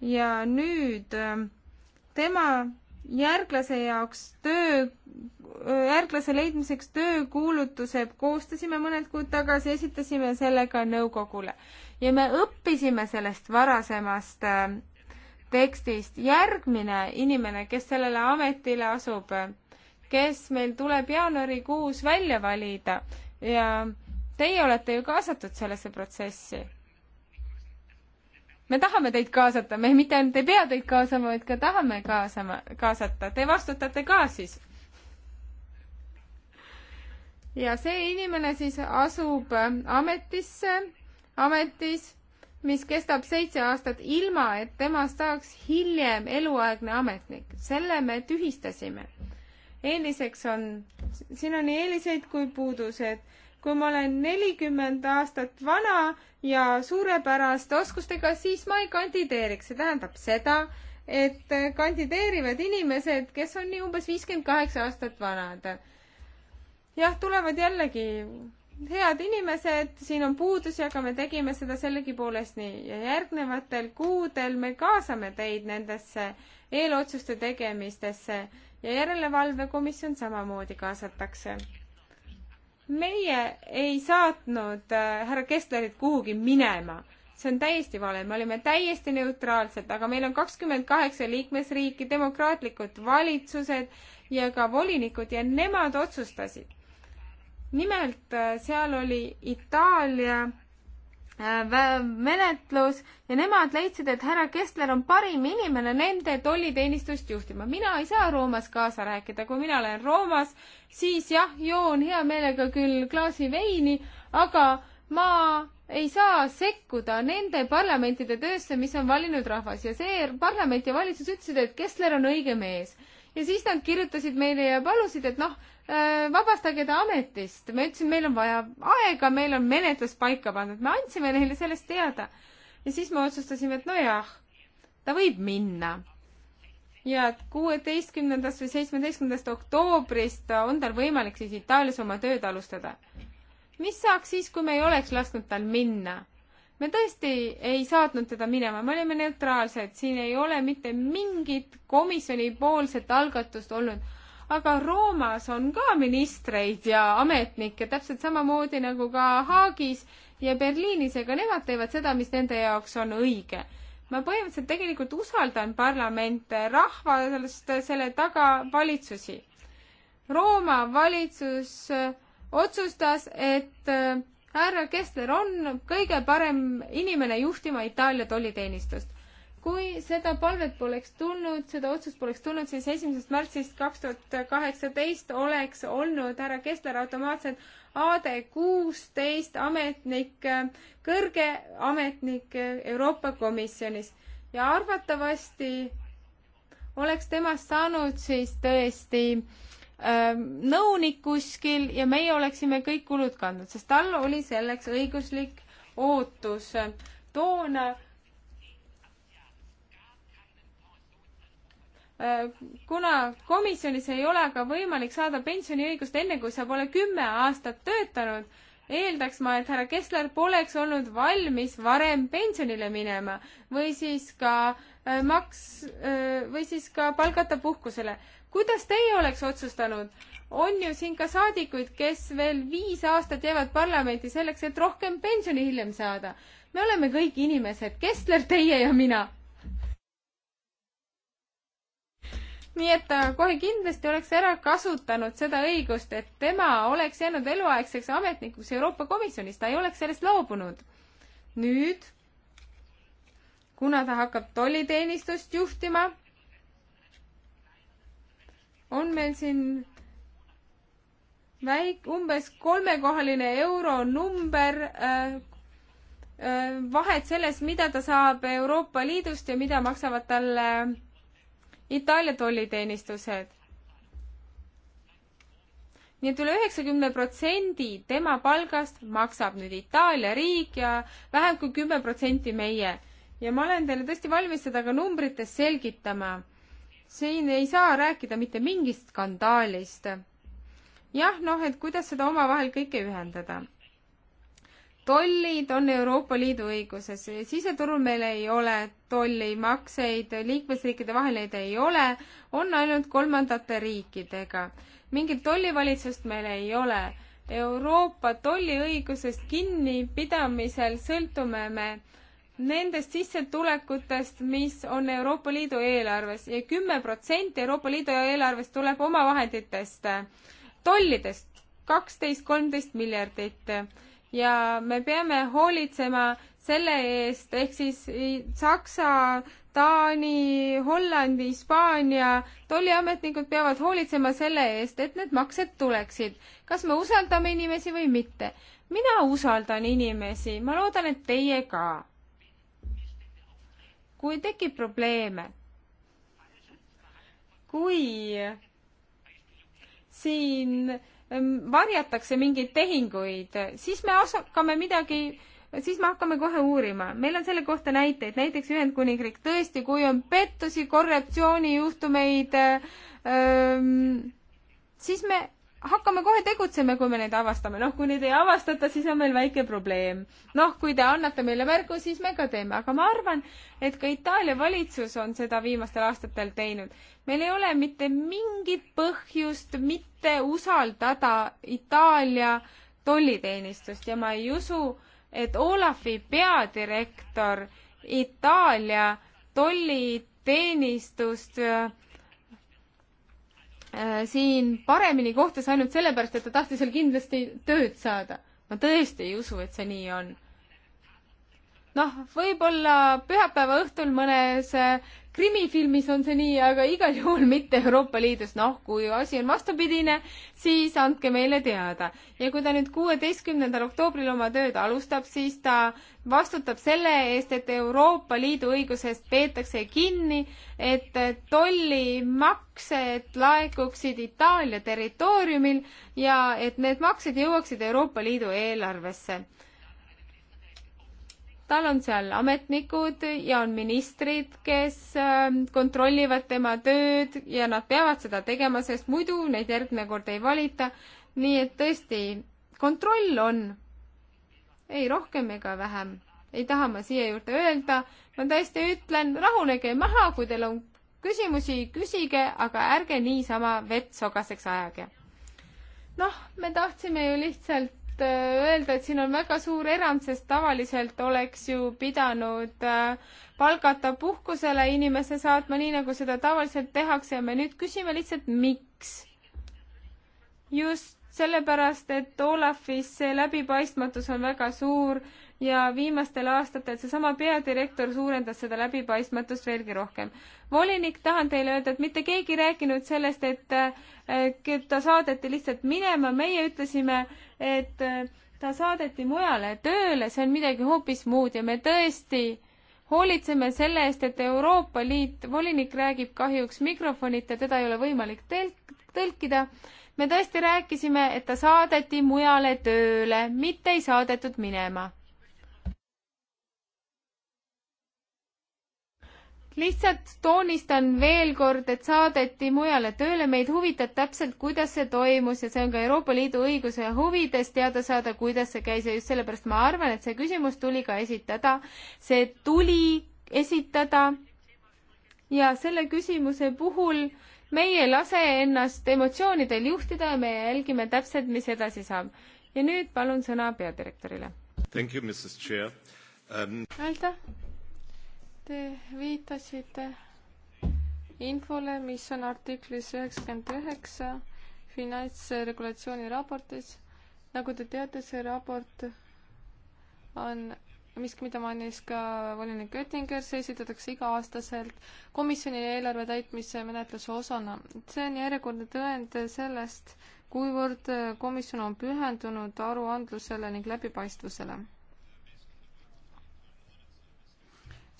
ja nüüd ähm, tema järglase jaoks töö, äh, järglase leidmiseks töökuulutuse koostasime mõned kuud tagasi, esitasime selle ka nõukogule ja me õppisime sellest varasemast ähm, tekstist. järgmine inimene, kes sellele ametile asub kes meil tuleb jaanuarikuus välja valida ja teie olete ju kaasatud sellesse protsessi. me tahame teid kaasata, me mitte ainult ei pea teid kaasama, vaid ka tahame kaasama, kaasata, te vastutate ka siis. ja see inimene siis asub ametisse, ametis, mis kestab seitse aastat, ilma et temast saaks hiljem eluaegne ametnik. selle me tühistasime eeliseks on, siin on nii eeliseid kui puudused. kui ma olen nelikümmend aastat vana ja suurepäraste oskustega, siis ma ei kandideeriks, see tähendab seda, et kandideerivad inimesed, kes on nii umbes viiskümmend kaheksa aastat vanad. jah, tulevad jällegi head inimesed, siin on puudusi, aga me tegime seda sellegipoolest nii ja järgnevatel kuudel me kaasame teid nendesse eelotsuste tegemistesse ja järelevalvekomisjon samamoodi kaasatakse. meie ei saatnud äh, härra Kesslerit kuhugi minema, see on täiesti vale, me olime täiesti neutraalsed, aga meil on kakskümmend kaheksa liikmesriiki, demokraatlikud valitsused ja ka volinikud ja nemad otsustasid. nimelt äh, seal oli Itaalia Äh, menetlus ja nemad leidsid, et härra Kessler on parim inimene nende tolliteenistust juhtima. mina ei saa Roomas kaasa rääkida, kui mina olen Roomas, siis jah, joon hea meelega küll klaasi veini, aga ma ei saa sekkuda nende parlamentide töösse, mis on valinud rahvas ja see parlament ja valitsus ütlesid, et Kessler on õige mees ja siis nad kirjutasid meile ja palusid, et noh, Äh, vabastage ta ametist. me ütlesime, meil on vaja aega, meil on menetlus paika pandud, me andsime neile sellest teada. ja siis me otsustasime, et nojah, ta võib minna. ja kuueteistkümnendast või seitsmeteistkümnendast oktoobrist on tal võimalik siis Itaalias oma tööd alustada. mis saaks siis, kui me ei oleks lasknud tal minna? me tõesti ei saatnud teda minema, me olime neutraalsed, siin ei ole mitte mingit komisjonipoolset algatust olnud aga Roomas on ka ministreid ja ametnikke, täpselt samamoodi nagu ka Haagis ja Berliinis, ega nemad teevad seda, mis nende jaoks on õige. ma põhimõtteliselt tegelikult usaldan parlamente, rahvast selle taga valitsusi. Rooma valitsus äh, otsustas, et äh, härra Kessler on kõige parem inimene juhtima Itaalia tolliteenistust kui seda palvet poleks tulnud, seda otsust poleks tulnud, siis esimesest märtsist kaks tuhat kaheksateist oleks olnud härra Kessler automaatselt AD kuusteist ametnik, kõrge ametnik Euroopa Komisjonis ja arvatavasti oleks temast saanud siis tõesti äh, nõunik kuskil ja meie oleksime kõik kulud kandnud, sest tal oli selleks õiguslik ootus. toona kuna komisjonis ei ole ka võimalik saada pensioniõigust enne, kui sa pole kümme aastat töötanud, eeldaks ma, et härra Kessler poleks olnud valmis varem pensionile minema või siis ka äh, maks äh, või siis ka palgata puhkusele. kuidas teie oleks otsustanud? on ju siin ka saadikuid, kes veel viis aastat jäävad parlamenti selleks, et rohkem pensioni hiljem saada. me oleme kõik inimesed, Kessler, teie ja mina nii et ta äh, kohe kindlasti oleks ära kasutanud seda õigust, et tema oleks jäänud eluaegseks ametnikuks Euroopa Komisjonis, ta ei oleks sellest loobunud. nüüd, kuna ta hakkab tolliteenistust juhtima, on meil siin väik-, umbes kolmekohaline euronumber äh, äh, vahet selles, mida ta saab Euroopa Liidust ja mida maksavad talle äh, Itaalia tolliteenistused. nii et üle üheksakümne protsendi tema palgast maksab nüüd Itaalia riik ja vähem kui kümme protsenti meie. ja ma olen teile tõesti valmis seda ka numbrites selgitama. siin ei saa rääkida mitte mingist skandaalist. jah, noh, et kuidas seda omavahel kõike ühendada tollid on Euroopa Liidu õiguses, siseturul meil ei ole tollimakseid, liikmesriikide vahel neid ei ole, on ainult kolmandate riikidega. mingit tollivalitsust meil ei ole. Euroopa tolliõigusest kinnipidamisel sõltume me nendest sissetulekutest, mis on Euroopa Liidu eelarves ja kümme protsenti Euroopa Liidu eelarvest tuleb omavahenditest, tollidest, kaksteist, kolmteist miljardit ja me peame hoolitsema selle eest, ehk siis Saksa, Taani, Hollandi, Hispaania tolliametnikud peavad hoolitsema selle eest, et need maksed tuleksid. kas me usaldame inimesi või mitte? mina usaldan inimesi, ma loodan, et teie ka. kui tekib probleeme, kui siin Ehm, varjatakse mingeid tehinguid, siis me hakkame midagi, siis me hakkame kohe uurima. meil on selle kohta näiteid, näiteks Ühendkuningriik tõesti, kui on pettusi, korruptsioonijuhtumeid ähm,, siis me hakkame kohe tegutsema, kui me neid avastame, noh, kui neid ei avastata, siis on meil väike probleem. noh, kui te annate meile märku, siis me ka teeme, aga ma arvan, et ka Itaalia valitsus on seda viimastel aastatel teinud. meil ei ole mitte mingit põhjust mitte usaldada Itaalia tolliteenistust ja ma ei usu, et Olafi peadirektor Itaalia tolliteenistust äh, Äh, siin paremini kohtus ainult sellepärast, et ta tahtis seal kindlasti tööd saada. ma tõesti ei usu, et see nii on noh, võib-olla pühapäeva õhtul mõnes äh, krimifilmis on see nii, aga igal juhul mitte Euroopa Liidus. noh, kui asi on vastupidine, siis andke meile teada. ja kui ta nüüd kuueteistkümnendal oktoobril oma tööd alustab, siis ta vastutab selle eest, et Euroopa Liidu õigusest peetakse kinni, et tollimaksed laekuksid Itaalia territooriumil ja et need maksed jõuaksid Euroopa Liidu eelarvesse tal on seal ametnikud ja on ministrid, kes ähm, kontrollivad tema tööd ja nad peavad seda tegema, sest muidu neid järgmine kord ei valita. nii et tõesti, kontroll on, ei rohkem ega vähem, ei taha ma siia juurde öelda, ma tõesti ütlen, rahunege maha, kui teil on küsimusi, küsige, aga ärge niisama vett sogaseks ajage. noh, me tahtsime ju lihtsalt Äh, öelda, et siin on väga suur erand, sest tavaliselt oleks ju pidanud äh, palgata puhkusele inimese saatma, nii nagu seda tavaliselt tehakse ja me nüüd küsime lihtsalt, miks? just sellepärast et Olafis see läbipaistmatus on väga suur ja viimastel aastatel seesama peadirektor suurendas seda läbipaistmatust veelgi rohkem. volinik, tahan teile öelda, et mitte keegi ei rääkinud sellest, et ta saadeti lihtsalt minema, meie ütlesime, et ta saadeti mujale tööle, see on midagi hoopis muud ja me tõesti hoolitseme selle eest, et Euroopa Liit, volinik räägib kahjuks mikrofonita, teda ei ole võimalik tõlk-, tõlkida me tõesti rääkisime, et ta saadeti mujale tööle, mitte ei saadetud minema. lihtsalt toonistan veel kord, et saadeti mujale tööle, meid huvitab täpselt, kuidas see toimus ja see on ka Euroopa Liidu õiguse huvides teada saada, kuidas see käis ja just sellepärast ma arvan, et see küsimus tuli ka esitada. see tuli esitada ja selle küsimuse puhul äh, meie ei lase ennast emotsioonidel juhtida ja me jälgime täpselt, mis edasi saab. ja nüüd palun sõna peadirektorile. Um... aitäh. Te viitasite infole, mis on artiklis üheksakümmend üheksa finantsregulatsiooni raportis. nagu te teate, see raport on miski, mida mainis ka volinik Oettinger, see esitatakse iga-aastaselt komisjoni eelarve täitmise menetluse osana. see on järjekordne tõend sellest, kuivõrd komisjon on pühendunud aruandlusele ning läbipaistvusele.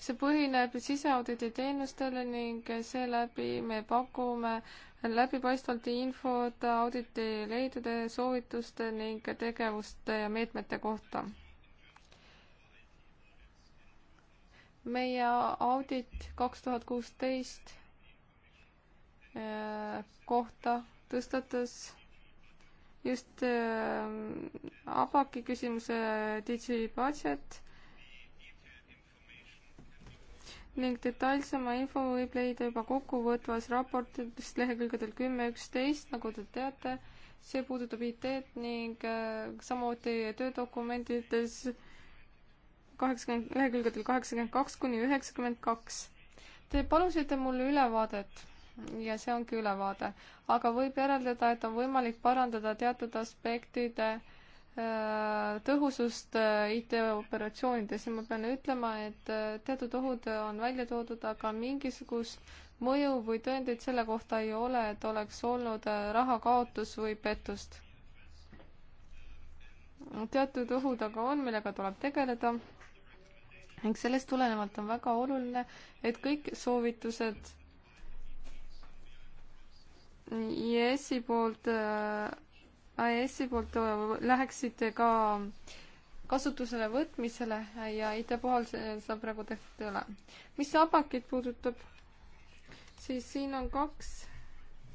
see põhineb siseauditi teenustel ning seeläbi me pakume läbipaistvalt infot auditi leidude, soovituste ning tegevuste ja meetmete kohta meie audit kaks tuhat kuusteist äh, kohta tõstatas just äh, ABAC-i küsimuse digibudget ning detailsema info võib leida juba kokkuvõtvas raportitest lehekülgedel kümme, üksteist, nagu te teate, see puudutab IT-d ning äh, samuti töödokumentides kaheksakümmend, lehekülgedel kaheksakümmend kaks kuni üheksakümmend kaks. Te palusite mul ülevaadet ja see ongi ülevaade, aga võib järeldada, et on võimalik parandada teatud aspektide äh, tõhusust äh, IT-operatsioonides ja ma pean ütlema, et äh, teatud ohud on välja toodud, aga mingisugust mõju või tõendeid selle kohta ei ole, et oleks olnud rahakaotus või pettust. teatud ohud aga on, millega tuleb tegeleda ning sellest tulenevalt on väga oluline, et kõik soovitused IS-i poolt, AES-i äh, poolt äh, läheksid ka kasutusele võtmisele ja ITA puhul seda praegu tehtud ei ole. mis abakit puudutab, siis siin on kaks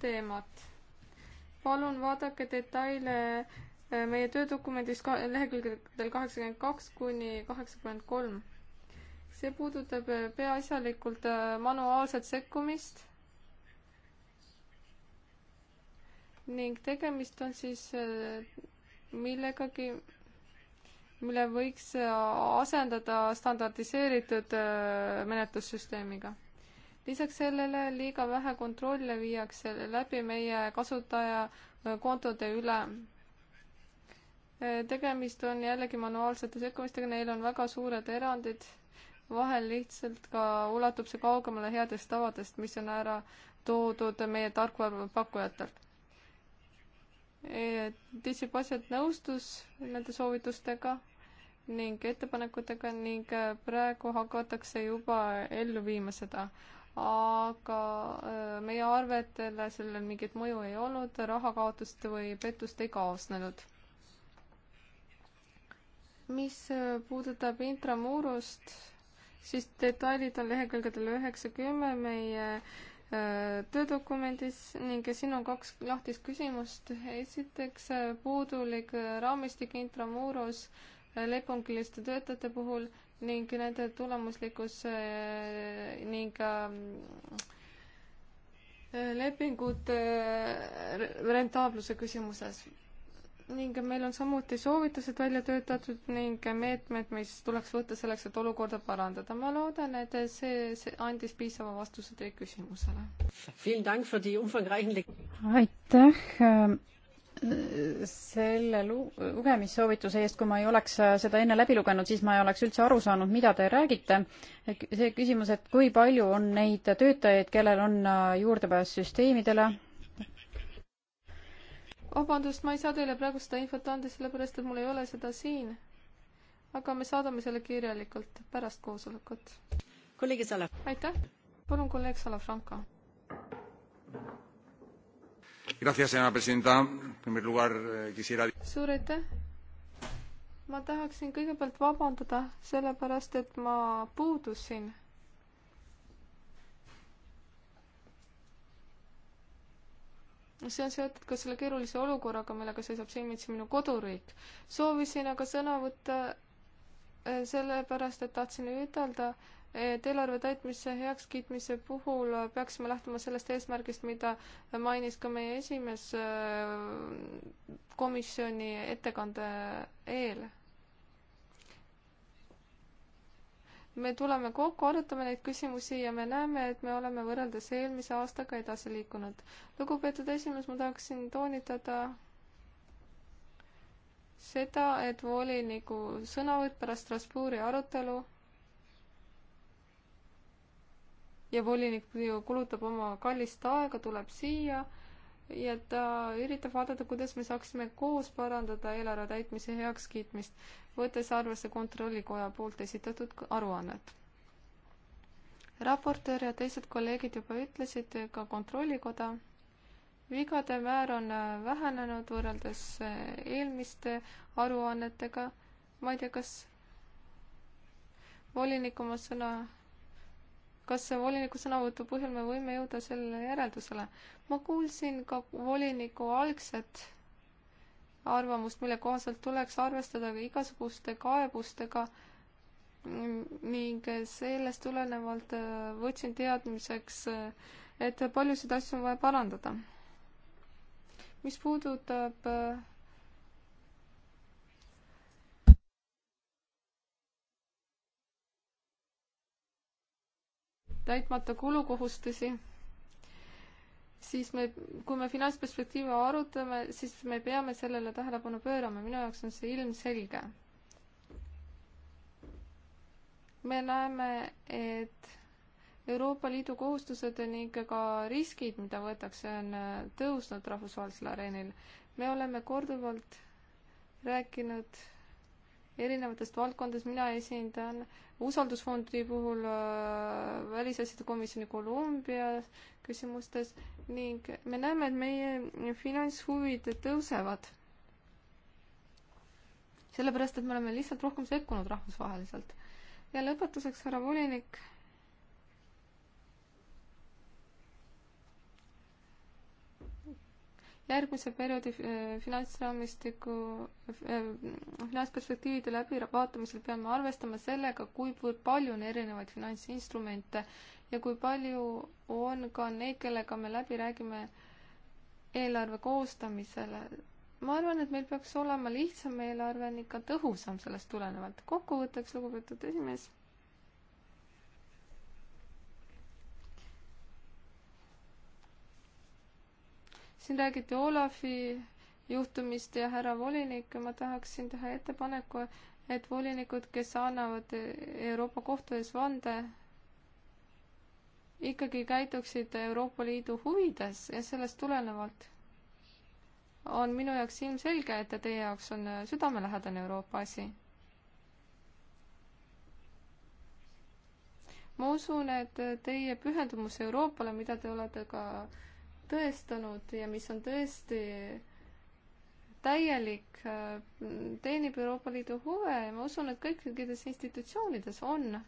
teemat. palun vaadake detaile äh, meie töödokumendis ka lehekülgedel kaheksakümmend kaks kuni kaheksakümmend kolm see puudutab äh, peaasjalikult äh, manuaalset sekkumist ning tegemist on siis äh, millegagi, mille võiks asendada standardiseeritud menetlussüsteemiga. lisaks sellele liiga vähe kontrolle viiakse läbi meie kasutaja kontode üle. tegemist on jällegi manuaalsete sekkumistega, neil on väga suured erandid vahel lihtsalt ka ulatub see kaugemale headest tavadest, mis on ära toodud meie tarkvarapakkujatelt. E, Digipasjad nõustus nende soovitustega ning ettepanekutega ning e, praegu hakatakse juba ellu viima seda. aga e, meie arvetele sellel mingit mõju ei olnud, rahakaotust või pettust ei kaasnenud. mis puudutab intramurust, siis detailid on lehekülgedel üheksa, kümme meie äh, töödokumendis ning siin on kaks lahtist küsimust. esiteks äh, puudulik raamistik intramuros äh, lepinguliste töötajate puhul ning nende tulemuslikkus ning ähm, lepingute rentaabluse küsimuses ning meil on samuti soovitused välja töötatud ning meetmed, mis tuleks võtta selleks, et olukorda parandada. ma loodan, et see, see andis piisava vastuse teie küsimusele. aitäh äh, selle lugemissoovituse eest, kui ma ei oleks äh, seda enne läbi lugenud, siis ma ei oleks üldse aru saanud, mida te räägite. Äh, see küsimus, et kui palju on neid töötajaid, kellel on juurdepääs süsteemidele vabandust, ma ei saa teile praegu seda infot anda, sellepärast et mul ei ole seda siin. aga me saadame selle kirjalikult pärast koosolekut. kolleeg Sala. aitäh. palun, kolleeg Salafranco. Eh, suur aitäh. ma tahaksin kõigepealt vabandada sellepärast, et ma puudusin see on seotud ka selle keerulise olukorraga, millega seisab silmitsi minu koduriik. soovisin aga sõna võtta eh, sellepärast, et tahtsin ütelda, et eelarve täitmise heakskiitmise puhul peaksime lähtuma sellest eesmärgist, mida mainis ka meie esimees eh, komisjoni ettekande eel me tuleme kokku, arutame neid küsimusi ja me näeme, et me oleme võrreldes eelmise aastaga edasi liikunud. lugupeetud esimees, ma tahaksin toonitada seda, et voliniku sõnavõtt pärast Strasbourgi arutelu ja volinik ju kulutab oma kallist aega, tuleb siia ja ta üritab vaadata, kuidas me saaksime koos parandada eelarve täitmise heakskiitmist, võttes arvesse Kontrollikoja poolt esitatud aruannet. raportöör ja teised kolleegid juba ütlesid, ka Kontrollikoda, vigade määr on vähenenud võrreldes eelmiste aruannetega, ma ei tea, kas volinik oma sõna kas voliniku sõnavõtu põhjal me võime jõuda sellele järeldusele? ma kuulsin ka voliniku algset arvamust, mille kohaselt tuleks arvestada ka igasuguste kaebustega ning sellest tulenevalt äh, võtsin teadmiseks, äh, et paljusid asju on vaja parandada. mis puudutab äh, täitmata kulukohustusi, siis me, kui me finantsperspektiive arutame, siis me peame sellele tähelepanu pöörama, minu jaoks on see ilmselge. me näeme, et Euroopa Liidu kohustused ning ka riskid, mida võetakse, on äh, tõusnud rahvusvahelisel areenil. me oleme korduvalt rääkinud erinevatest valdkondadest, mina esindan usaldusfondi puhul äh, välisasjade komisjoni Kolumbia küsimustes ning me näeme, et meie finantshuvid tõusevad. sellepärast, et me oleme lihtsalt rohkem sekkunud rahvusvaheliselt. ja lõpetuseks, härra volinik, järgmise perioodi äh, finantsraamistiku, äh, finantsperspektiivide läbivaatamisel peame arvestama sellega, kuivõrd palju on erinevaid finantsinstrumente ja kui palju on ka neid, kellega me läbi räägime eelarve koostamisele. ma arvan, et meil peaks olema lihtsam eelarve ning ka tõhusam sellest tulenevalt. kokkuvõtteks, lugupeetud esimees siin räägiti Olafi juhtumist ja härra volinik, ma tahaksin teha ettepaneku, et volinikud, kes annavad Euroopa Kohtu ees vande, ikkagi käituksid Euroopa Liidu huvides ja sellest tulenevalt on minu jaoks ilmselge, et teie jaoks on südamelähedane Euroopa asi. ma usun, et teie pühendumus Euroopale, mida te olete ka äh, tõestanud ja mis on tõesti täielik, äh, teenib Euroopa Liidu huve ja ma usun, et kõikides institutsioonides on äh,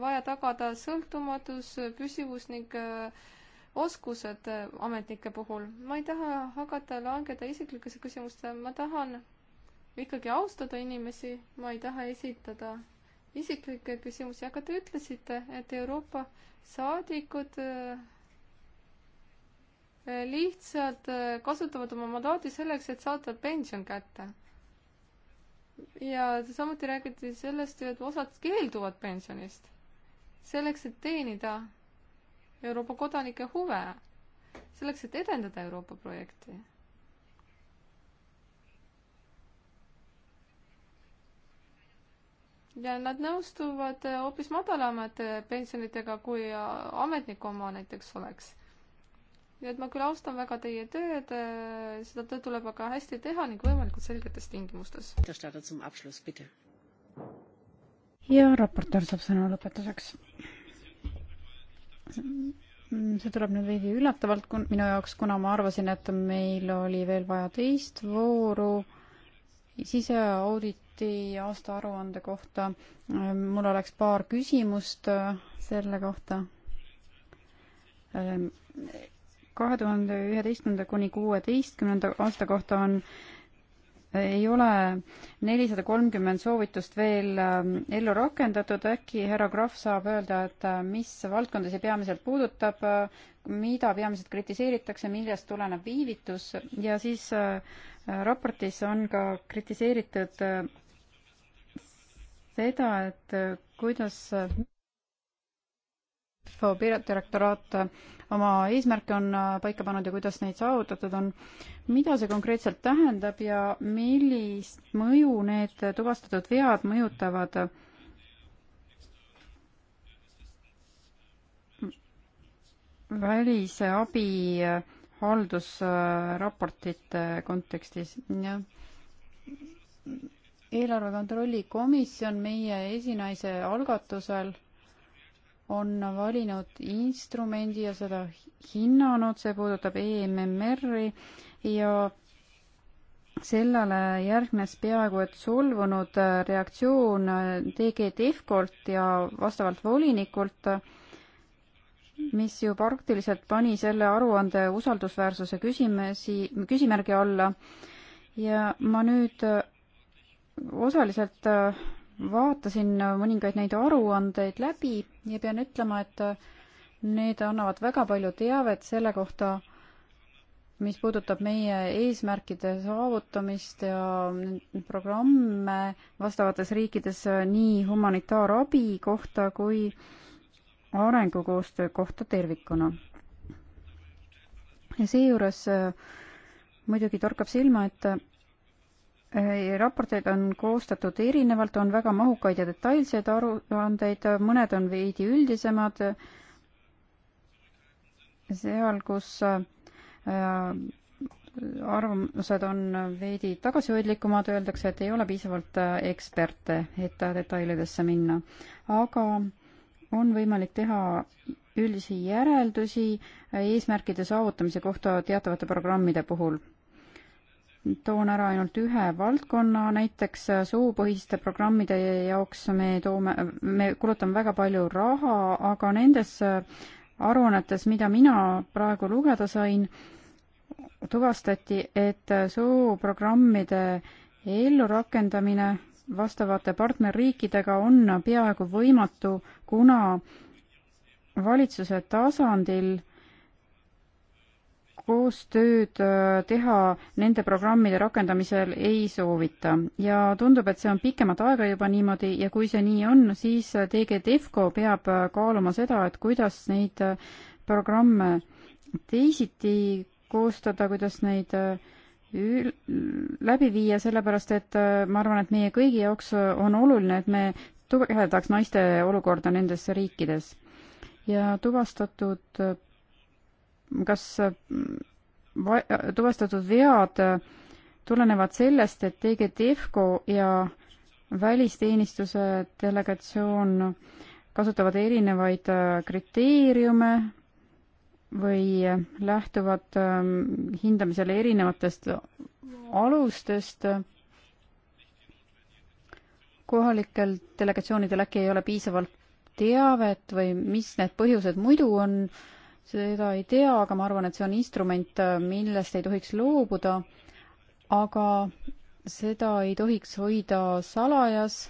vaja tagada sõltumatus, püsivus ning äh, oskused ametnike puhul. ma ei taha hakata langeda isiklikesse küsimustesse, ma tahan ikkagi austada inimesi, ma ei taha esitada isiklikke küsimusi, aga te ütlesite, et Euroopa saadikud äh, lihtsalt äh, kasutavad oma mandaati selleks, et saada pension kätte. ja samuti räägiti sellest, et osad keelduvad pensionist selleks, et teenida Euroopa kodanike huve, selleks, et edendada Euroopa projekti ja nad nõustuvad äh, hoopis madalamate pensionitega, kui äh, ametniku oma näiteks oleks. nii et ma küll austan väga teie tööd, äh, seda tööd tuleb aga hästi teha ning võimalikult selgetes tingimustes. ja raportöör saab sõna lõpetuseks. see tuleb nüüd veidi üllatavalt kun-, minu jaoks, kuna ma arvasin, et meil oli veel vaja teist vooru siseaudit Liiduti aastaaruande kohta. mul oleks paar küsimust äh, selle kohta. Ähm, kahe tuhande üheteistkümnenda kuni kuueteistkümnenda aasta kohta on äh, ei ole nelisada kolmkümmend soovitust veel ähm, ellu rakendatud, äkki härra Krahv saab öelda, et äh, mis valdkonda see peamiselt puudutab, mida peamiselt kritiseeritakse, millest tuleneb viivitus ja siis raportis on ka kritiseeritud seda, et äh, kuidas äh, peadirektoraat äh, oma eesmärke on paika pannud ja kuidas neid saavutatud on. mida see konkreetselt tähendab ja millist mõju need tuvastatud vead mõjutavad välise abi haldusraportite kontekstis ja eelarve kontrolli komisjon meie esinaise algatusel on valinud instrumendi ja seda hinnanud, see puudutab EMMR-i ja sellele järgnes peaaegu et solvunud reaktsioon DG Defcolt ja vastavalt volinikult, mis ju praktiliselt pani selle aruande usaldusväärsuse küsimesi, küsimärgi alla ja ma nüüd osaliselt äh, vaatasin äh, mõningaid neid aruandeid läbi ja pean ütlema, et äh, need annavad väga palju teavet selle kohta, mis puudutab meie eesmärkide saavutamist ja programme vastavates riikides nii humanitaarabi kohta kui arengukoostöö kohta tervikuna. ja seejuures muidugi torkab silma, et raporteid on koostatud erinevalt, on väga mahukaid ja detailseid aruandeid, mõned on veidi üldisemad, seal, kus äh, arvamused on veidi tagasihoidlikumad, öeldakse, et ei ole piisavalt äh, eksperte, et äh, detailidesse minna. aga on võimalik teha üldisi järeldusi eesmärkide saavutamise kohta teatavate programmide puhul toon ära ainult ühe valdkonna, näiteks äh, soopõhiste programmide jaoks me toome, me kulutame väga palju raha, aga nendes äh, aruannetes, mida mina praegu lugeda sain, tuvastati, et äh, sooprogrammide ellurakendamine vastavate partnerriikidega on peaaegu võimatu, kuna valitsuse tasandil äh, koostööd äh, teha nende programmide rakendamisel ei soovita ja tundub, et see on pikemat aega juba niimoodi ja kui see nii on, siis TGDFCO peab äh, kaaluma seda, et kuidas neid äh, programme teisiti koostada, kuidas neid läbi viia, sellepärast et ma arvan, et meie kõigi jaoks on oluline, et me tugevdaks naiste olukorda nendes riikides ja tuvastatud kas äh, tuvastatud vead äh, tulenevad sellest, et TG Defco ja välisteenistuse delegatsioon kasutavad erinevaid äh, kriteeriume või lähtuvad ähm, hindamisel erinevatest alustest. kohalikel delegatsioonidel äkki ei ole piisavalt teavet või mis need põhjused muidu on äh, seda ei tea, aga ma arvan, et see on instrument, millest ei tohiks loobuda, aga seda ei tohiks hoida salajas,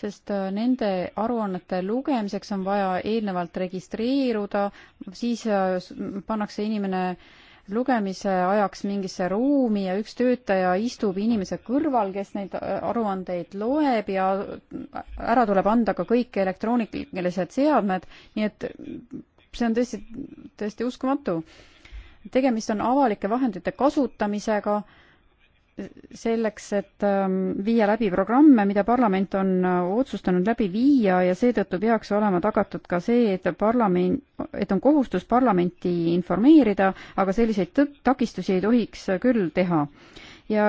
sest äh, nende aruannete lugemiseks on vaja eelnevalt registreeruda, siis äh, pannakse inimene lugemise ajaks mingisse ruumi ja üks töötaja istub inimese kõrval, kes neid äh, aruandeid loeb ja ära tuleb anda ka kõik elektroonilised seadmed, nii et see on tõesti, tõesti uskumatu. tegemist on avalike vahendite kasutamisega selleks, et ähm, viia läbi programme, mida parlament on äh, otsustanud läbi viia ja seetõttu peaks olema tagatud ka see, et parlament, et on kohustus parlamenti informeerida, aga selliseid takistusi ei tohiks äh, küll teha ja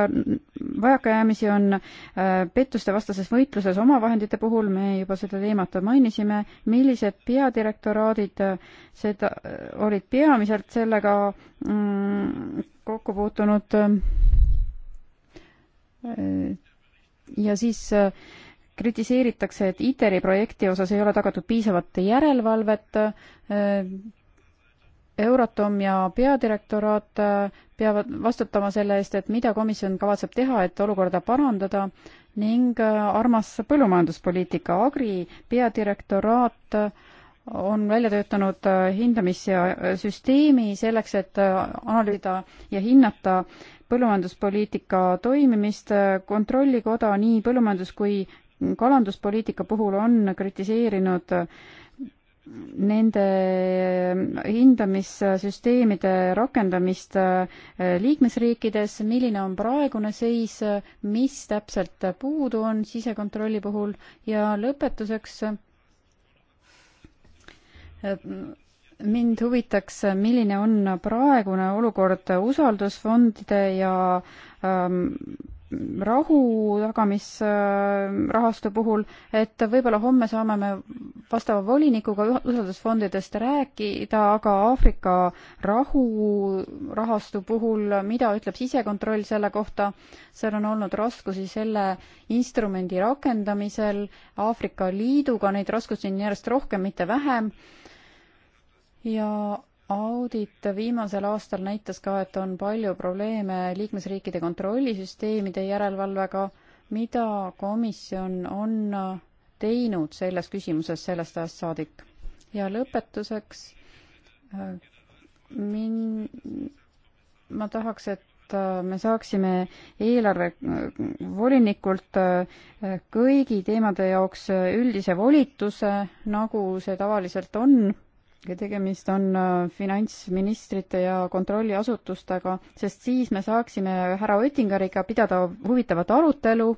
vajakajäämisi on äh, pettuste vastases võitluses omavahendite puhul, me juba seda teemat mainisime, millised peadirektoraadid äh, seda, äh, olid peamiselt sellega mm, kokku puutunud ja siis kritiseeritakse, et ITER-i projekti osas ei ole tagatud piisavat järelevalvet, Euratom ja peadirektoraat äh, peavad vastutama selle eest, et mida komisjon kavatseb teha, et olukorda parandada ning äh, armas põllumajanduspoliitika, Agri peadirektoraat äh, on välja töötanud hindamissüsteemi selleks, et analüüsida ja hinnata põllumajanduspoliitika toimimist. kontrollikoda nii põllumajandus kui kalanduspoliitika puhul on kritiseerinud äh, nende hindamissüsteemide rakendamist äh, liikmesriikides, milline on praegune seis, mis täpselt puudu on sisekontrolli puhul ja lõpetuseks äh, mind huvitaks, milline on praegune olukord usaldusfondide ja ähm, rahu tagamisrahastu puhul, et võib-olla homme saame me vastava volinikuga usaldusfondidest rääkida, aga Aafrika rahurahastu puhul, mida ütleb sisekontroll selle kohta, seal on olnud raskusi selle instrumendi rakendamisel Aafrika Liiduga, neid raskusi on järjest rohkem, mitte vähem ja audit viimasel aastal näitas ka, et on palju probleeme liikmesriikide kontrollisüsteemide järelevalvega. mida komisjon on teinud selles küsimuses sellest ajast saadik? ja lõpetuseks min-, ma tahaks, et me saaksime eelarve volinikult kõigi teemade jaoks üldise volituse, nagu see tavaliselt on tegemist on äh, finantsministrite ja kontrolliasutustega, sest siis me saaksime härra Oettingeriga pidada huvitavat arutelu,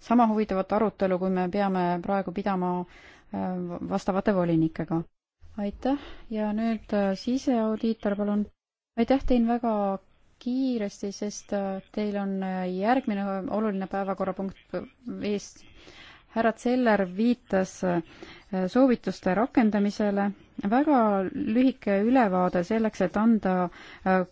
sama huvitavat arutelu, kui me peame praegu pidama äh, vastavate volinikega. aitäh ja nüüd äh, siseaudiitor, palun. aitäh teile väga kiiresti, sest teil on järgmine oluline päevakorrapunkt ees. härra Zeller viitas soovituste rakendamisele. väga lühike ülevaade selleks, et anda äh,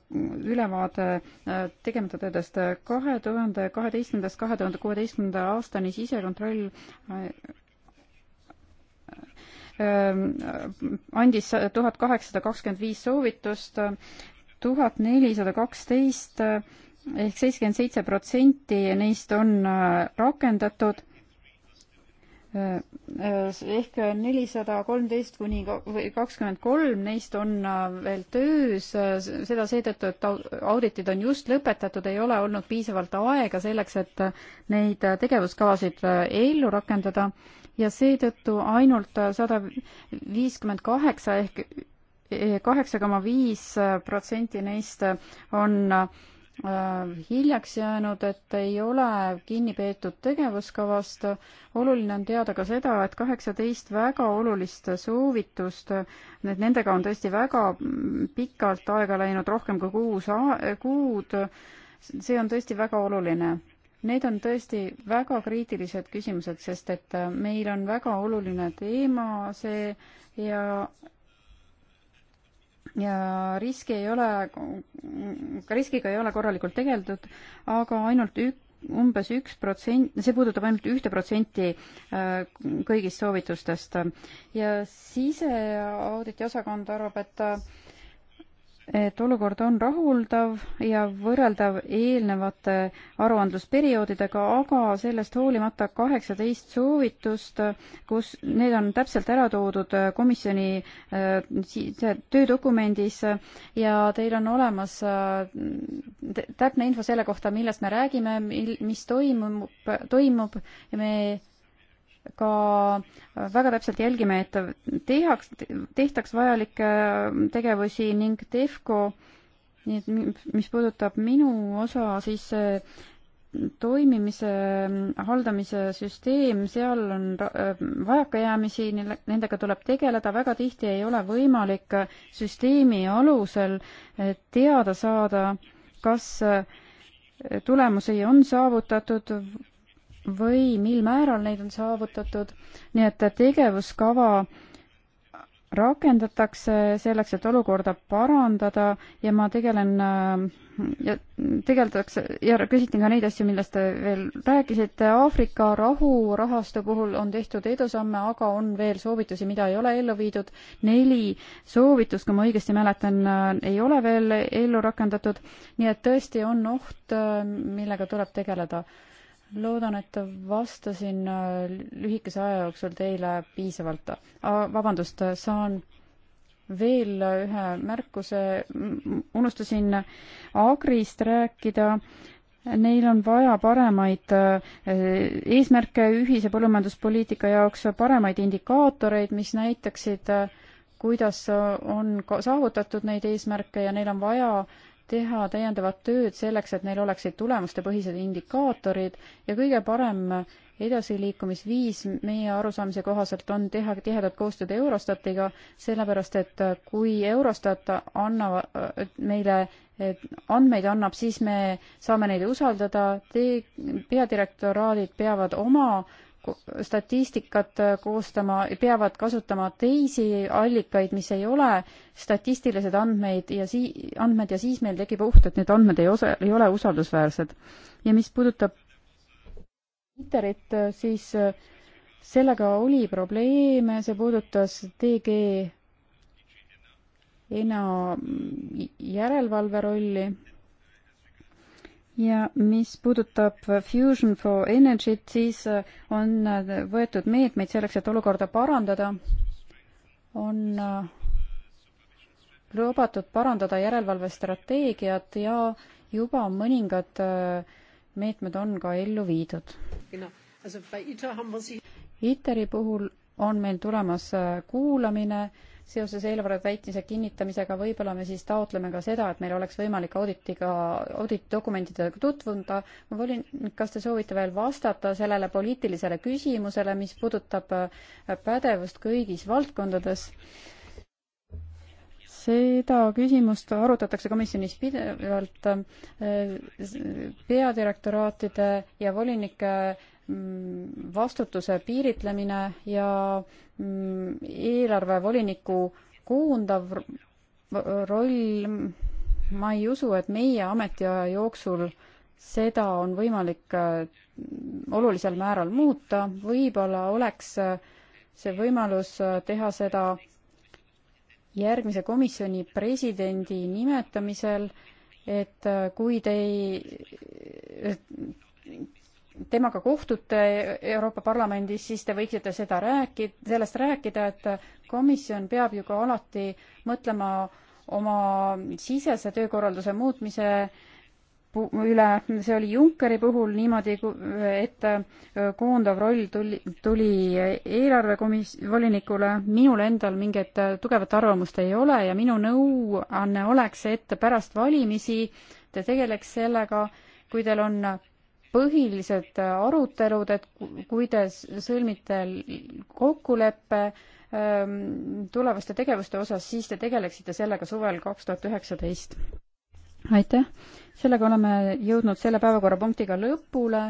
ülevaade äh, tegemata töödest kahe tuhande kaheteistkümnendast kahe tuhande kuueteistkümnenda aastani sisekontroll äh, andis tuhat kaheksasada kakskümmend viis soovitust, tuhat nelisada kaksteist ehk seitsekümmend seitse protsenti neist on rakendatud ehk nelisada kolmteist kuni kakskümmend kolm neist on äh, veel töös, seda seetõttu, et auditid on just lõpetatud, ei ole olnud piisavalt aega selleks, et äh, neid äh, tegevuskavasid ellu rakendada ja seetõttu ainult sada viiskümmend kaheksa ehk eh, kaheksa koma viis protsenti neist on Äh, hiljaks jäänud, et ei ole kinni peetud tegevuskavast. oluline on teada ka seda, et kaheksateist väga olulist soovitust, need, nendega on tõesti väga pikalt aega läinud, rohkem kui kuus kuud. see on tõesti väga oluline. Need on tõesti väga kriitilised küsimused, sest et meil on väga oluline teema see ja ja riski ei ole, riskiga ei ole korralikult tegeldud, aga ainult ük-, umbes üks protsent, see puudutab ainult ühte protsenti äh, kõigist soovitustest. ja siseauditi osakond arvab, et äh, et olukord on rahuldav ja võrreldav eelnevate aruandlusperioodidega, aga sellest hoolimata kaheksateist soovitust, kus need on täpselt ära toodud komisjoni äh, töödokumendis ja teil on olemas äh, täpne info selle kohta, millest me räägime, mil, mis toimub, toimub ja me ka väga täpselt jälgime, et tehaks, tehtaks vajalikke tegevusi ning TEFCO, nii et mis puudutab minu osa, siis toimimise haldamise süsteem, seal on vajakajäämisi, nendega tuleb tegeleda, väga tihti ei ole võimalik süsteemi alusel eh, teada saada, kas eh, tulemusi on saavutatud või mil määral neid on saavutatud, nii et tegevuskava rakendatakse selleks, et olukorda parandada ja ma tegelen äh, ja tegeldakse ja küsiti ka neid asju, millest te veel rääkisite. Aafrika rahurahastu puhul on tehtud edusamme, aga on veel soovitusi, mida ei ole ellu viidud. neli soovitust, kui ma õigesti mäletan, äh, ei ole veel ellu rakendatud. nii et tõesti on oht, äh, millega tuleb tegeleda loodan, et vastasin äh, lühikese aja jooksul teile piisavalt. vabandust, saan veel ühe märkuse, unustasin Agrist rääkida. Neil on vaja paremaid äh, eesmärke ühise põllumajanduspoliitika jaoks, paremaid indikaatoreid, mis näitaksid, äh, kuidas on saavutatud neid eesmärke ja neil on vaja äh, teha täiendavat tööd selleks, et neil oleksid tulemustepõhised indikaatorid ja kõige parem edasiliikumisviis meie arusaamise kohaselt on teha tihedat koostööd Eurostatiga, sellepärast et kui Eurostat annab meile andmeid annab, siis me saame neid usaldada, te, peadirektoraadid peavad oma äh, statistikat äh, koostama, peavad kasutama teisi allikaid, mis ei ole statistilised andmeid ja sii-, andmed ja siis meil tekib oht, et need andmed ei osa, ei ole usaldusväärsed. ja mis puudutab Twitterit, äh, siis äh, sellega oli probleeme, see puudutas DG ENA järelevalve rolli ja mis puudutab Fusion for Energy't, siis äh, on äh, võetud meetmeid selleks, et olukorda parandada. on äh, lubatud parandada järelevalvestrateegiat ja juba mõningad meetmed on ka ellu viidud. ITER-i puhul on meil tulemas kuulamine seoses eelarve täitmise kinnitamisega võib-olla me siis taotleme ka seda, et meil oleks võimalik auditiga, auditdokumentidega tutvuda. ma olin, kas te soovite veel vastata sellele poliitilisele küsimusele, mis puudutab äh, pädevust kõigis valdkondades? seda küsimust arutatakse komisjonis pidevalt äh, peadirektoraatide ja volinike Mm, vastutuse piiritlemine ja mm, eelarvevoliniku koondav roll, ma ei usu, et meie ametiaja jooksul seda on võimalik mm, olulisel määral muuta, võib-olla oleks äh, see võimalus äh, teha seda järgmise komisjoni presidendi nimetamisel, et äh, kui te ei, temaga kohtute Euroopa Parlamendis, siis te võiksite seda rääkida, sellest rääkida, et komisjon peab ju ka alati mõtlema oma sisese töökorralduse muutmise üle, see oli Junckeri puhul niimoodi, et äh, koondav roll tuli, tuli eelarvekomis-, volinikule, minul endal mingit äh, tugevat arvamust ei ole ja minu nõuanne oleks, et pärast valimisi te tegeleks sellega, kui teil on põhilised arutelud, et kui te sõlmite kokkuleppe ähm, tulevaste tegevuste osas, siis te tegeleksite sellega suvel kaks tuhat üheksateist. aitäh, sellega oleme jõudnud selle päevakorrapunktiga lõpule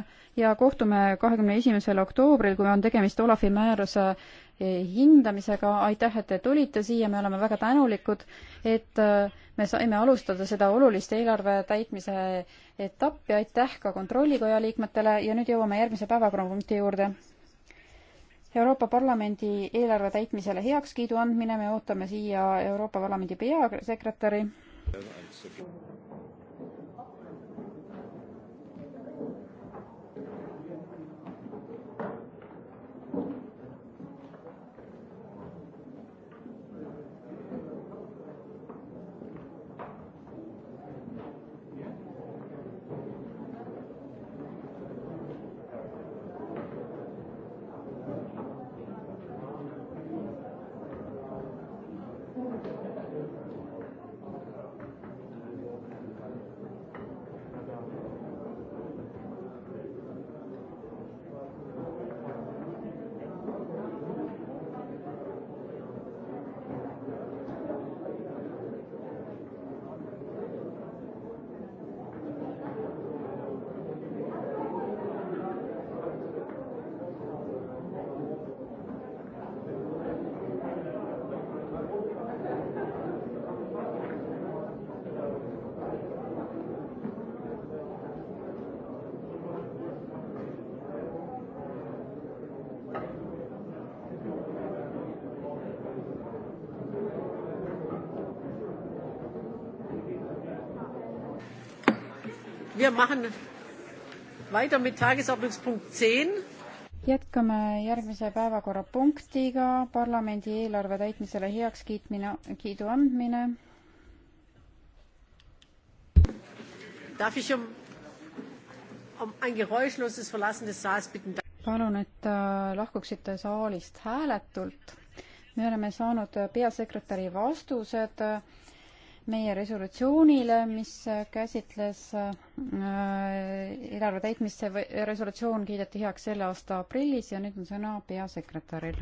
ja kohtume kahekümne esimesel oktoobril, kui on tegemist Olavi määruse Eh, hindamisega, aitäh, et te tulite siia, me oleme väga tänulikud, et eh, me saime alustada seda olulist eelarve täitmise etappi, aitäh ka Kontrollikoja liikmetele ja nüüd jõuame järgmise päevakorrapunkti juurde. Euroopa Parlamendi eelarve täitmisele heakskiidu andmine, me ootame siia Euroopa Parlamendi peasekretäri. Wir machen weiter mit Tagesordnungspunkt 10. jätkame järgmise päevakorrapunktiga parlamendi eelarve täitmisele heakskiitmine, kiidu andmine. Um, um palun, et äh, lahkuksite saalist hääletult. me oleme saanud peasekretäri vastused meie resolutsioonile, mis käsitles äh, eelarve täitmist, see resolutsioon kiideti heaks selle aasta aprillis ja nüüd on sõna peasekretäril.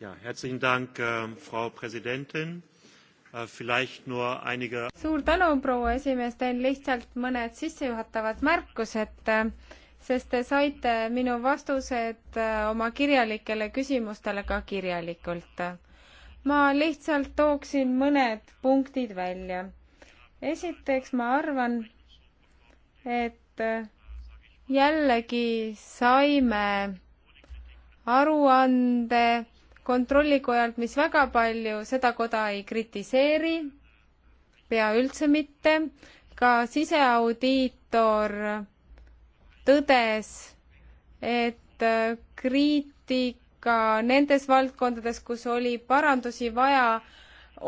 ja, herzlichen Dank äh,, Frau Präsidentin Äh, einige... suur tänu, proua esimees, teen lihtsalt mõned sissejuhatavad märkused, äh, sest te saite minu vastused äh, oma kirjalikele küsimustele ka kirjalikult. ma lihtsalt tooksin mõned punktid välja. esiteks ma arvan, et jällegi saime aruande kontrollikojalt, mis väga palju seda koda ei kritiseeri, pea üldse mitte, ka siseaudiitor tõdes, et kriitika nendes valdkondades, kus oli parandusi vaja,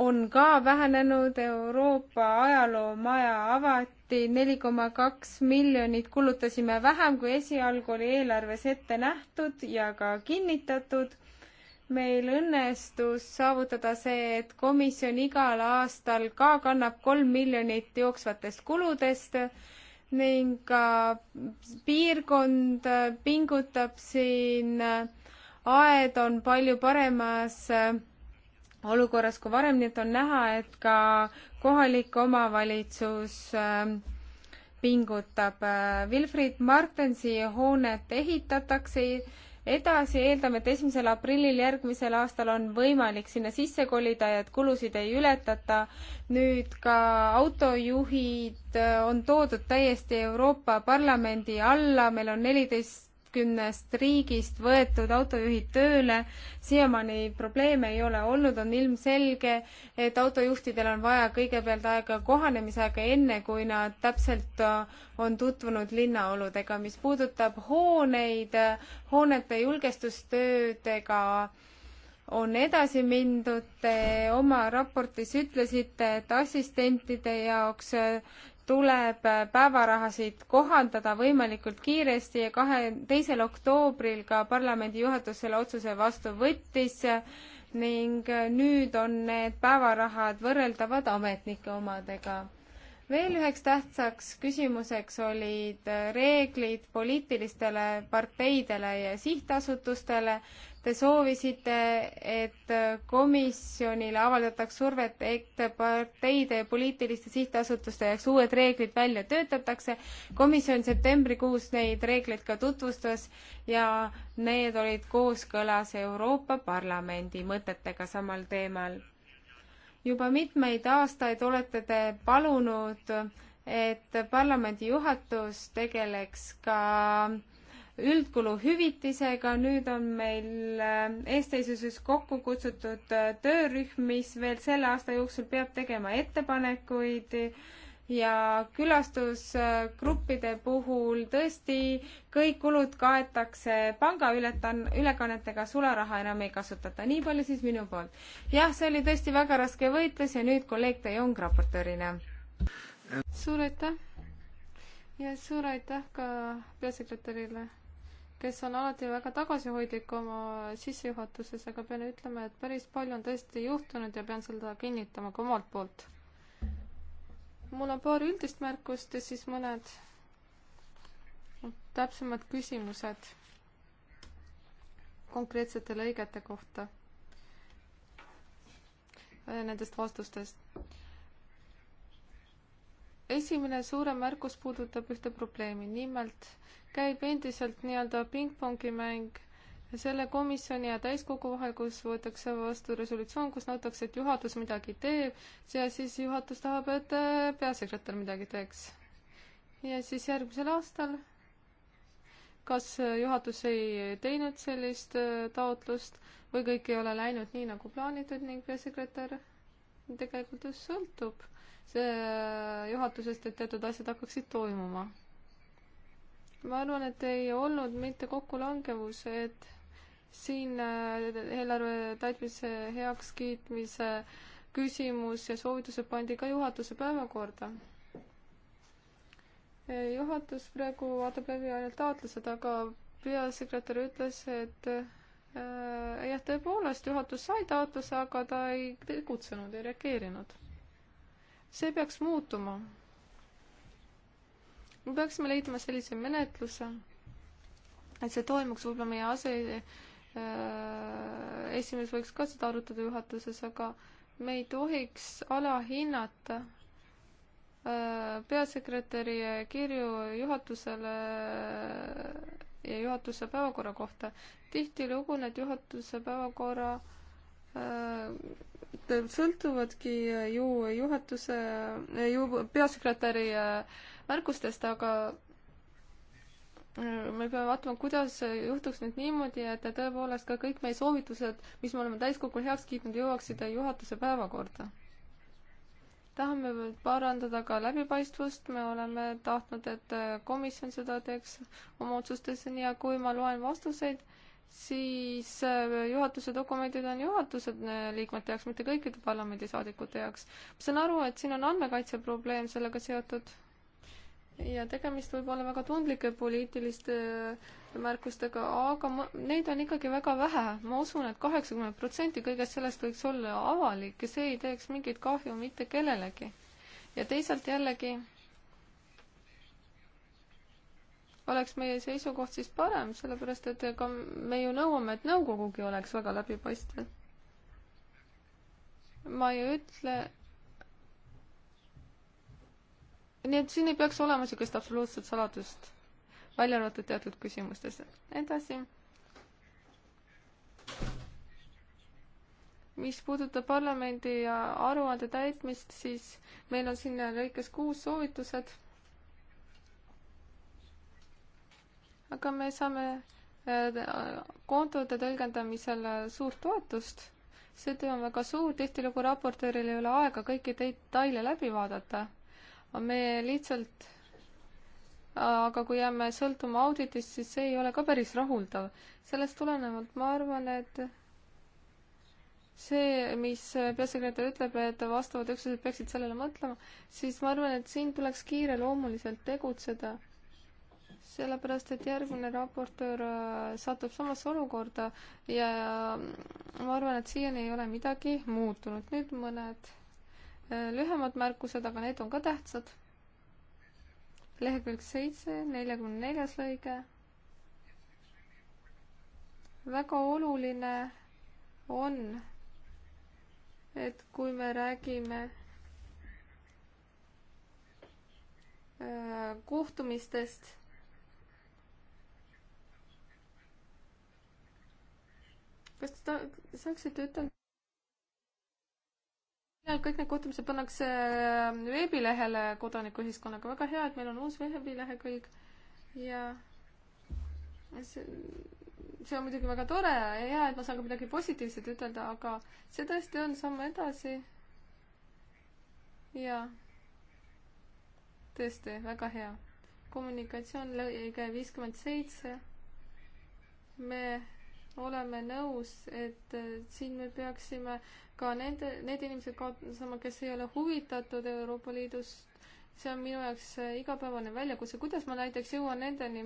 on ka vähenenud, Euroopa ajaloomaja avati, neli koma kaks miljonit kulutasime vähem, kui esialgu oli eelarves ette nähtud ja ka kinnitatud meil õnnestus saavutada see, et komisjon igal aastal ka kannab kolm miljonit jooksvatest kuludest ning ka piirkond pingutab siin, aed on palju paremas olukorras kui varem, nii et on näha, et ka kohalik omavalitsus ähm, pingutab. Äh, Wilfried Martensi hoonet ehitatakse edasi, eeldame, et esimesel aprillil järgmisel aastal on võimalik sinna sisse kolida ja et kulusid ei ületata. nüüd ka autojuhid äh, on toodud täiesti Euroopa Parlamendi alla, meil on neliteist üheteistkümnest riigist võetud autojuhid tööle. siiamaani probleeme ei ole olnud, on ilmselge, et autojuhtidel on vaja kõigepealt aega kohanemisaega, enne kui nad täpselt äh, on tutvunud linnaoludega. mis puudutab hooneid, hoonete julgestustöödega on edasi mindud, te oma raportis ütlesite, et assistentide jaoks äh, tuleb päevarahasid kohandada võimalikult kiiresti ja kahe, teisel oktoobril ka parlamendi juhatus selle otsuse vastu võttis ning nüüd on need päevarahad võrreldavad ametnike omadega. veel üheks tähtsaks küsimuseks olid reeglid poliitilistele parteidele ja sihtasutustele Te soovisite, et komisjonile avaldataks survet, et parteide ja poliitiliste sihtasutuste jaoks uued reeglid välja töötatakse. komisjon septembrikuus neid reegleid ka tutvustas ja need olid kooskõlas Euroopa Parlamendi mõtetega samal teemal. juba mitmeid aastaid olete te palunud, et parlamendi juhatus tegeleks ka üldkuluhüvitisega, nüüd on meil äh, eestseisuses kokku kutsutud äh, töörühm, mis veel selle aasta jooksul peab tegema ettepanekuid ja külastusgruppide puhul tõesti kõik kulud kaetakse pangaületan-, ülekannetega, sularaha enam ei kasutata. nii palju siis minu poolt. jah, see oli tõesti väga raske võitlus ja nüüd kolleeg De Jong raportöörina. suur aitäh ja suur aitäh ka peasekretärile kes on alati väga tagasihoidlik oma sissejuhatuses, aga pean ütlema, et päris palju on tõesti juhtunud ja pean seda kinnitama ka omalt poolt. mul on paar üldist märkust ja siis mõned täpsemad küsimused konkreetsete lõigete kohta nendest vastustest esimene suurem märkus puudutab ühte probleemi, nimelt käib endiselt nii-öelda pingpongi mäng selle komisjoni ja täiskogu vahel, kus võetakse vastu resolutsioon, kus nõutakse, et juhatus midagi teeb ja siis juhatus tahab, et äh, peasekretär midagi teeks. ja siis järgmisel aastal, kas äh, juhatus ei teinud sellist äh, taotlust või kõik ei ole läinud nii, nagu plaanitud ning peasekretär tegelikult just sõltub juhatusest, et teatud asjad hakkaksid toimuma. ma arvan, et ei olnud mitte kokkulangevus, et siin äh, eelarve täitmise heakskiitmise küsimus ja soovitused pandi ka juhatuse päevakorda. Äh, juhatus praegu vaatab läbi ainult taotlused, aga peasekretär ütles, et äh, jah, tõepoolest juhatus sai taotluse, aga ta ei tegutsenud, ei reageerinud see peaks muutuma. me peaksime leidma sellise menetluse, et see toimuks, võib-olla meie ase äh, esimees võiks ka seda arutada juhatuses, aga me ei tohiks alahinnata äh, peasekretäri kirju juhatusele äh, ja juhatuse päevakorra kohta. tihtilugu need juhatuse päevakorra äh, sõltuvadki ju juhatuse, ju peasekretäri äh, märkustest, aga äh, me peame vaatama, kuidas juhtuks nüüd niimoodi, et tõepoolest ka kõik meie soovitused, mis me oleme täiskogul heaks kiitnud, jõuaksid juhatuse päevakorda. tahame parandada ka läbipaistvust, me oleme tahtnud, et äh, komisjon seda teeks oma otsustes, nii ja kui ma loen vastuseid, siis äh, juhatuse dokumendid on juhatuse äh, liikmete jaoks, mitte kõikide parlamendisaadikute jaoks. ma saan aru, et siin on andmekaitse probleem sellega seotud ja tegemist võib olla väga tundlike poliitiliste äh, märkustega, aga ma, neid on ikkagi väga vähe. ma usun et, et kaheksakümmend protsenti kõigest sellest võiks olla avalik ja see ei teeks mingit kahju mitte kellelegi. ja teisalt jällegi oleks meie seisukoht siis parem, sellepärast et ega me ju nõuame, et nõukogugi oleks väga läbipaistev. ma ei ütle. nii et siin ei peaks olema niisugust absoluutset saladust, välja arvatud teatud küsimustes. edasi. mis puudutab parlamendi aruande täitmist, siis meil on siin lõikes kuus soovitused aga me saame äh, kontode tõlgendamisel äh, suurt toetust. see töö on väga suur, tihtilugu raportööril ei ole aega kõiki detaile läbi vaadata. me lihtsalt, äh, aga kui jääme sõltuma auditist, siis see ei ole ka päris rahuldav. sellest tulenevalt ma arvan, et see, mis peasekretär ütleb, et vastavad üksused peaksid sellele mõtlema, siis ma arvan, et siin tuleks kiireloomuliselt tegutseda sellepärast, et järgmine raportöör äh, satub samasse olukorda ja äh, ma arvan, et siiani ei ole midagi muutunud. nüüd mõned äh, lühemad märkused, aga need on ka tähtsad. lehekülg seitse, neljakümne neljas lõige. väga oluline on, et kui me räägime kohtumistest kas te saaksite ütelda? ja kõik need kohtumised pannakse äh, veebilehele kodanikuühiskonnaga, väga hea, et meil on uus veebilehekülg ja see, see on muidugi väga tore ja hea, et ma saan ka midagi positiivset ütelda, aga see tõesti on samm edasi. ja tõesti väga hea kommunikatsioon lõige viiskümmend seitse. me oleme nõus, et äh, siin me peaksime ka nende, need inimesed kaotama, kes ei ole huvitatud Euroopa Liidust. see on minu jaoks äh, igapäevane väljakutse, kuidas ma näiteks jõuan nendeni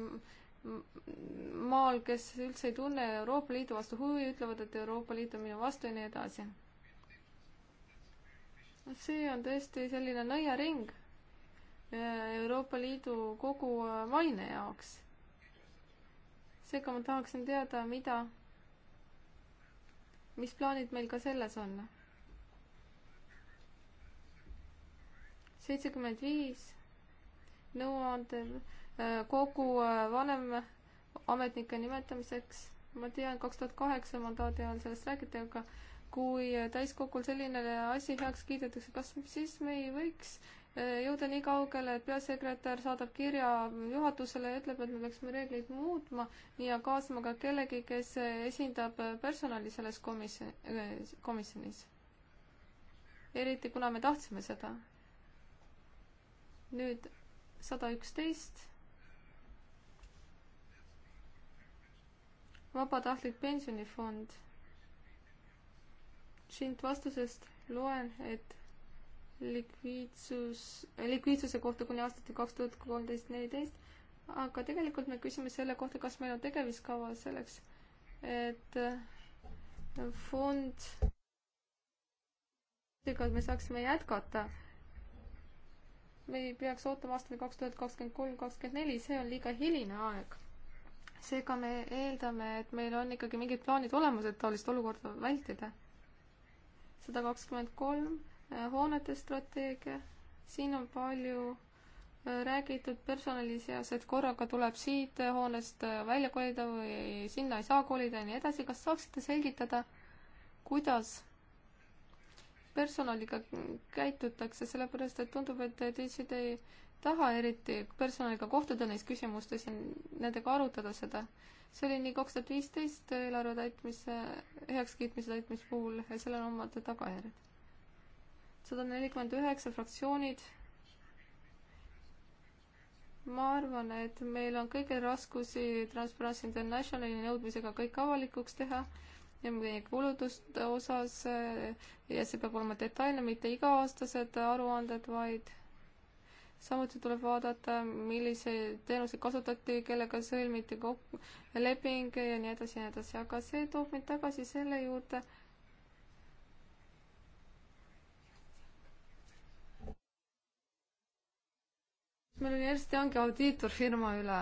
maal, kes üldse ei tunne Euroopa Liidu vastu huvi, ütlevad, et Euroopa Liit on minu vastu ja nii edasi. see on tõesti selline nõiaring äh, Euroopa Liidu kogu maine jaoks seega ma tahaksin teada, mida mis plaanid meil ka selles on? seitsekümmend viis nõuandev äh, kogu äh, vanemametnike nimetamiseks. ma tean, kaks tuhat kaheksa mandaadi ajal sellest räägiti, aga kui äh, täiskogul selline asi heaks kiidetakse, kas siis me ei võiks jõuda nii kaugele, et peasekretär saadab kirja juhatusele ja ütleb, et me peaksime reegleid muutma ja kaasama ka kellegi, kes esindab personali selles komisjonis, komisjonis. eriti kuna me tahtsime seda. nüüd sada üksteist. vabatahtlik pensionifond. sind vastusest loen, et likviidsus, likviidsuse kohta kuni aastati kaks tuhat kolmteist, neliteist, aga tegelikult me küsime selle kohta, kas meil on tegevuskava selleks, et äh, fond, ega me saaksime jätkata. me ei peaks ootama aastani kaks tuhat kakskümmend kolm, kakskümmend neli, see on liiga hiline aeg. seega me eeldame, et meil on ikkagi mingid plaanid olemas, et taolist olukorda vältida. sada kakskümmend kolm hoonete strateegia, siin on palju äh, räägitud personali seas, et korraga tuleb siit hoonest äh, välja kolida või sinna ei saa kolida ja nii edasi, kas saaksite selgitada, kuidas personaliga käitutakse, sellepärast et tundub, et teised ei taha eriti personaliga kohtuda neis küsimustes ja nendega arutada seda. see oli nii kaks tuhat viisteist eelarve täitmise, heakskiitmise täitmise puhul ja sellel on omad tagajärjed sada nelikümmend üheksa fraktsioonid. ma arvan, et meil on kõigil raskusi Transparency Internationali nõudmisega kõik avalikuks teha ja meie kulutuste osas eh, ja see peab olema detailne, mitte iga-aastased aruanded, vaid samuti tuleb vaadata, milliseid teenuseid kasutati, kellega sõlmiti kokku leping ja nii edasi ja nii edasi, aga see toob mind tagasi selle juurde, meil on järsku ongi audiitorfirma üle.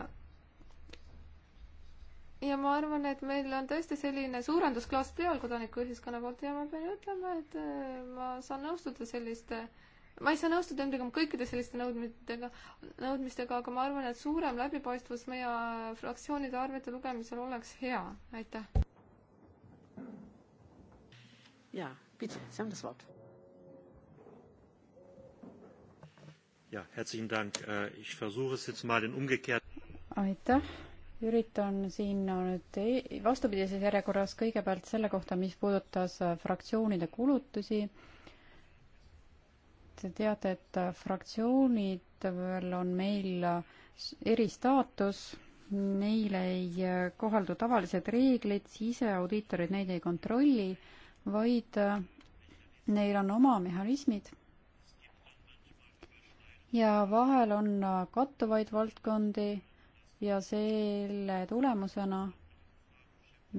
ja ma arvan, et meil on tõesti selline suurendusklaas peal kodanikuühiskonna poolt ja ma pean ütlema, et äh, ma saan nõustuda selliste ma ei saa nõustuda endaga kõikide selliste nõudmitega, nõudmistega, aga ma arvan, et suurem läbipaistvus meie fraktsioonide arvete lugemisel oleks hea, aitäh. jaa, pitsi, see on tasuvalt jah, herzlichen Dank, äh, ich versuche es jetzt mal in umgekehrt. aitäh, üritan siin nüüd vastupidises järjekorras kõigepealt selle kohta, mis puudutas äh, fraktsioonide kulutusi. Te teate, et äh, fraktsioonidel on meil eristaatus, neile ei kohaldu tavalised reeglid, siseaudiitorid neid ei kontrolli, vaid neil on oma mehhanismid ja vahel on äh, kattuvaid valdkondi ja selle tulemusena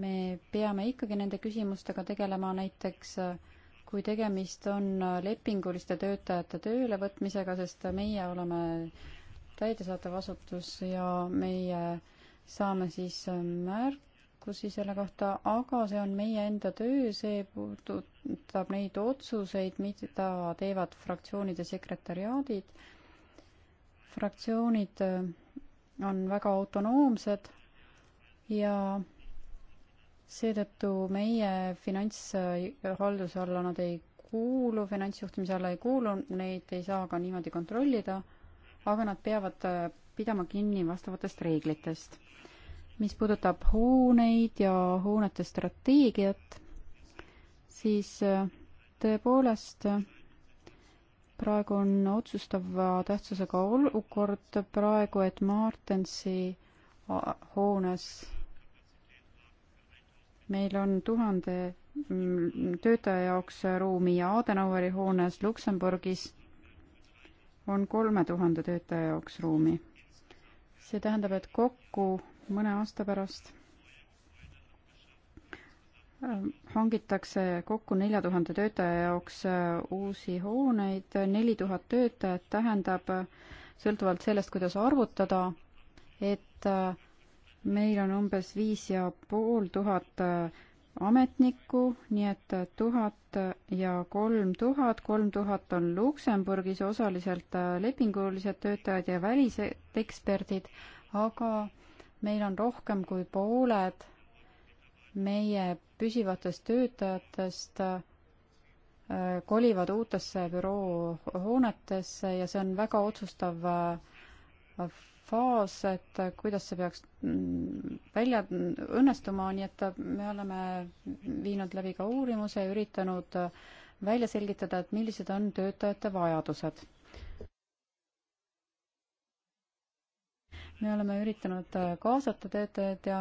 me peame ikkagi nende küsimustega tegelema, näiteks äh, kui tegemist on äh, lepinguliste töötajate töölevõtmisega, sest meie oleme täidesaatev asutus ja meie saame siis märkusi selle kohta, aga see on meie enda töö, see puudutab neid otsuseid, mida teevad fraktsioonide sekretäriaadid fraktsioonid äh, on väga autonoomsed ja seetõttu meie finantshalduse alla nad ei kuulu, finantsjuhtimise alla ei kuulu, neid ei saa ka niimoodi kontrollida, aga nad peavad äh, pidama kinni vastavatest reeglitest. mis puudutab hooneid ja hoonete strateegiat, siis äh, tõepoolest praegu on otsustava tähtsusega olukord praegu, et Martensi hoones meil on tuhande töötaja jaoks ruumi ja Adenaueri hoones Luksemburgis on kolme tuhande töötaja jaoks ruumi. see tähendab, et kokku mõne aasta pärast hangitakse kokku nelja tuhande töötaja jaoks äh, uusi hooneid, neli tuhat töötajat tähendab sõltuvalt sellest, kuidas arvutada, et äh, meil on umbes viis ja pool tuhat äh, ametnikku, nii et tuhat ja kolm tuhat, kolm tuhat on Luksemburgis osaliselt lepingulised töötajad ja väliseksperdid, aga meil on rohkem kui pooled meie püsivatest töötajatest äh, kolivad uutesse büroo hoonetesse ja see on väga otsustav äh, faas, et kuidas see peaks mm, välja õnnestuma, nii et me oleme viinud läbi ka uurimuse ja üritanud äh, välja selgitada, et millised on töötajate vajadused. me oleme üritanud äh, kaasata töötajaid ja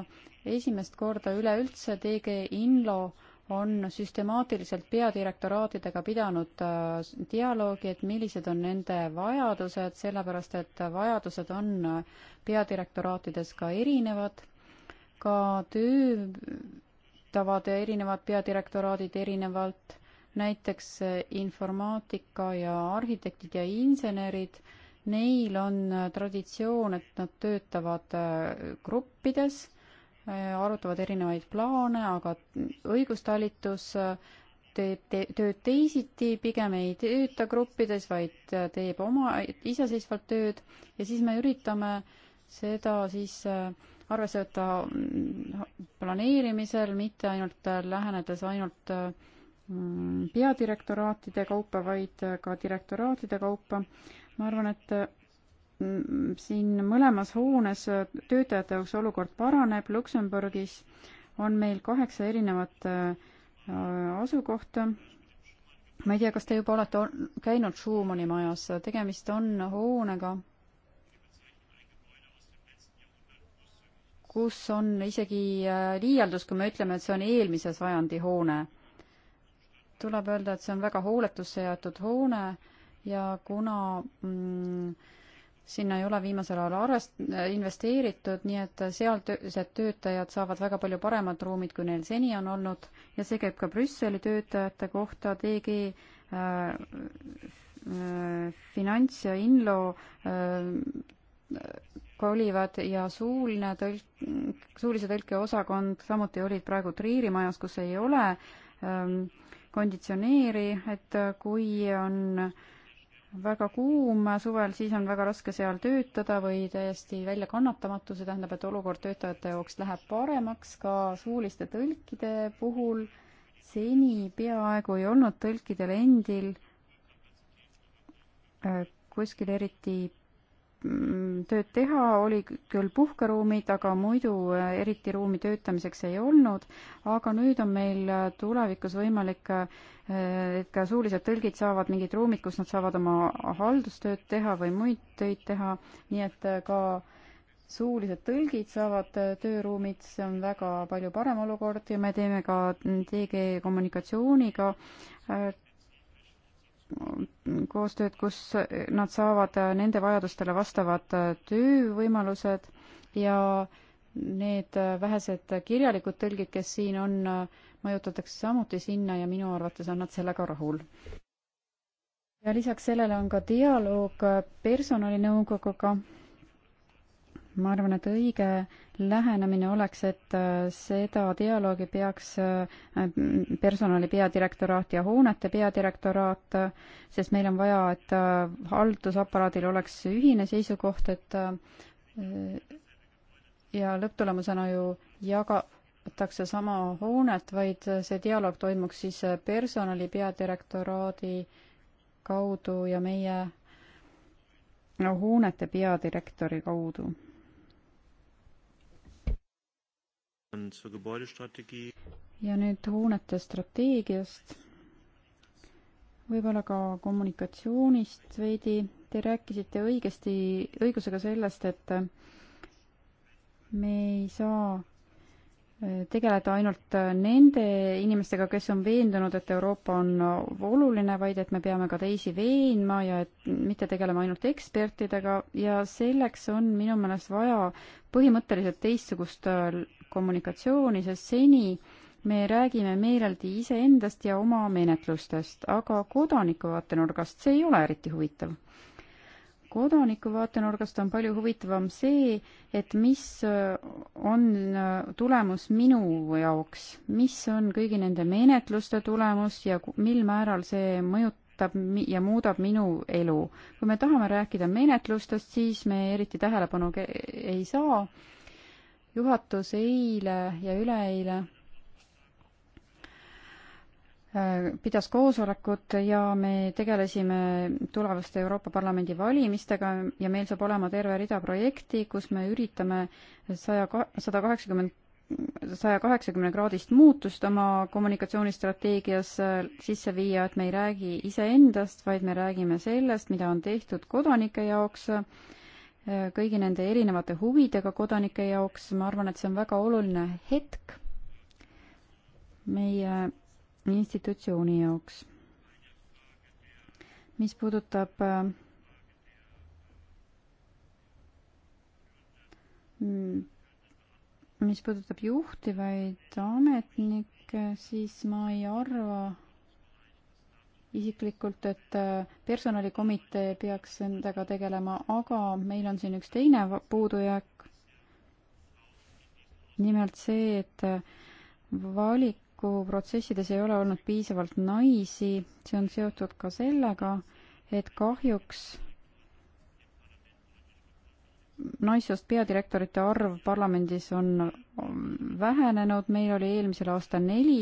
esimest korda üleüldse DG Inlo on süstemaatiliselt peadirektoraatidega pidanud äh, dialoogi, et millised on nende vajadused, sellepärast et vajadused on äh, peadirektoraatides ka erinevad, ka töötavad erinevad peadirektoraadid erinevalt, näiteks informaatika ja arhitektid ja insenerid Neil on äh, traditsioon, et nad töötavad äh, gruppides, äh, arutavad erinevaid plaane, aga õigustalitus teeb te, tööd teisiti, pigem ei tööta gruppides, vaid teeb oma iseseisvalt tööd ja siis me üritame seda siis arvesse võtta mm, planeerimisel, mitte ainult lähenedes ainult mm, peadirektoraatide kaupa, vaid ka direktoraatide kaupa ma arvan, et mm, siin mõlemas hoones töötajate jaoks olukord paraneb, Luksemburgis on meil kaheksa erinevat äh, asukohta. ma ei tea, kas te juba olete käinud Schumanni majas, tegemist on hoonega, kus on isegi äh, liialdus, kui me ütleme, et see on eelmise sajandi hoone. tuleb öelda, et see on väga hooletusse jäetud hoone ja kuna mm, sinna ei ole viimasel ajal arvest-, investeeritud, nii et sealsed töötajad saavad väga palju paremad ruumid, kui neil seni on olnud ja see käib ka Brüsseli töötajate kohta, DG äh, äh, finants ja Inlo äh, kolivad ja suuline tõlk, suulise tõlke osakond samuti olid praegu Triiri majas, kus ei ole äh, konditsioneeri, et kui on äh, väga kuum suvel, siis on väga raske seal töötada või täiesti väljakannatamatu, see tähendab, et olukord töötajate jaoks läheb paremaks ka suuliste tõlkide puhul. seni peaaegu ei olnud tõlkidel endil äh, kuskil eriti Mm, tööd teha, oli küll puhkeruumid, aga muidu äh, eriti ruumi töötamiseks ei olnud, aga nüüd on meil äh, tulevikus võimalik, äh, et ka suulised tõlgid saavad mingid ruumid, kus nad saavad oma haldustööd teha või muid töid teha, nii et ka suulised tõlgid saavad tööruumid, see on väga palju parem olukord ja me teeme ka mm, DG kommunikatsiooniga koostööd, kus nad saavad nende vajadustele vastavad töövõimalused ja need vähesed kirjalikud tõlgid, kes siin on, mõjutatakse samuti sinna ja minu arvates on nad sellega rahul. ja lisaks sellele on ka dialoog personalinõukoguga ma arvan, et õige lähenemine oleks, et äh, seda dialoogi peaks äh, personali peadirektoraat ja hoonete peadirektoraat, sest meil on vaja, et äh, haldusaparaadil oleks ühine seisukoht, et ja lõpptulemusena ju jagatakse sama hoonet, vaid see dialoog toimuks siis personali peadirektoraadi kaudu ja meie no, hoonete peadirektori kaudu ja nüüd hoonete strateegiast, võib-olla ka kommunikatsioonist veidi. Te rääkisite õigesti, õigusega sellest, et me ei saa eh, tegeleda ainult eh, nende inimestega, kes on veendunud, et Euroopa on oluline, vaid et me peame ka teisi veenma ja et mitte tegelema ainult ekspertidega ja selleks on minu meelest vaja põhimõtteliselt teistsugust eh, kommunikatsiooni, sest seni me räägime meeleldi iseendast ja oma menetlustest, aga kodaniku vaatenurgast see ei ole eriti huvitav. kodaniku vaatenurgast on palju huvitavam see, et mis on tulemus minu jaoks, mis on kõigi nende menetluste tulemus ja mil määral see mõjutab mõjutab ja muudab minu elu. kui me tahame rääkida menetlustest, siis me eriti tähelepanu ei saa, juhatus eile ja üleeile äh, pidas koosolekut ja me tegelesime tulevaste Euroopa Parlamendi valimistega ja meil saab olema terve rida projekti, kus me üritame saja, sada kaheksakümmend saja kaheksakümne kraadist muutust oma kommunikatsioonistrateegias äh, sisse viia, et me ei räägi iseendast, vaid me räägime sellest, mida on tehtud kodanike jaoks äh, kõigi nende erinevate huvidega kodanike jaoks, ma arvan, et see on väga oluline hetk meie institutsiooni jaoks. mis puudutab mm, mis puudutab juhtivaid ametnikke, siis ma ei arva, isiklikult, et äh, personalikomitee peaks endaga tegelema, aga meil on siin üks teine puudujääk. nimelt see, et äh, valikuprotsessides ei ole olnud piisavalt naisi, see on seotud ka sellega, et kahjuks naissoost peadirektorite arv parlamendis on vähenenud, meil oli eelmisel aastal neli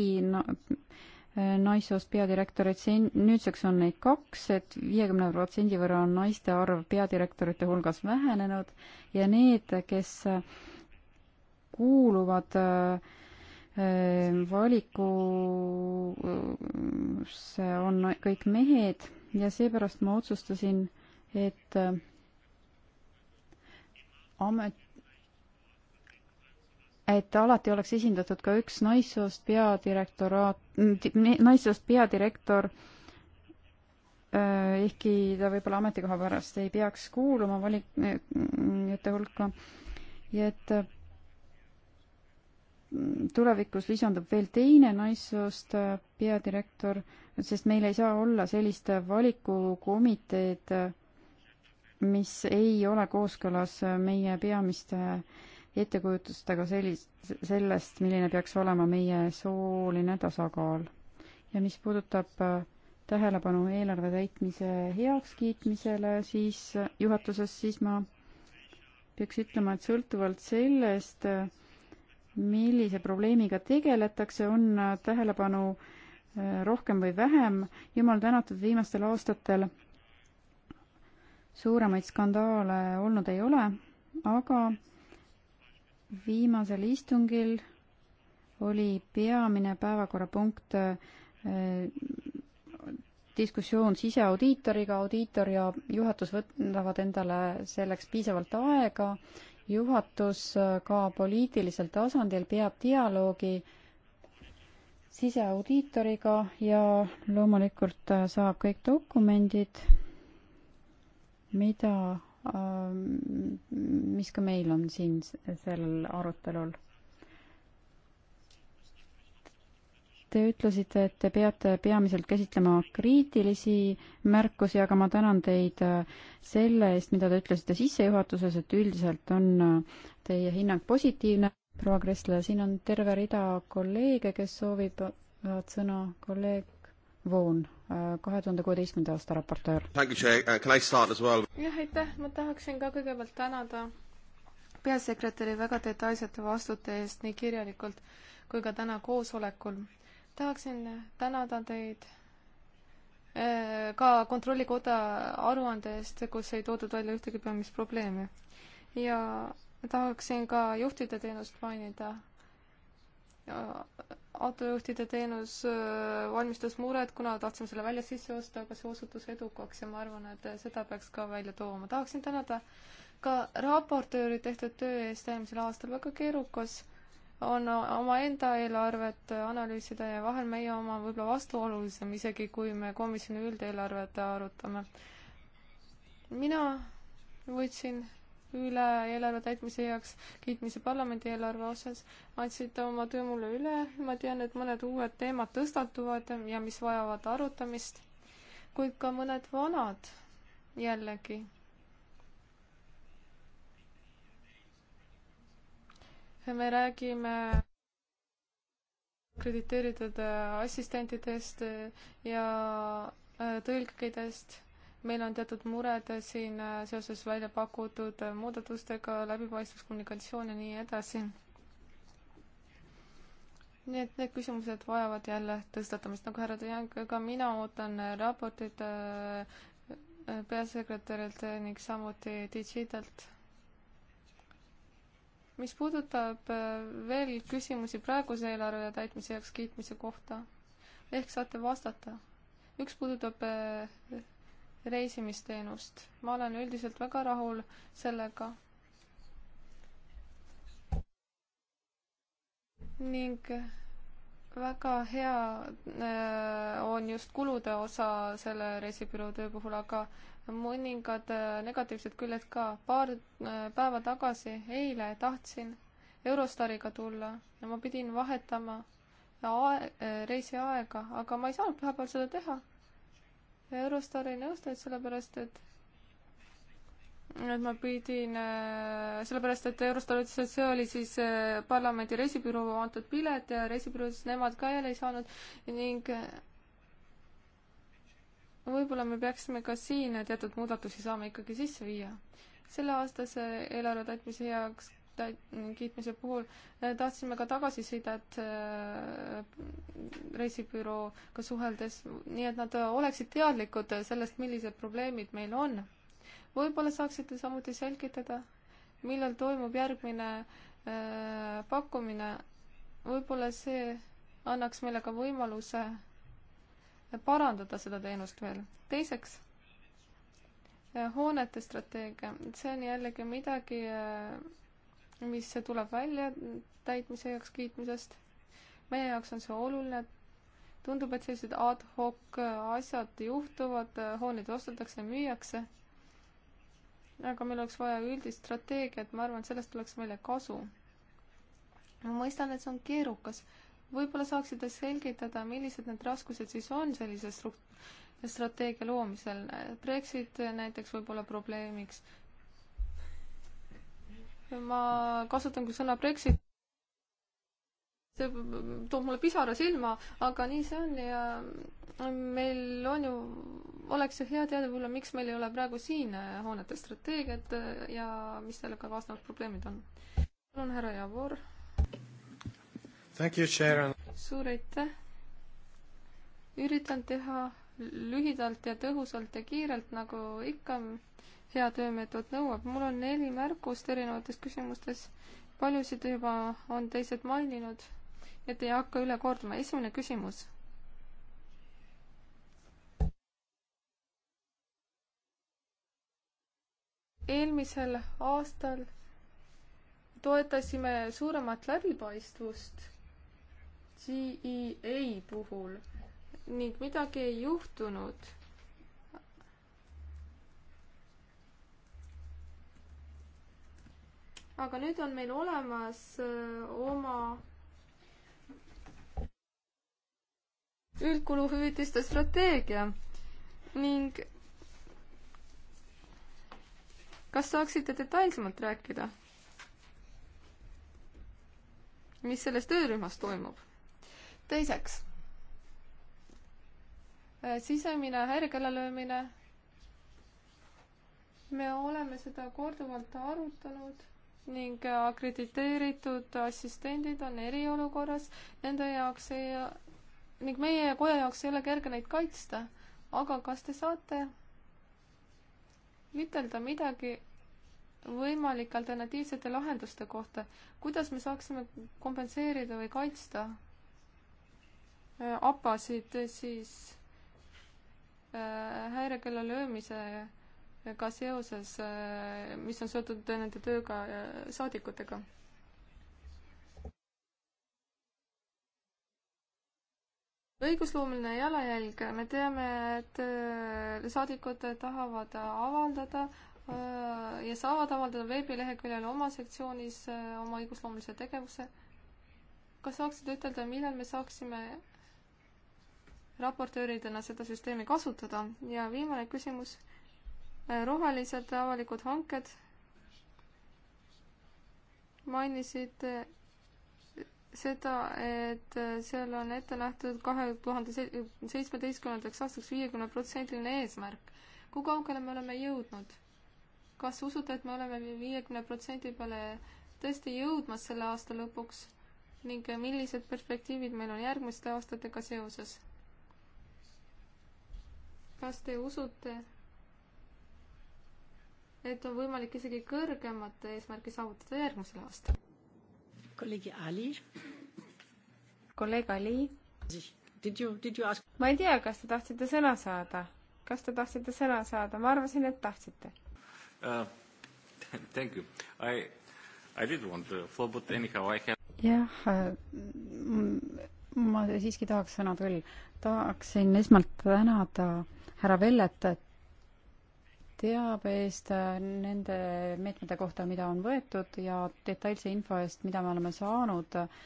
naissoost peadirektoreid, siin nüüdseks on neid kaks et, et viiekümne protsendi võrra on naiste arv peadirektorite hulgas vähenenud ja need, kes kuuluvad ehm, valikusse, on kõik mehed ja seepärast ma otsustasin, et eh, amet, et alati oleks esindatud ka üks naissoost peadirektoraat, naissoost peadirektor, ehkki ta võib-olla ametikoha pärast ei peaks kuuluma valikute hulka ja et tulevikus lisandub veel teine naissoost peadirektor, sest meil ei saa olla sellist valikukomiteed, mis ei ole kooskõlas meie peamiste äh, ettekujutustega sellist, sellest, milline peaks olema meie sooline tasakaal. ja mis puudutab äh, tähelepanu eelarve täitmise heakskiitmisele, siis äh, juhatuses, siis ma peaks ütlema, et sõltuvalt sellest, äh, millise probleemiga tegeletakse, on tähelepanu rohkem või vähem, jumal tänatud, viimastel aastatel suuremaid skandaale olnud ei ole, aga viimasel istungil oli peamine päevakorrapunkt äh, diskussioon siseaudiitoriga, audiitor ja juhatus võtavad endale selleks piisavalt aega, juhatus äh, ka poliitilisel tasandil peab dialoogi siseaudiitoriga ja loomulikult äh, saab kõik dokumendid, mida mis ka meil on siin sellel arutelul. Te ütlesite, et te peate peamiselt käsitlema kriitilisi märkusi, aga ma tänan teid selle eest, mida te ütlesite sissejuhatuses, et üldiselt on teie hinnang positiivne. proua Kressle, siin on terve rida kolleege, kes soovivad sõna, kolleeg Voon, äh, kahe tuhande kuueteistkümnenda aasta raportöör. Uh, jah, aitäh, ma tahaksin ka kõigepealt tänada peasekretäri väga detailsete vastute eest nii kirjalikult kui ka täna koosolekul. tahaksin tänada teid äh, ka Kontrollikoda aruande eest, kus ei toodud välja ühtegi peamist probleemi. ja tahaksin ka juhtide teenust mainida autojuhtide teenus äh, valmistas muret, kuna tahtsime selle välja sisse osta, aga see osutus edukaks ja ma arvan, et seda peaks ka välja tooma. tahaksin tänada ka raportööri tehtud töö eest eelmisel aastal, väga keerukas on omaenda eelarvet analüüsida ja vahel meie oma võib-olla vastuolulisem, isegi kui me komisjoni üldeelarvet arutame. mina võtsin üle eelarve täitmise heaks kiitmise parlamendi eelarve osas, andsid oma töö mulle üle. ma tean, et mõned uued teemad tõstatuvad ja mis vajavad arutamist, kuid ka mõned vanad jällegi. me räägime krediteeritud assistentidest ja äh, tõlkidest meil on teatud mured siin äh, seoses välja pakutud äh, muudatustega, läbipaistvus, kommunikatsioon ja nii edasi. nii et need küsimused vajavad jälle tõstatamist, nagu härra Tõnjang, ka mina ootan äh, raportit peasekretärilt ning samuti Digitalt. mis puudutab veel küsimusi praeguse eelarve täitmise heakskiitmise kohta, ehk saate vastata? üks puudutab reisimisteenust. ma olen üldiselt väga rahul sellega. ning väga hea äh, on just kulude osa selle reisibüroo töö puhul, aga mõningad äh, negatiivsed küljed ka. paar äh, päeva tagasi, eile tahtsin Eurostariga tulla ja ma pidin vahetama reisi aega, aga ma ei saanud vahepeal seda teha Eurostar ei nõustunud, sellepärast et et ma pidin, äh, sellepärast et Eurostar ütles, et see oli siis äh, parlamendi reisibüroo antud pilet ja reisibüroo ütles, et nemad ka jälle ei saanud ning äh, võib-olla me peaksime ka siin teatud muudatusi saama ikkagi sisse viia. selleaastase eelarve täitmise heaks kiitmise puhul tahtsime ka tagasisidet äh, reisibürooga suheldes, nii et nad oleksid teadlikud sellest, millised probleemid meil on. võib-olla saaksite samuti selgitada, millal toimub järgmine äh, pakkumine, võib-olla see annaks meile ka võimaluse parandada seda teenust veel. teiseks äh, hoonete strateegia, see on jällegi midagi, mis tuleb välja täitmise heakskiitmisest. meie jaoks on see oluline. tundub, et sellised ad hoc asjad juhtuvad, hooneid ostetakse, müüakse. aga meil oleks vaja üldist strateegiat, ma arvan, et sellest oleks meile kasu. ma mõistan, et see on keerukas. võib-olla saaksite selgitada, millised need raskused siis on sellise struk-, strateegia loomisel. Brexit näiteks võib olla probleemiks ma kasutan küll sõna Brexit, see toob mulle pisara silma, aga nii see on ja äh, meil on ju, oleks ju hea teada võib-olla, miks meil ei ole praegu siin äh, hoonete strateegiat äh, ja mis sellega kaasnevad probleemid on. palun, härra Javor. suur aitäh. üritan teha lühidalt ja tõhusalt ja kiirelt, nagu ikka hea töömeetod nõuab. mul on neli märkust erinevates küsimustes, paljusid juba on teised maininud, et ei hakka üle kordama. esimene küsimus. eelmisel aastal toetasime suuremat läbipaistvust GEA puhul ning midagi ei juhtunud aga nüüd on meil olemas äh, oma üldkuluhüvitiste strateegia ning kas saaksite detailsemalt rääkida, mis selles töörühmas toimub? teiseks, äh, sisemine häirekellalöömine. me oleme seda korduvalt arutanud ning akrediteeritud assistendid on eriolukorras, nende jaoks ei, ning meie koja jaoks ei ole kerge neid kaitsta. aga kas te saate ütelda midagi võimalike alternatiivsete lahenduste kohta, kuidas me saaksime kompenseerida või kaitsta äh, apasid siis äh, häirekella löömise ka seoses, äh, mis on seotud nende tööga äh, saadikutega. õigusloomeline jalajälg, me teame, et äh, saadikud tahavad avaldada ja saavad avaldada veebileheküljel oma sektsioonis oma õigusloomelise tegevuse. kas saaksid ütelda, millal me saaksime raportööridena seda süsteemi kasutada ja viimane küsimus Äh, rohelised avalikud hanked mainisid äh, seda, et äh, seal on ette nähtud kahe tuhande seitsmeteistkümnendaks aastaks viiekümne protsendiline eesmärk. kui kaugele me oleme jõudnud? kas usute, et me oleme viiekümne protsendi peale tõesti jõudmas selle aasta lõpuks ning millised perspektiivid meil on järgmiste aastatega seoses? kas te usute, et on võimalik isegi kõrgemat eesmärki saavutada järgmisel aastal. kolleeg Ali. kolleeg Ali. Did you, did you ask? ma ei tea, kas te tahtsite sõna saada. kas te tahtsite sõna saada, ma arvasin, et tahtsite uh,. Thank you. I, I did want the floor, but anyhow I have. jah, äh, ma siiski tahaks sõna küll. tahaksin esmalt tänada härra Vellet, et teabe eest äh, nende meetmete kohta, mida on võetud ja detailse info eest, mida me oleme saanud äh,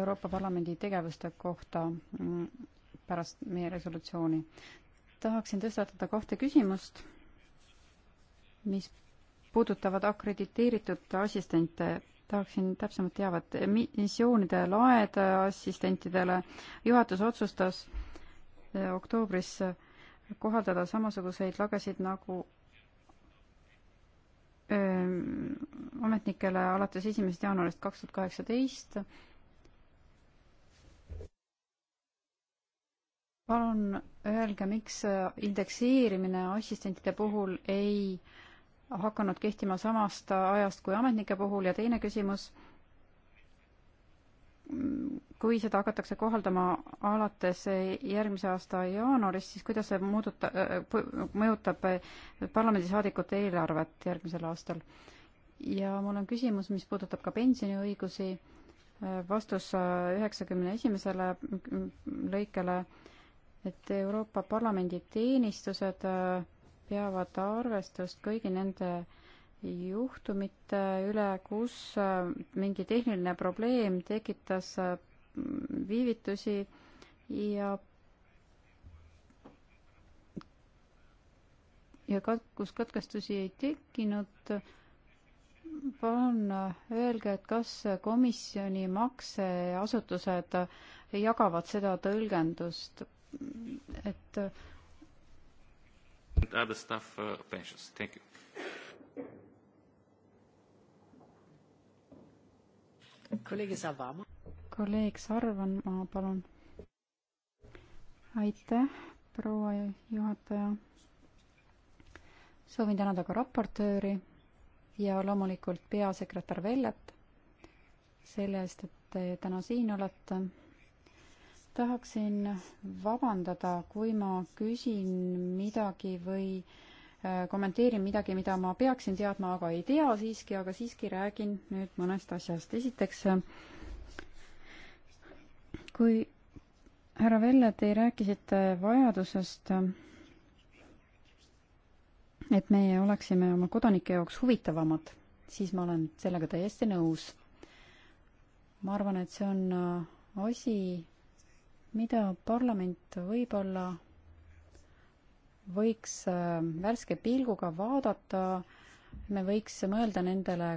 Euroopa Parlamendi tegevuste kohta mm, pärast meie resolutsiooni. tahaksin tõstatada kahte küsimust, mis puudutavad akrediteeritud assistente tahaksin täpsemat teavet. Äh, missioonide laed assistentidele. juhatus otsustas oktoobris kohaldada samasuguseid lagesid nagu öö, ähm, ametnikele alates esimesest jaanuarist kaks tuhat kaheksateist. palun öelge, miks indekseerimine assistentide puhul ei hakanud kehtima samast ajast kui ametnike puhul ja teine küsimus kui seda hakatakse kohaldama alates järgmise aasta jaanuarist, siis kuidas see muuduta-, äh, mõjutab parlamendisaadikute eelarvet järgmisel aastal? ja mul on küsimus, mis puudutab ka pensioniõigusi, vastus üheksakümne esimesele lõikele, et Euroopa Parlamendi teenistused äh, peavad arvestust kõigi nende äh, juhtumite üle, kus äh, mingi tehniline probleem tekitas äh, viivitusi ja ja kat-, kus katkestusi ei tekkinud, palun äh, öelge, et kas komisjoni makseasutused jagavad seda tõlgendust, et other stuff uh, pensions, thank you. kolleeg Sarvamaa. kolleeg Sarvamaa, palun. aitäh, proua juhataja. soovin tänada ka raportööri ja loomulikult peasekretär Vellet selle eest, et te täna siin olete. tahaksin vabandada, kui ma küsin midagi või äh, kommenteerin midagi, mida ma peaksin teadma, aga ei tea siiski, aga siiski räägin nüüd mõnest asjast. esiteks, kui härra Velle, te rääkisite vajadusest, et meie oleksime oma kodanike jaoks huvitavamad, siis ma olen sellega täiesti nõus. ma arvan, et see on asi, mida parlament võib-olla võiks äh, värske pilguga vaadata, me võiks mõelda nendele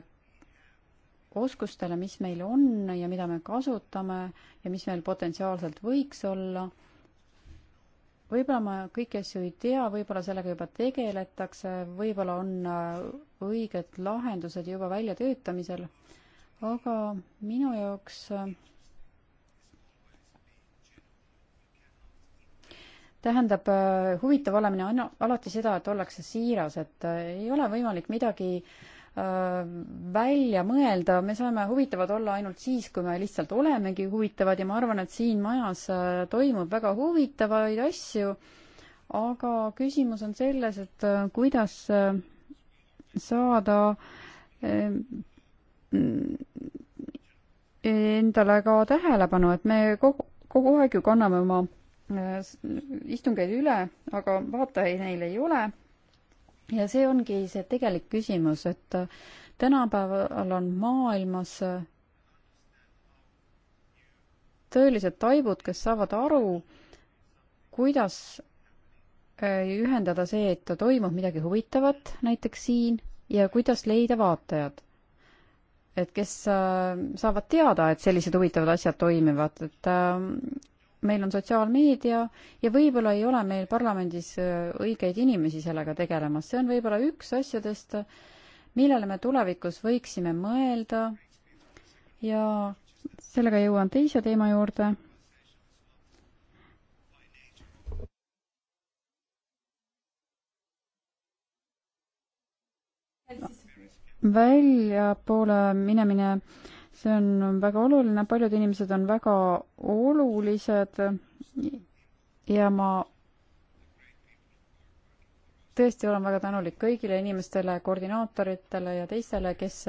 oskustele, mis meil on ja mida me kasutame ja mis meil potentsiaalselt võiks olla. võib-olla ma kõiki asju ei tea, võib-olla sellega juba tegeletakse, võib-olla on äh, õiged lahendused juba väljatöötamisel, aga minu jaoks äh, tähendab äh, huvitav olemine on alati seda, et ollakse siiras, et äh, ei ole võimalik midagi äh, välja mõelda, me saame huvitavad olla ainult siis, kui me lihtsalt olemegi huvitavad ja ma arvan, et siin majas toimub väga huvitavaid asju, aga küsimus on selles, et kuidas saada endale ka tähelepanu, et me kogu, kogu aeg ju kanname oma Äh, istungeid üle, aga vaatajaid neil ei ole. ja see ongi see tegelik küsimus, et äh, tänapäeval on maailmas äh, tõelised taibud, kes saavad aru, kuidas ühendada see, et toimub midagi huvitavat, näiteks siin, ja kuidas leida vaatajad. et kes saavad teada, et sellised huvitavad asjad toimivad, et meil on sotsiaalmeedia ja võib-olla ei ole meil parlamendis äh, õigeid inimesi sellega tegelemas, see on võib-olla üks asjadest, millele me tulevikus võiksime mõelda ja sellega jõuan teise teema juurde. väljapoole minemine äh, see on väga oluline, paljud inimesed on väga olulised ja ma tõesti olen väga tänulik kõigile inimestele, koordinaatoritele ja teistele, kes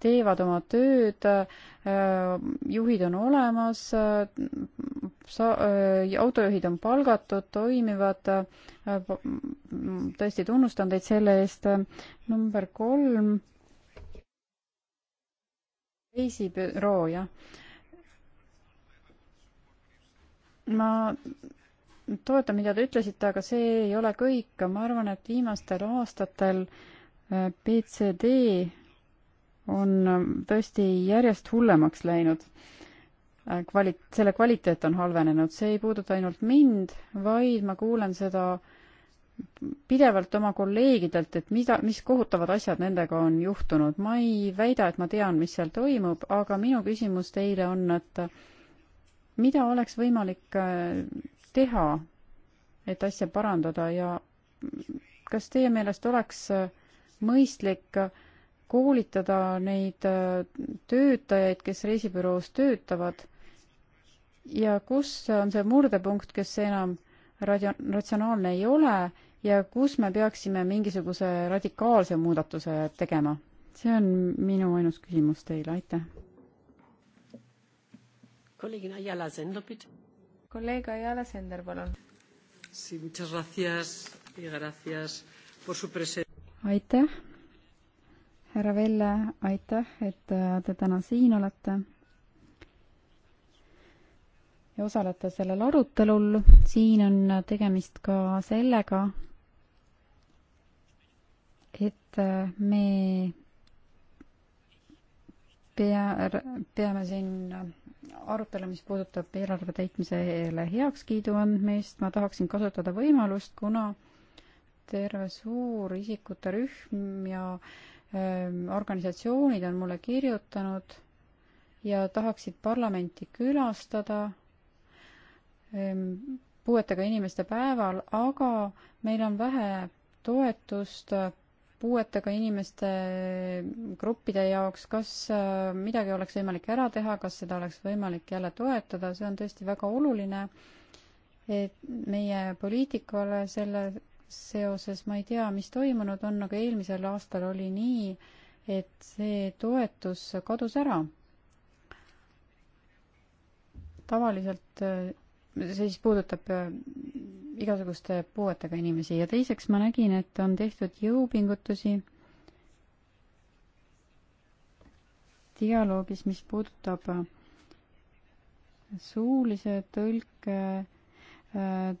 teevad oma tööd, juhid on olemas, sa-, autojuhid on palgatud, toimivad, tõesti tunnustan teid selle eest. number kolm reisibüroo, jah. ma toetan, mida te ütlesite, aga see ei ole kõik. ma arvan, et viimastel aastatel BCD äh, on äh, tõesti järjest hullemaks läinud. Äh, kvali-, selle kvaliteet on halvenenud, see ei puuduta ainult mind, vaid ma kuulen seda pidevalt oma kolleegidelt, et mida, mis kohutavad asjad nendega on juhtunud. ma ei väida, et ma tean, mis seal toimub, aga minu küsimus teile on, et mida oleks võimalik äh, teha, et asja parandada ja kas teie meelest oleks äh, mõistlik koolitada neid äh, töötajaid, kes reisibüroos töötavad ja kus on see murdepunkt, kes enam radio-, ratsionaalne ei ole ja kus me peaksime mingisuguse radikaalse muudatuse tegema? see on minu ainus küsimus teile, aitäh. kolleeg Ayala Sender, kolleeg Ayala Sender, palun. aitäh, härra Velle, aitäh, et äh, te täna siin olete ja osalete sellel arutelul. siin on tegemist ka sellega, et äh, me pea, peame siin arutelu, mis puudutab eelarve täitmisele heakskiidu andmist, ma tahaksin kasutada võimalust, kuna terve suur isikute rühm ja öö, ähm, organisatsioonid on mulle kirjutanud ja tahaksid parlamenti külastada öö, ähm, puuetega inimeste päeval, aga meil on vähe toetust äh, puuetega inimeste gruppide jaoks, kas äh, midagi oleks võimalik ära teha, kas seda oleks võimalik jälle toetada, see on tõesti väga oluline, et meie poliitikale selle seoses, ma ei tea, mis toimunud on, aga eelmisel aastal oli nii, et see toetus kadus ära. tavaliselt äh, see siis puudutab äh, igasuguste puuetega inimesi ja teiseks ma nägin, et on tehtud jõupingutusi dialoogis, mis puudutab äh, suulise tõlke äh,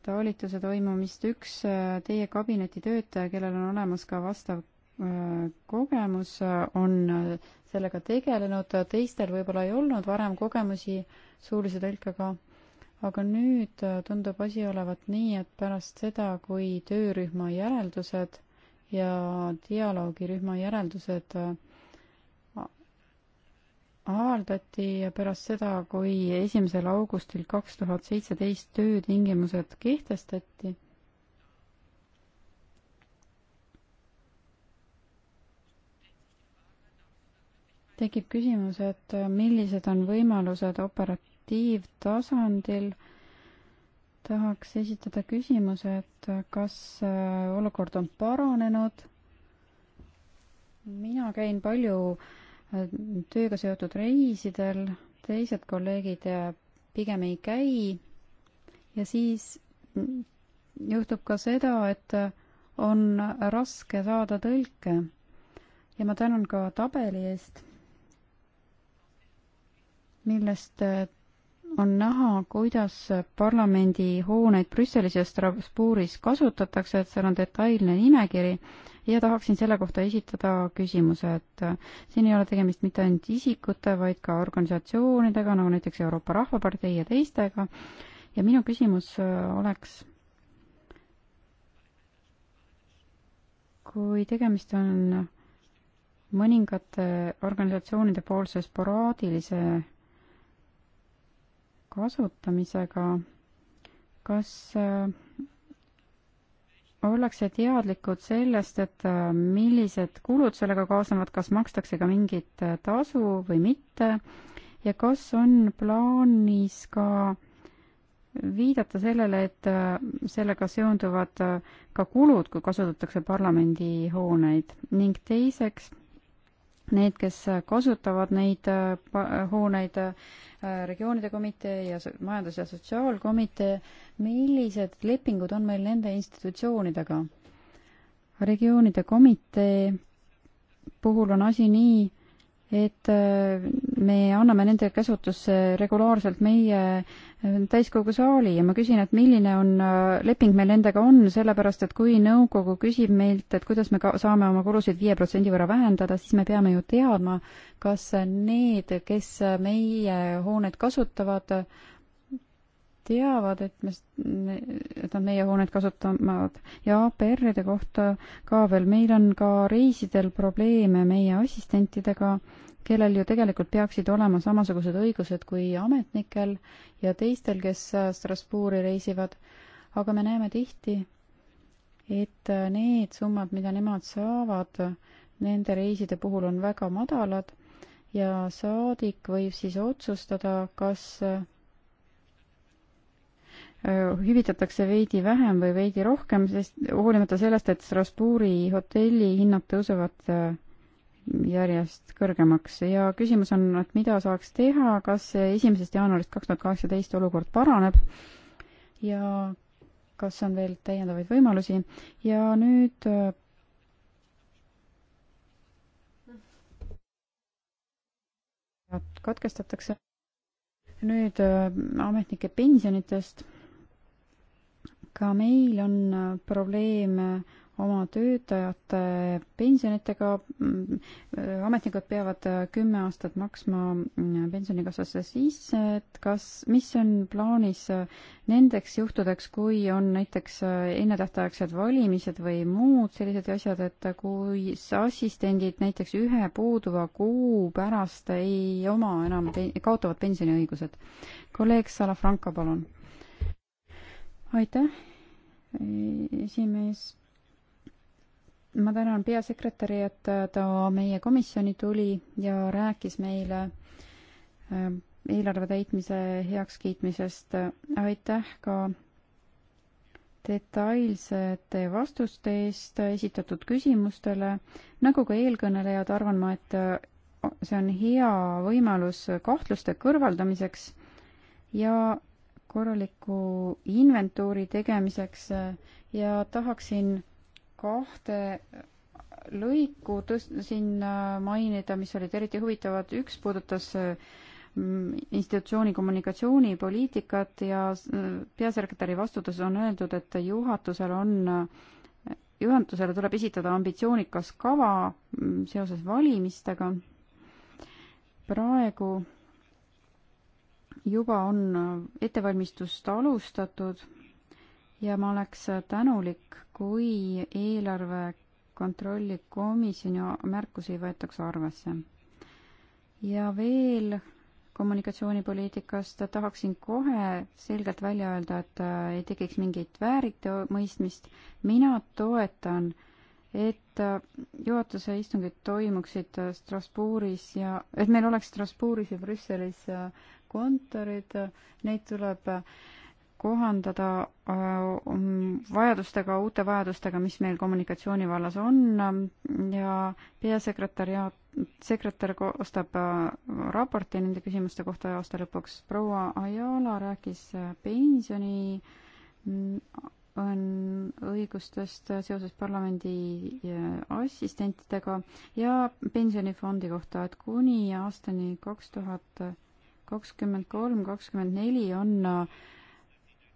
taolituse toimumist. üks äh, teie kabineti töötaja, kellel on olemas ka vastav kogemus, on sellega tegelenud, teistel võib-olla ei olnud varem kogemusi suulise tõlkega aga nüüd äh, tundub asi olevat nii, et pärast seda, kui töörühma järeldused ja dialoogirühma järeldused äh, avaldati ja pärast seda, kui esimesel augustil kaks tuhat seitseteist töötingimused kehtestati, tekib küsimus, et äh, millised on võimalused opera-, regulatiivtasandil tahaks esitada küsimuse, et kas äh, olukord on paranenud. mina käin palju äh, tööga seotud reisidel, teised kolleegid äh, pigem ei käi. ja siis mm, juhtub ka seda, et on raske saada tõlke. ja ma tänan ka tabeli eest, millest on näha, kuidas parlamendihooneid Brüsselis ja Strasbourgis kasutatakse, et seal on detailne nimekiri ja tahaksin selle kohta esitada küsimuse, et äh, siin ei ole tegemist mitte ainult isikute, vaid ka organisatsioonidega, nagu näiteks Euroopa Rahvapartei ja teistega. ja minu küsimus äh, oleks, kui tegemist on mõningate organisatsioonide poolse sporaadilise kasutamisega, kas äh, ollakse teadlikud sellest, et äh, millised kulud sellega kaasnevad, kas makstakse ka mingit äh, tasu või mitte ja kas on plaanis ka viidata sellele, et sellega seonduvad ka kulud, kui kasutatakse parlamendihooneid ning teiseks, need, kes kasutavad neid äh, hooneid, äh, regioonide komitee ja majandus- ja sotsiaalkomitee, millised lepingud on meil nende institutsioonidega? regioonide komitee puhul on asi nii, et äh, me anname nende käsutusse regulaarselt meie äh, täiskogu saali ja ma küsin, et milline on äh, leping meil nendega on, sellepärast et kui nõukogu küsib meilt, et kuidas me ka saame oma kulusid viie protsendi võrra vähendada, siis me peame ju teadma, kas need, kes meie hoonet kasutavad, teavad, et me, et nad meie hooneid kasutavad ja PR-ide kohta ka veel, meil on ka reisidel probleeme meie assistentidega, kellel ju tegelikult peaksid olema samasugused õigused kui ametnikel ja teistel, kes äh, Strasbourgi reisivad. aga me näeme tihti, et äh, need summad, mida nemad saavad, nende reiside puhul on väga madalad ja saadik võib siis otsustada, kas äh, hüvitatakse veidi vähem või veidi rohkem, sest hoolimata sellest, et Strasbourgi hotelli hinnad tõusevad järjest kõrgemaks ja küsimus on, et mida saaks teha, kas esimesest jaanuarist kaks tuhat kaheksateist olukord paraneb ja kas on veel täiendavaid võimalusi ja nüüd katkestatakse nüüd ametnike pensionitest ka meil on äh, probleeme äh, oma töötajate pensionitega, mm, äh, ametnikud peavad kümme aastat maksma mm, pensionikassasse sisse, et kas, mis on plaanis nendeks juhtudeks, kui on näiteks ennetähtaegsed valimised või muud sellised asjad, et kui assistendid näiteks ühe puuduva kuu pärast ei oma enam, kaotavad pensioniõigused. kolleeg Salafranca, palun aitäh, esimees. ma tänan peasekretäri, et ta meie komisjoni tuli ja rääkis meile äh, eelarve täitmise heakskiitmisest. aitäh ka detailsete vastuste eest esitatud küsimustele. nagu ka eelkõnelejad, arvan ma, et äh, see on hea võimalus kahtluste kõrvaldamiseks ja korraliku inventuuri tegemiseks eh, ja tahaksin kahte lõiku tõst-, siin eh, mainida, mis olid eriti huvitavad, üks puudutas eh, institutsiooni kommunikatsioonipoliitikat ja peasekretäri vastutus on öeldud, et juhatusel on, juhatusele tuleb esitada ambitsioonikas kava mm, seoses valimistega. praegu juba on ettevalmistust alustatud ja ma oleks tänulik, kui eelarve kontrolli komisjoni märkusi võetakse arvesse. ja veel kommunikatsioonipoliitikast tahaksin kohe selgelt välja öelda, et äh, ei tekiks mingit vääritimõistmist. mina toetan, et äh, juhatuse istungid toimuksid äh, Strasbourgis ja et meil oleks Strasbourgis ja Brüsselis kontorid, neid tuleb kohandada äh, um, vajadustega, uute vajadustega, mis meil kommunikatsiooni vallas on ähm, ja peasekretäriaat, sekretär koostab äh, raporti nende küsimuste kohta aasta lõpuks. proua Ajala rääkis äh, pensioni on mm, õigustest seoses parlamendi assistentidega ja pensionifondi kohta, et kuni aastani kaks tuhat kakskümmend kolm, kakskümmend neli on äh,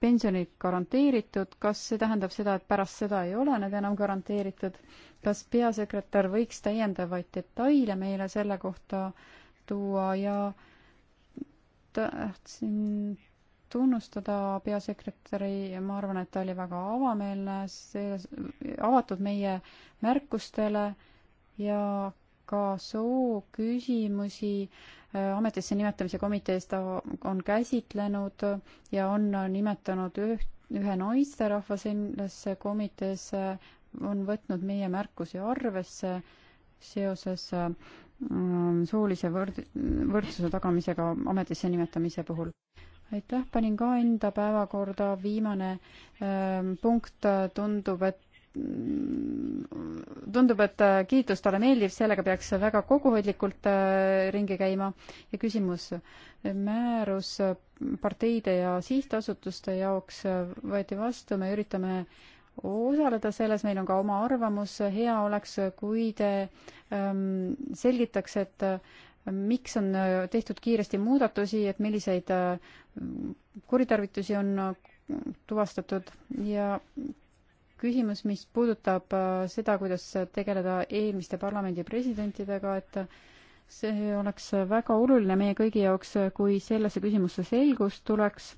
pensionid garanteeritud, kas see tähendab seda, et pärast seda ei ole need enam garanteeritud? kas peasekretär võiks täiendavaid detaile meile selle kohta tuua ja tahtsin tunnustada peasekretäri, ma arvan, et ta oli väga avameelne, avatud meie märkustele ja ka sooküsimusi äh, ametisse nimetamise komitees ta on käsitlenud ja on nimetanud üht, ühe naisterahva sellesse komiteesse, on võtnud meie märkusi arvesse seoses mm, soolise võrd-, võrdsuse tagamisega ametisse nimetamise puhul. aitäh, panin ka enda päevakorda, viimane äh, punkt tundub, et Mm, tundub, et äh, kiitus talle meeldib, sellega peaks väga kokkuhoidlikult äh, ringi käima. ja küsimus, määrus äh, parteide ja sihtasutuste jaoks võeti vastu, me üritame osaleda selles, meil on ka oma arvamus, hea oleks, kui te ähm, selgitaks, et äh, miks on äh, tehtud kiiresti muudatusi, et milliseid äh, kuritarvitusi on tuvastatud ja küsimus, mis puudutab äh, seda, kuidas tegeleda eelmiste parlamendi presidentidega, et äh, see oleks väga oluline meie kõigi jaoks, äh, kui sellesse küsimusse selgus tuleks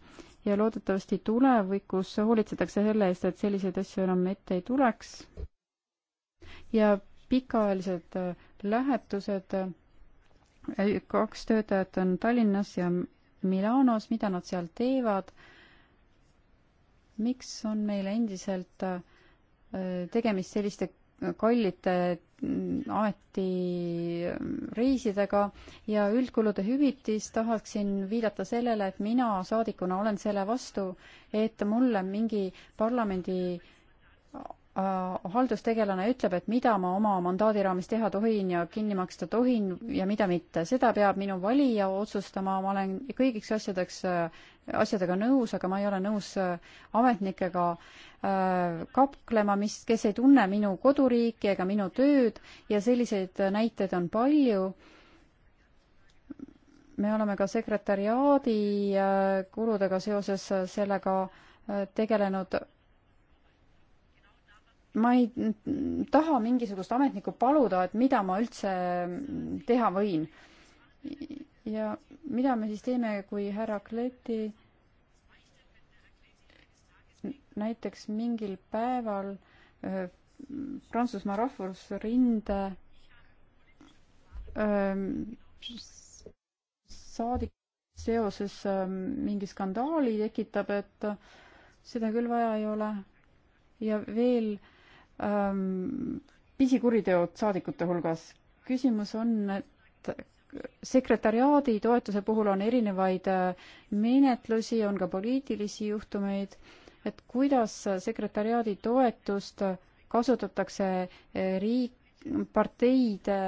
ja loodetavasti tulevikus hoolitsetakse selle eest, et selliseid asju enam ette ei tuleks. ja pikaajalised lähetused, kaks töötajat on Tallinnas ja Milanos, mida nad seal teevad miks on meil endiselt äh, Äh, tegemist selliste äh, kallite mm, ametireisidega äh, ja üldkulude hüvitis tahaksin viidata sellele, et mina saadikuna olen selle vastu, et mulle mingi parlamendi Äh, haldustegelane ütleb, et mida ma oma mandaadi raames teha tohin ja kinni maksta tohin ja mida mitte. seda peab minu valija otsustama, ma olen kõigiks asjadeks, äh, asjadega nõus, aga ma ei ole nõus äh, ametnikega kaklema, mis, kes ei tunne minu koduriiki ega minu tööd ja selliseid näiteid on palju me oleme ka sekretäriaadi kuludega seoses sellega tegelenud ma ei taha mingisugust ametnikku paluda, et mida ma üldse teha võin. ja mida me siis teeme, kui härra Kleti näiteks mingil päeval Prantsusmaa rahvusrinde saadik seoses mingi skandaali tekitab, et seda küll vaja ei ole. ja veel äh, ähm, pisikuriteod saadikute hulgas. küsimus on, et sekretariaadi toetuse puhul on erinevaid äh, menetlusi, on ka poliitilisi juhtumeid, et kuidas sekretariaadi toetust kasutatakse äh, riik, parteide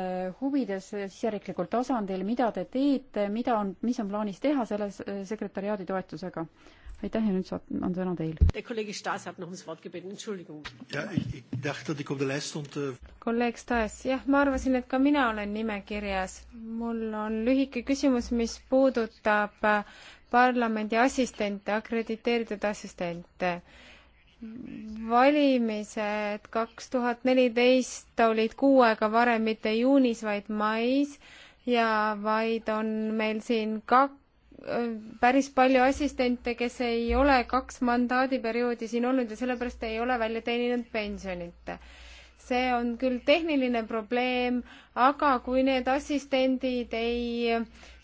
huvides äh, siseriiklikul tasandil, mida te teete, mida on, mis on plaanis teha selle sekretariaadi toetusega? aitäh ja nüüd saab, on sõna teil. Äh, kolleeg Stas, jah, ma arvasin, et ka mina olen nimekirjas. mul on lühike küsimus, mis puudutab äh, parlamendi assistente, akrediteeritud assistente valimised kaks tuhat neliteist olid kuu aega varem mitte juunis, vaid mais ja vaid on meil siin kaks päris palju assistente, kes ei ole kaks mandaadiperioodi siin olnud ja sellepärast ei ole välja teeninud pensionit see on küll tehniline probleem, aga kui need assistendid ei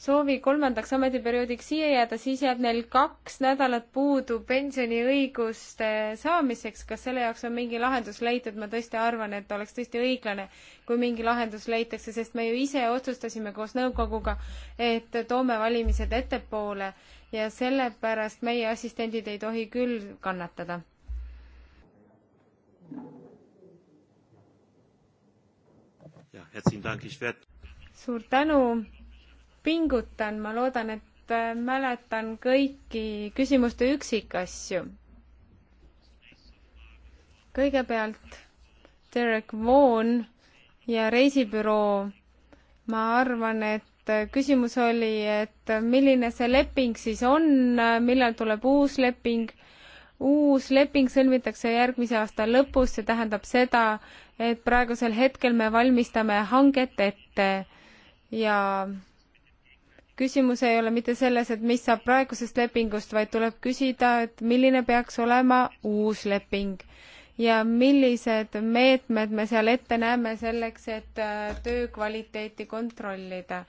soovi kolmandaks ametiperioodiks siia jääda, siis jääb neil kaks nädalat puudu pensioniõiguste saamiseks. kas selle jaoks on mingi lahendus leitud? ma tõesti arvan, et oleks tõesti õiglane, kui mingi lahendus leitakse, sest me ju ise otsustasime koos nõukoguga, et toome valimised ettepoole ja sellepärast meie assistendid ei tohi küll kannatada suur tänu, pingutan, ma loodan, et äh, mäletan kõiki küsimuste üksikasju. kõigepealt Derek Vaughan ja reisibüroo. ma arvan, et äh, küsimus oli, et milline see leping siis on, äh, millal tuleb uus leping uus leping sõlmitakse järgmise aasta lõpus, see tähendab seda, et praegusel hetkel me valmistame hanget ette ja küsimus ei ole mitte selles, et mis saab praegusest lepingust, vaid tuleb küsida, et milline peaks olema uus leping ja millised meetmed me seal ette näeme selleks, et äh, töö kvaliteeti kontrollida.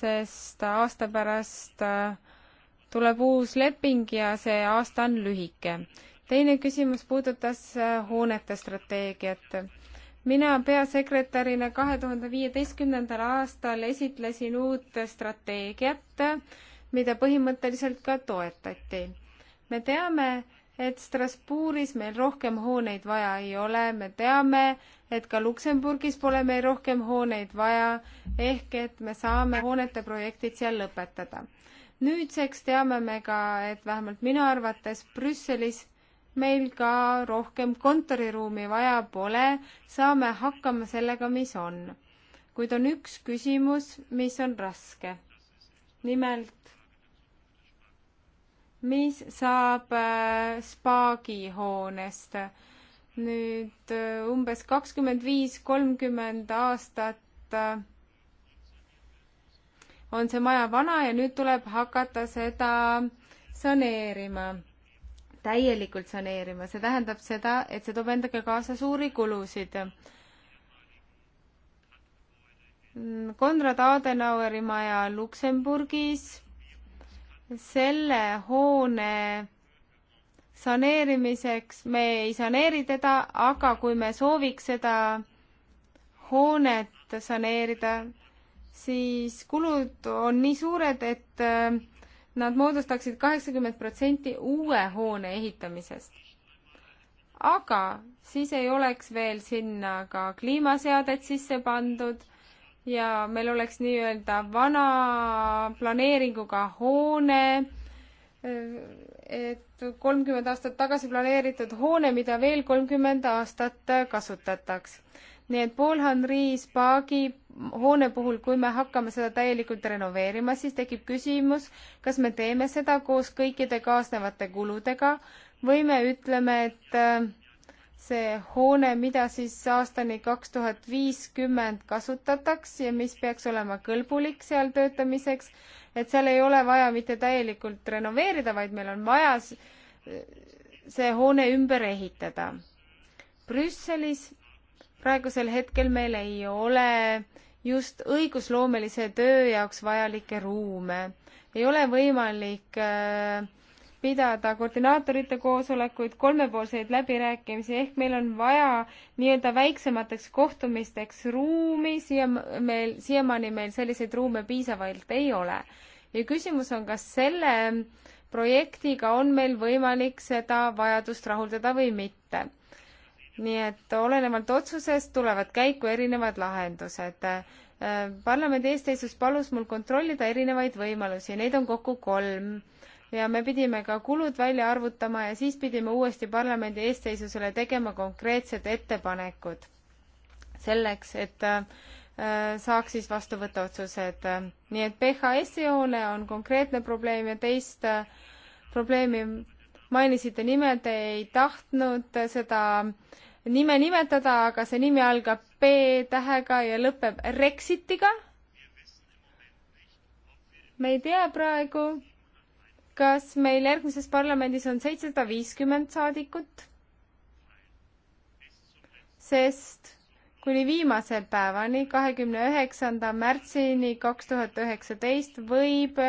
sest aasta pärast äh, tuleb uus leping ja see aasta on lühike. teine küsimus puudutas äh, hoonete strateegiat. mina peasekretärina kahe tuhande viieteistkümnendal aastal esitlesin uut strateegiat, mida põhimõtteliselt ka toetati. me teame, et Strasbourgis meil rohkem hooneid vaja ei ole, me teame, et ka Luksemburgis pole meil rohkem hooneid vaja, ehk et me saame hoonete projektid seal lõpetada nüüdseks teame me ka, et vähemalt minu arvates Brüsselis meil ka rohkem kontoriruumi vaja pole, saame hakkama sellega, mis on. kuid on üks küsimus, mis on raske. nimelt, mis saab äh, spaagi hoonest? nüüd äh, umbes kakskümmend viis, kolmkümmend aastat äh, on see maja vana ja nüüd tuleb hakata seda saneerima, täielikult saneerima, see tähendab seda, et see toob endaga kaasa suuri kulusid. Konrad Adenaueri maja Luksemburgis, selle hoone saneerimiseks me ei saneeri teda, aga kui me sooviks seda hoonet saneerida, siis kulud on nii suured, et äh, nad moodustaksid kaheksakümmend protsenti uue hoone ehitamisest. aga siis ei oleks veel sinna ka kliimaseadet sisse pandud ja meil oleks nii-öelda vana planeeringuga hoone, äh, et kolmkümmend aastat tagasi planeeritud hoone, mida veel kolmkümmend aastat kasutataks. nii et Paul-Henri Spagi hoone puhul, kui me hakkame seda täielikult renoveerima, siis tekib küsimus, kas me teeme seda koos kõikide kaasnevate kuludega või me ütleme, et äh, see hoone, mida siis aastani kaks tuhat viiskümmend kasutataks ja mis peaks olema kõlbulik seal töötamiseks, et seal ei ole vaja mitte täielikult renoveerida, vaid meil on vaja see hoone ümber ehitada. Brüsselis praegusel hetkel meil ei ole just õigusloomelise töö jaoks vajalikke ruume. ei ole võimalik äh, pidada koordinaatorite koosolekuid, kolmepoolseid läbirääkimisi, ehk meil on vaja nii-öelda väiksemateks kohtumisteks ruumi, siia meil, siiamaani meil selliseid ruume piisavalt ei ole. ja küsimus on, kas selle projektiga on meil võimalik seda vajadust rahuldada või mitte nii et olenevalt otsusest tulevad käiku erinevad lahendused. Äh, parlamendi eesteisus palus mul kontrollida erinevaid võimalusi, neid on kokku kolm ja me pidime ka kulud välja arvutama ja siis pidime uuesti parlamendi eesteisusele tegema konkreetsed ettepanekud selleks, et äh, saaks siis vastu võtta otsused. nii et PHS-i joone on konkreetne probleem ja teist äh, probleemi mainisite nime, te ei tahtnud seda äh, nime nimetada, aga see nimi algab B tähega ja lõpeb Rexitiga. me ei tea praegu, kas meil järgmises parlamendis on seitsesada viiskümmend saadikut, sest kuni viimase päevani, kahekümne üheksanda märtsini kaks tuhat üheksateist võib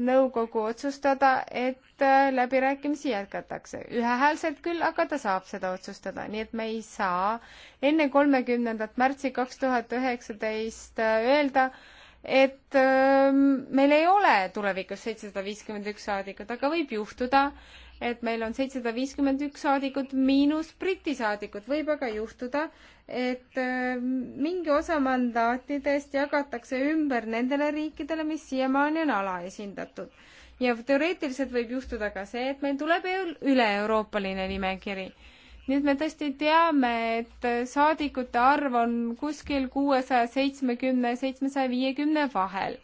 nõukogu otsustada, et äh, läbirääkimisi jätkatakse. ühehäälselt küll, aga ta saab seda otsustada, nii et me ei saa enne kolmekümnendat märtsi kaks tuhat üheksateist äh, öelda, et ähm, meil ei ole tulevikus seitsesada viiskümmend üks saadikut, aga võib juhtuda, et meil on seitsesada viiskümmend üks saadikut miinus Briti saadikud. võib aga juhtuda, et äh, mingi osa mandaatidest jagatakse ümber nendele riikidele, mis siiamaani on alaesindatud. ja teoreetiliselt võib juhtuda ka see, et meil tuleb üle-euroopaline nimekiri nüüd me tõesti teame, et saadikute arv on kuskil kuuesaja seitsmekümne, seitsmesaja viiekümne vahel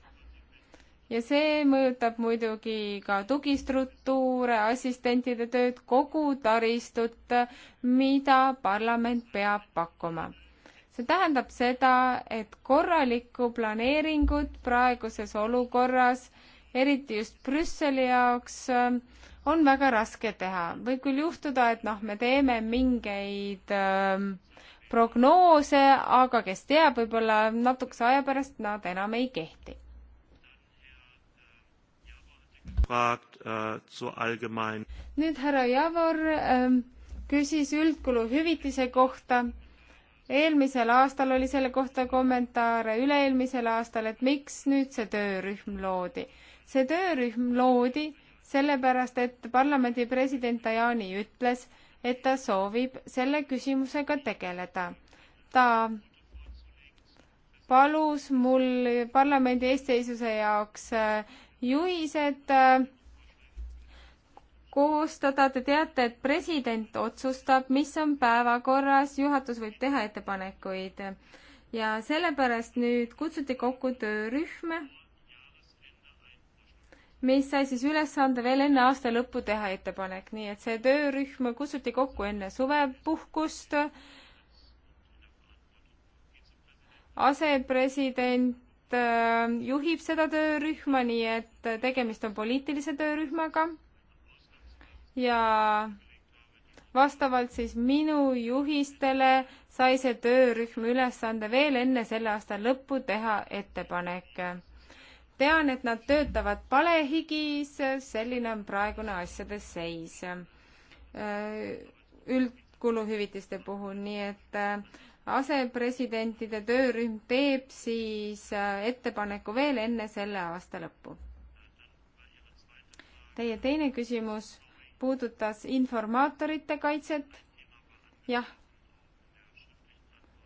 ja see mõjutab muidugi ka tugistruktuure, assistentide tööd, kogu taristut, mida parlament peab pakkuma. see tähendab seda, et korralikku planeeringut praeguses olukorras, eriti just Brüsseli jaoks, on väga raske teha. võib küll juhtuda, et noh, me teeme mingeid öö, ähm, prognoose, aga kes teab, võib-olla natukese aja pärast nad enam ei kehti gefragt äh, zur allgemeinen. nüüd härra Javor ähm, küsis üldkuluhüvitise kohta. eelmisel aastal oli selle kohta kommentaare, üle-eelmisel aastal, et miks nüüd see töörühm loodi. see töörühm loodi sellepärast, et parlamendi president Tajani ütles, et ta soovib selle küsimusega tegeleda. ta palus mul parlamendi eestseisuse jaoks äh, juhised äh, koostada, te teate, et president otsustab, mis on päevakorras, juhatus võib teha ettepanekuid. ja sellepärast nüüd kutsuti kokku töörühm, mis sai siis ülesande veel enne aasta lõppu teha ettepanek, nii et see töörühm kutsuti kokku enne suvepuhkust. asepresident Äh, juhib seda töörühma, nii et tegemist on poliitilise töörühmaga ja vastavalt siis minu juhistele sai see töörühm ülesande veel enne selle aasta lõppu teha ettepanek. tean, et nad töötavad palehigis, selline on praegune asjade seis äh, üldkuluhüvitiste puhul, nii et äh, asepresidentide töörühm teeb siis äh, ettepaneku veel enne selle aasta lõppu. Teie teine küsimus puudutas informaatorite kaitset. jah,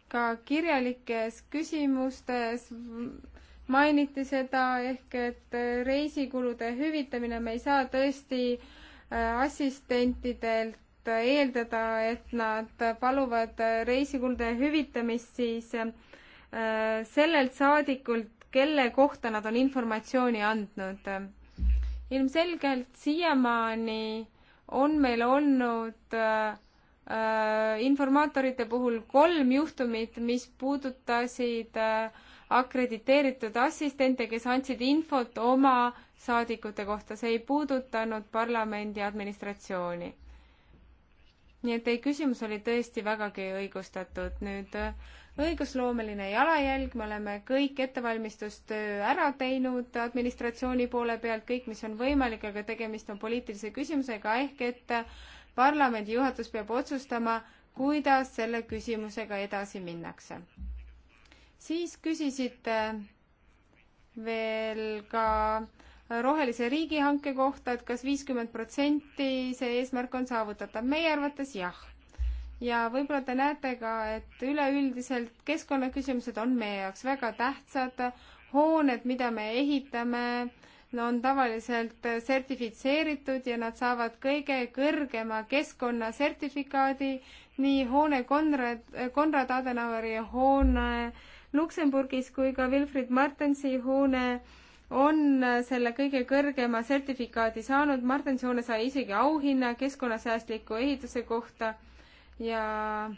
ka kirjalikes küsimustes mainiti seda ehk et äh, reisikulude hüvitamine, me ei saa tõesti äh, assistentidelt eeldada, et nad paluvad reisikulude hüvitamist siis äh, sellelt saadikult, kelle kohta nad on informatsiooni andnud. ilmselgelt siiamaani on meil olnud äh, informaatorite puhul kolm juhtumit, mis puudutasid äh, akrediteeritud assistente, kes andsid infot oma saadikute kohta, see ei puudutanud parlamendi administratsiooni nii et teie küsimus oli tõesti vägagi õigustatud. nüüd äh, õigusloomeline jalajälg, me oleme kõik ettevalmistustöö ära teinud administratsiooni poole pealt, kõik, mis on võimalik, aga tegemist on poliitilise küsimusega, ehk et äh, parlamendi juhatus peab otsustama, kuidas selle küsimusega edasi minnakse. siis küsisite veel ka rohelise riigihanke kohta, et kas viiskümmend protsenti see eesmärk on saavutatav. meie arvates jah. ja võib-olla te näete ka, et üleüldiselt keskkonnaküsimused on meie jaoks väga tähtsad. hooned, mida me ehitame, no on tavaliselt sertifitseeritud ja nad saavad kõige kõrgema keskkonnasertifikaadi, nii hoone Konrad, Konrad Adenauri hoone Luksemburgis kui ka Wilfried Martensi hoone äh, on selle kõige kõrgema sertifikaadi saanud. Martin Soone sai isegi auhinna keskkonnasäästliku ehituse kohta ja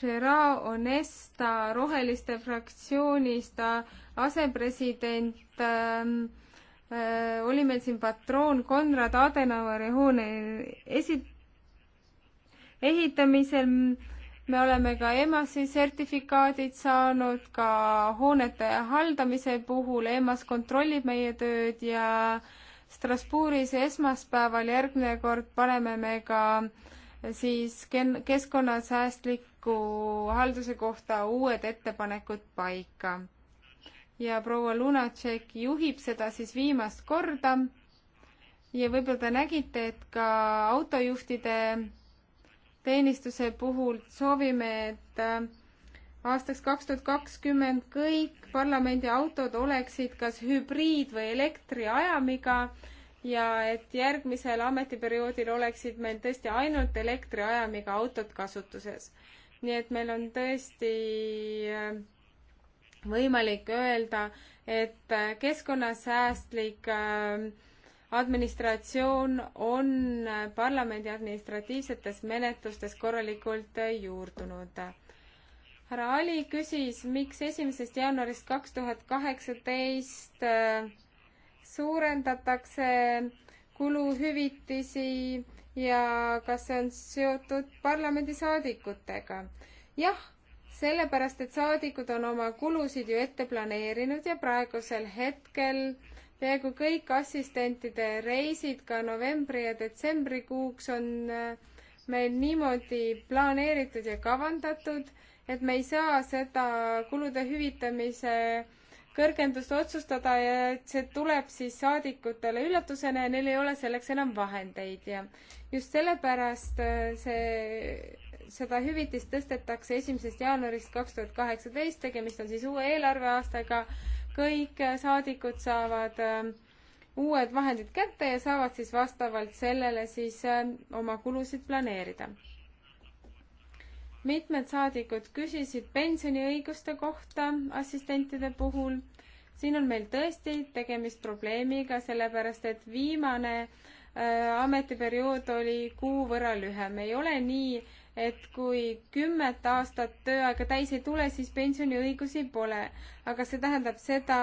Gerard Onesta Roheliste fraktsioonist asepresident ähm, äh, oli meil siin patroon Konrad Adenaueri hoone esi-, ehitamisel me oleme ka EMAS-i sertifikaadid saanud ka hoonete haldamise puhul, EMAS kontrollib meie tööd ja Strasbourgis esmaspäeval järgmine kord paneme me ka siis keskkonnasäästliku halduse kohta uued ettepanekud paika. ja proua Lunatšek juhib seda siis viimast korda ja võib-olla te nägite, et ka autojuhtide teenistuse puhul soovime, et äh, aastaks kaks tuhat kakskümmend kõik parlamendi autod oleksid kas hübriid või elektriajamiga ja et järgmisel ametiperioodil oleksid meil tõesti ainult elektriajamiga autod kasutuses. nii et meil on tõesti äh, võimalik öelda, et äh, keskkonnasäästlik äh, administratsioon on parlamendi administratiivsetes menetlustes korralikult juurdunud. härra Ali küsis, miks esimesest jaanuarist kaks tuhat kaheksateist äh, suurendatakse kuluhüvitisi ja kas see on seotud parlamendisaadikutega. jah sellepärast, et saadikud on oma kulusid ju ette planeerinud ja praegusel hetkel peaaegu kõik assistentide reisid ka novembri ja detsembrikuuks on äh, meil niimoodi planeeritud ja kavandatud, et me ei saa seda kulude hüvitamise kõrgendust otsustada ja et see tuleb siis saadikutele üllatusena ja neil ei ole selleks enam vahendeid ja just sellepärast äh, see, seda hüvitist tõstetakse esimesest jaanuarist kaks tuhat kaheksateist, tegemist on siis uue eelarveaastaga kõik saadikud saavad äh, uued vahendid kätte ja saavad siis vastavalt sellele siis äh, oma kulusid planeerida. mitmed saadikud küsisid pensioniõiguste kohta assistentide puhul. siin on meil tõesti tegemist probleemiga, sellepärast et viimane äh, ametiperiood oli kuu võrra lühem, ei ole nii, et kui kümmet aastat tööaega täis ei tule, siis pensioniõigusi pole. aga see tähendab seda,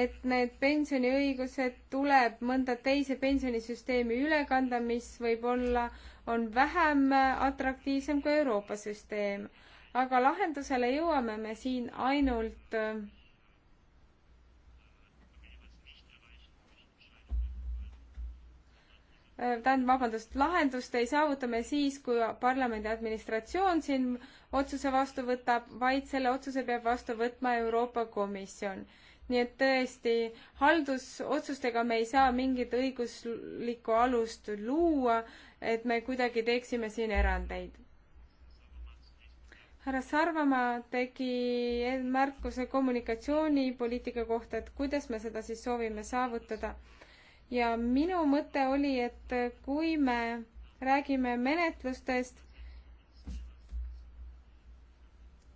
et need pensioniõigused tuleb mõnda teise pensionisüsteemi üle kanda, mis võib-olla on vähem atraktiivsem kui Euroopa süsteem. aga lahendusele jõuame me siin ainult äh, Äh, tähendab, vabandust, lahendust ei saavuta me siis, kui parlamendi administratsioon siin otsuse vastu võtab, vaid selle otsuse peab vastu võtma Euroopa Komisjon. nii et tõesti, haldusotsustega me ei saa mingit õiguslikku alust luua, et me kuidagi teeksime siin erandeid. härra Sarvamaa tegi märkuse kommunikatsioonipoliitika kohta, et kuidas me seda siis soovime saavutada ja minu mõte oli, et kui me räägime menetlustest,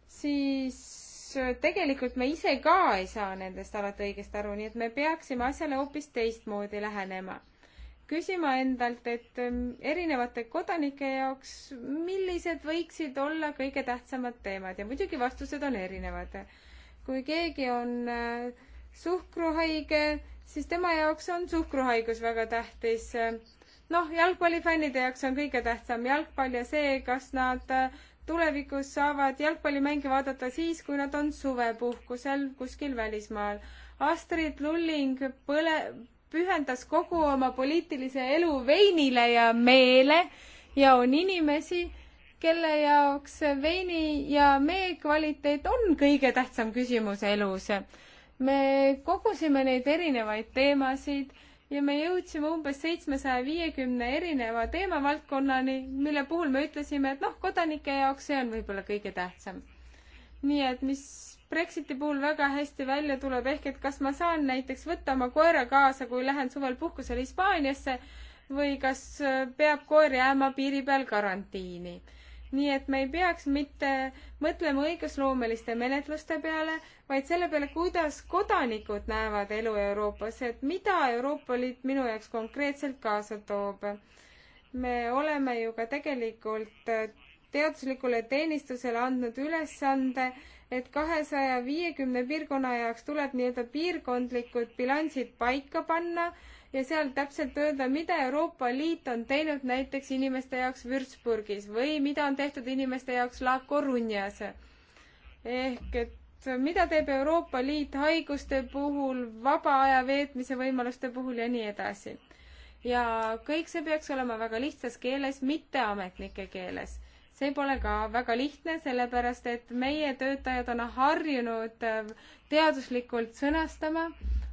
siis tegelikult me ise ka ei saa nendest alati õigesti aru, nii et me peaksime asjale hoopis teistmoodi lähenema. küsima endalt, et mm, erinevate kodanike jaoks, millised võiksid olla kõige tähtsamad teemad ja muidugi vastused on erinevad. kui keegi on äh, suhkruhaige, siis tema jaoks on suhkruhaigus väga tähtis. noh, jalgpallifännide jaoks on kõige tähtsam jalgpall ja see, kas nad äh, tulevikus saavad jalgpallimänge vaadata siis, kui nad on suvepuhkusel kuskil välismaal. Astrid Lulling põle, pühendas kogu oma poliitilise elu veinile ja meele ja on inimesi, kelle jaoks veini ja mee kvaliteet on kõige tähtsam küsimus elus me kogusime neid erinevaid teemasid ja me jõudsime umbes seitsmesaja viiekümne erineva teemavaldkonnani, mille puhul me ütlesime, et noh, kodanike jaoks see on võib-olla kõige tähtsam. nii et mis Brexiti puhul väga hästi välja tuleb, ehk et kas ma saan näiteks võtta oma koera kaasa, kui lähen suvel puhkusel Hispaaniasse või kas peab koer jääma piiri peal karantiini nii et me ei peaks mitte mõtlema õigusloomeliste menetluste peale, vaid selle peale, kuidas kodanikud näevad elu Euroopas, et mida Euroopa Liit minu jaoks konkreetselt kaasa toob. me oleme ju ka tegelikult teaduslikule teenistusele andnud ülesande, et kahesaja viiekümne piirkonna jaoks tuleb nii-öelda piirkondlikud bilansid paika panna ja seal täpselt öelda, mida Euroopa Liit on teinud näiteks inimeste jaoks Würzburgis või mida on tehtud inimeste jaoks La Coruñas. ehk et mida teeb Euroopa Liit haiguste puhul, vaba aja veetmise võimaluste puhul ja nii edasi. ja kõik see peaks olema väga lihtsas keeles, mitte ametnike keeles see pole ka väga lihtne, sellepärast et meie töötajad on harjunud teaduslikult sõnastama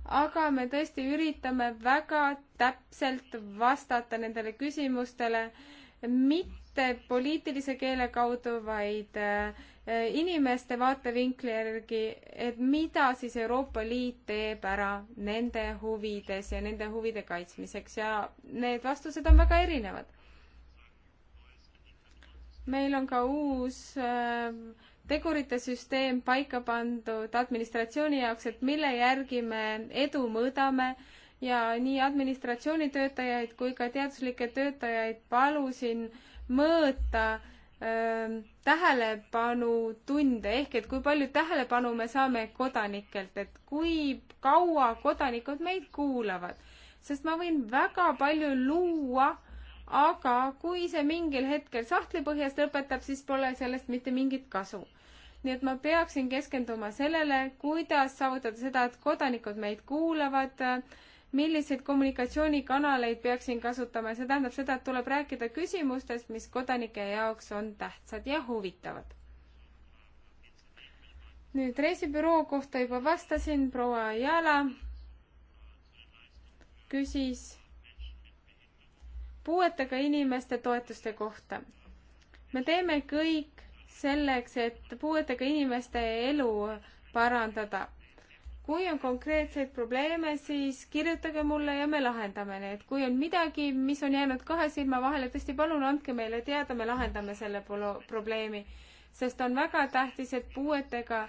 aga me tõesti üritame väga täpselt vastata nendele küsimustele, mitte poliitilise keele kaudu, vaid äh, inimeste vaatevinkli järgi, et mida siis Euroopa Liit teeb ära nende huvides ja nende huvide kaitsmiseks ja need vastused on väga erinevad. meil on ka uus äh, tegurite süsteem paika pandud administratsiooni jaoks, et mille järgi me edu mõõdame ja nii administratsioonitöötajaid kui ka teaduslikke töötajaid palusin mõõta ähm, tähelepanutunde ehk et kui palju tähelepanu me saame kodanikelt, et kui kaua kodanikud meid kuulavad, sest ma võin väga palju luua, aga kui see mingil hetkel sahtlipõhjas lõpetab, siis pole sellest mitte mingit kasu nii et ma peaksin keskenduma sellele, kuidas saavutada seda, et kodanikud meid kuulavad, milliseid kommunikatsioonikanaleid peaksin kasutama ja see tähendab seda, et tuleb rääkida küsimustest, mis kodanike jaoks on tähtsad ja huvitavad. nüüd reisibüroo kohta juba vastasin, proua Jala küsis puuetega inimeste toetuste kohta. me teeme kõik selleks, et puuetega inimeste elu parandada. kui on konkreetseid probleeme, siis kirjutage mulle ja me lahendame need. kui on midagi, mis on jäänud kahe silma vahele, tõesti palun andke meile teada, me lahendame selle probleemi. sest on väga tähtis, et puuetega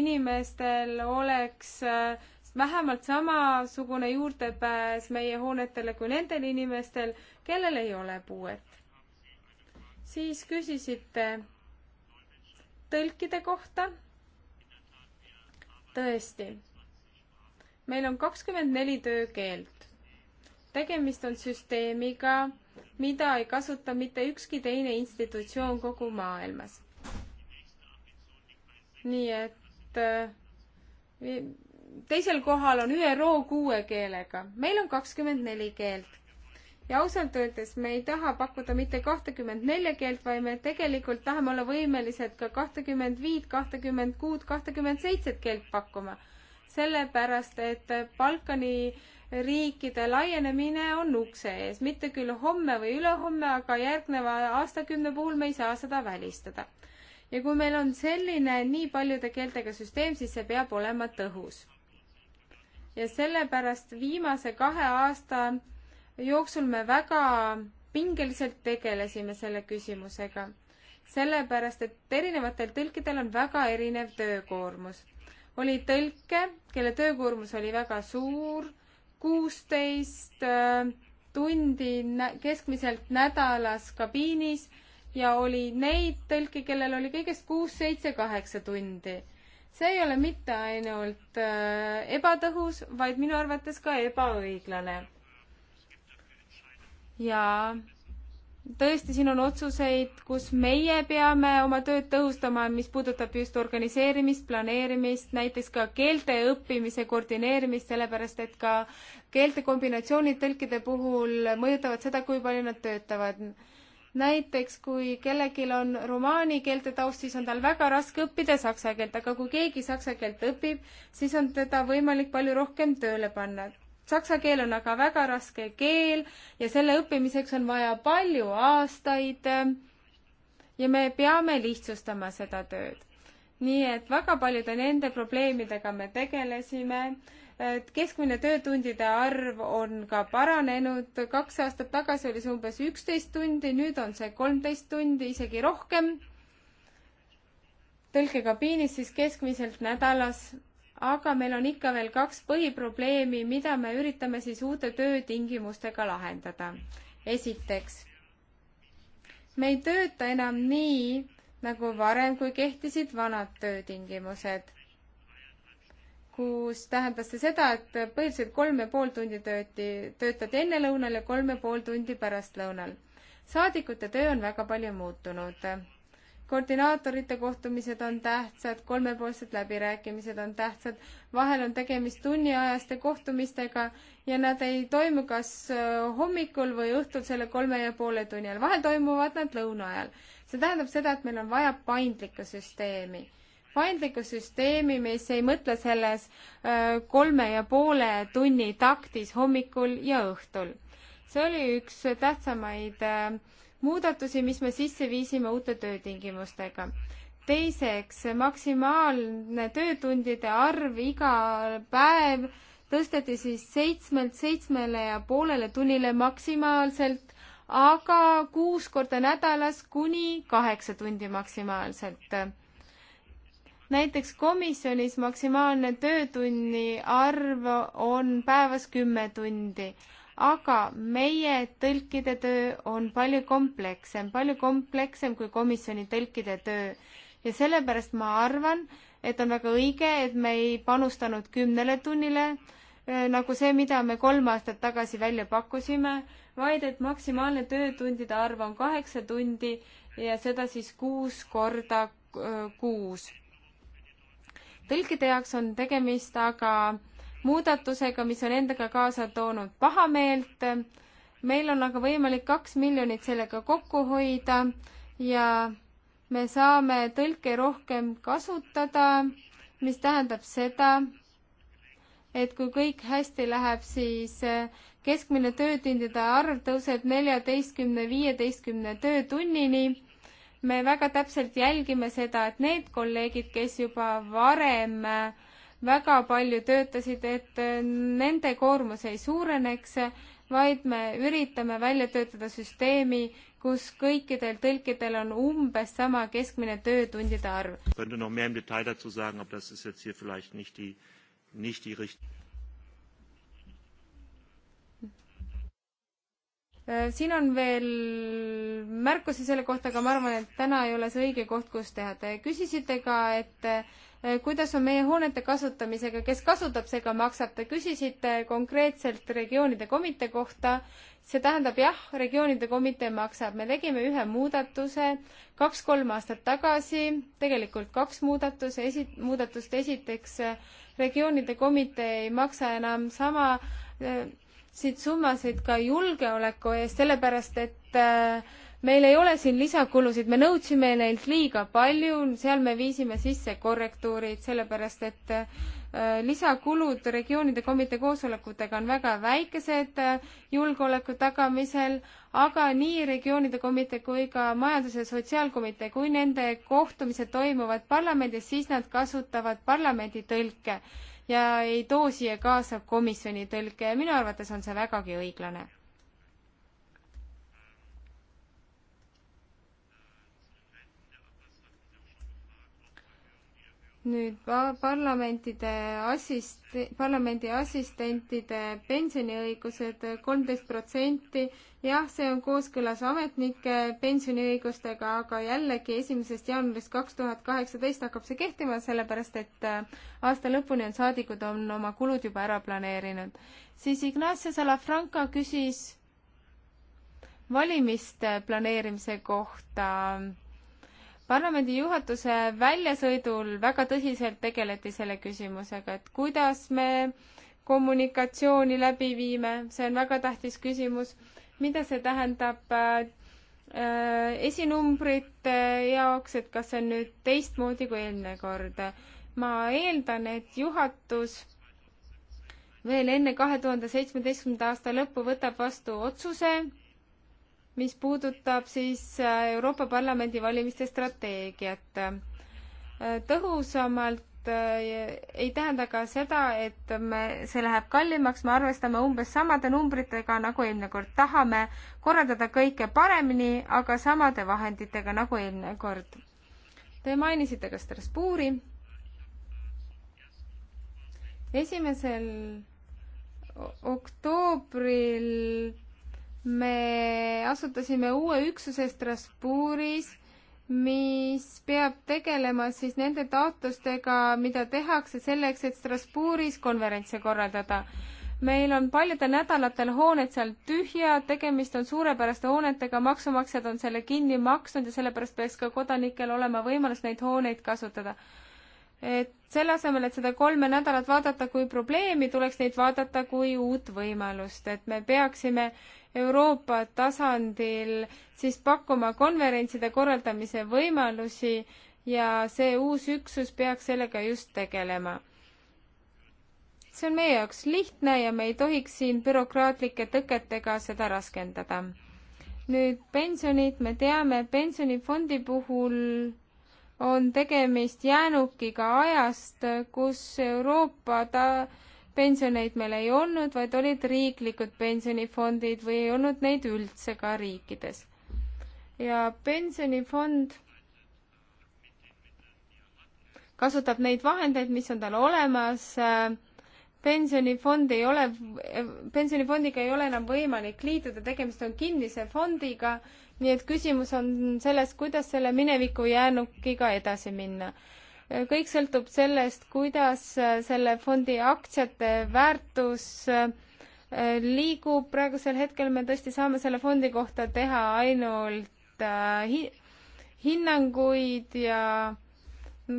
inimestel oleks äh, vähemalt samasugune juurdepääs meie hoonetele kui nendel inimestel, kellel ei ole puuet. siis küsisite tõlkide kohta. tõesti, meil on kakskümmend neli töökeelt. tegemist on süsteemiga, mida ei kasuta mitte ükski teine institutsioon kogu maailmas. nii et äh, teisel kohal on ÜRO kuue keelega, meil on kakskümmend neli keelt ja ausalt öeldes me ei taha pakkuda mitte kahtekümmend nelja keelt, vaid me tegelikult tahame olla võimelised ka kahtekümmend viit, kahtekümmend kuut, kahtekümmend seitset keelt pakkuma. sellepärast, et Balkani riikide laienemine on ukse ees, mitte küll homme või ülehomme, aga järgneva aastakümne puhul me ei saa seda välistada. ja kui meil on selline nii paljude keeltega süsteem, siis see peab olema tõhus. ja sellepärast viimase kahe aasta jooksul me väga pingeliselt tegelesime selle küsimusega, sellepärast et erinevatel tõlkidel on väga erinev töökoormus. oli tõlke, kelle töökoormus oli väga suur, kuusteist äh, tundi keskmiselt nädalas kabiinis ja oli neid tõlke, kellel oli kõigest kuus, seitse, kaheksa tundi. see ei ole mitte ainult äh, ebatõhus, vaid minu arvates ka ebaõiglane ja tõesti, siin on otsuseid, kus meie peame oma tööd tõhustama, mis puudutab just organiseerimist, planeerimist, näiteks ka keelte õppimise koordineerimist, sellepärast et ka keelte kombinatsioonid tõlkide puhul mõjutavad seda, kui palju nad töötavad. näiteks kui kellelgi on romaani keelte taust, siis on tal väga raske õppida saksa keelt, aga kui keegi saksa keelt õpib, siis on teda võimalik palju rohkem tööle panna saksa keel on aga väga raske keel ja selle õppimiseks on vaja palju aastaid. Ehm, ja me peame lihtsustama seda tööd. nii et väga paljude nende probleemidega me tegelesime. keskmine töötundide arv on ka paranenud, kaks aastat tagasi oli see umbes üksteist tundi, nüüd on see kolmteist tundi, isegi rohkem tõlkekabiinis siis keskmiselt nädalas aga meil on ikka veel kaks põhiprobleemi, mida me üritame siis uute töötingimustega lahendada. esiteks, me ei tööta enam nii, nagu varem, kui kehtisid vanad töötingimused, kus tähendas see seda, et põhiliselt kolm ja pool tundi tööti, töötati ennelõunal ja kolm ja pool tundi pärastlõunal. saadikute töö on väga palju muutunud koordinaatorite kohtumised on tähtsad, kolmepoolsed läbirääkimised on tähtsad, vahel on tegemist tunniajaste kohtumistega ja nad ei toimu kas hommikul või õhtul selle kolme ja poole tunni ajal, vahel toimuvad nad lõuna ajal. see tähendab seda, et meil on vaja paindlikku süsteemi. paindlikku süsteemi, mis ei mõtle selles kolme ja poole tunni taktis hommikul ja õhtul. see oli üks tähtsamaid äh, muudatusi, mis me sisse viisime uute töötingimustega. teiseks, maksimaalne töötundide arv iga päev tõsteti siis seitsmelt seitsmele ja poolele tunnile maksimaalselt, aga kuus korda nädalas kuni kaheksa tundi maksimaalselt näiteks komisjonis maksimaalne töötunni arv on päevas kümme tundi, aga meie tõlkide töö on palju komplekssem, palju komplekssem kui komisjoni tõlkide töö. ja sellepärast ma arvan, et on väga õige, et me ei panustanud kümnele tunnile, äh, nagu see, mida me kolm aastat tagasi välja pakkusime, vaid et maksimaalne töötundide arv on kaheksa tundi ja seda siis kuus korda äh, kuus. tõlkide jaoks on tegemist aga muudatusega, mis on endaga kaasa toonud pahameelt. meil on aga võimalik kaks miljonit sellega kokku hoida ja me saame tõlke rohkem kasutada, mis tähendab seda, et kui kõik hästi läheb, siis eh, keskmine töötundide arv tõuseb neljateistkümne, viieteistkümne töötunnini. me väga täpselt jälgime seda, et need kolleegid, kes juba varem äh, väga palju töötasid, et nende koormus ei suureneks, vaid me üritame välja töötada süsteemi, kus kõikidel tõlkidel on umbes sama keskmine töötundide arv. Äh, siin on veel märkusi selle kohta, aga ma arvan, et täna ei ole see õige koht, kus teha. Te küsisite ka, et Eh, kuidas on meie hoonete kasutamisega, kes kasutab, see ka maksab. Te küsisite konkreetselt regioonide komitee kohta. see tähendab jah, regioonide komitee maksab. me tegime ühe muudatuse kaks-kolm aastat tagasi, tegelikult kaks muudatuse, esi-, muudatust. esiteks, regioonide komitee ei maksa enam sama äh, siit summasid ka julgeoleku eest, sellepärast et äh, meil ei ole siin lisakulusid, me nõudsime neilt liiga palju, seal me viisime sisse korrektuurid, sellepärast et äh, lisakulud regioonide komitee koosolekutega on väga väikesed äh, julgeoleku tagamisel, aga nii regioonide komitee kui ka majandus- ja sotsiaalkomitee, kui nende kohtumised toimuvad parlamendis, siis nad kasutavad parlamendi tõlke ja ei too siia kaasa komisjoni tõlke ja minu arvates on see vägagi õiglane nüüd parlamentide assist-, parlamendi assistentide pensioniõigused kolmteist protsenti, jah, see on kooskõlas ametnike pensioniõigustega, aga jällegi esimesest jaanuarist kaks tuhat kaheksateist hakkab see kehtima, sellepärast et äh, aasta lõpuni on saadikud, on oma kulud juba ära planeerinud. siis Ignacio Salafranca küsis valimiste planeerimise kohta parlamendi juhatuse väljasõidul väga tõsiselt tegeleti selle küsimusega, et kuidas me kommunikatsiooni läbi viime, see on väga tähtis küsimus, mida see tähendab äh, esinumbrite jaoks, et kas see on nüüd teistmoodi kui eelmine kord. ma eeldan, et juhatus veel enne kahe tuhande seitsmeteistkümnenda aasta lõppu võtab vastu otsuse mis puudutab siis äh, Euroopa Parlamendi valimiste strateegiat. Äh, tõhusamalt äh, ei tähenda ka seda, et me, see läheb kallimaks, me arvestame umbes samade numbritega nagu eelmine kord. tahame korraldada kõike paremini, aga samade vahenditega nagu eelmine kord. Te mainisite ka Strasbourgi. esimesel oktoobril me asutasime uue üksuse Strasbourgis, mis peab tegelema siis nende taotlustega, mida tehakse selleks, et Strasbourgis konverentse korraldada. meil on paljudel nädalatel hooned seal tühjad, tegemist on suurepäraste hoonetega, maksumaksjad on selle kinni maksnud ja sellepärast peaks ka kodanikel olema võimalus neid hooneid kasutada et selle asemel, et seda kolme nädalat vaadata kui probleemi, tuleks neid vaadata kui uut võimalust, et me peaksime Euroopa tasandil siis pakkuma konverentside korraldamise võimalusi ja see uus üksus peaks sellega just tegelema. see on meie jaoks lihtne ja me ei tohiks siin bürokraatlike tõketega seda raskendada. nüüd pensionid, me teame, pensionifondi puhul on tegemist jäänukiga ajast, kus Euroopa ta-, pensioneid meil ei olnud, vaid olid riiklikud pensionifondid või ei olnud neid üldse ka riikides. ja pensionifond kasutab neid vahendeid, mis on tal olemas, pensionifond ei ole, pensionifondiga ei ole enam võimalik liituda, tegemist on kinnise fondiga, nii et küsimus on selles, kuidas selle mineviku jäänukiga edasi minna kõik sõltub sellest, kuidas äh, selle fondi aktsiate väärtus äh, liigub, praegusel hetkel me tõesti saame selle fondi kohta teha ainult äh, hi hinnanguid ja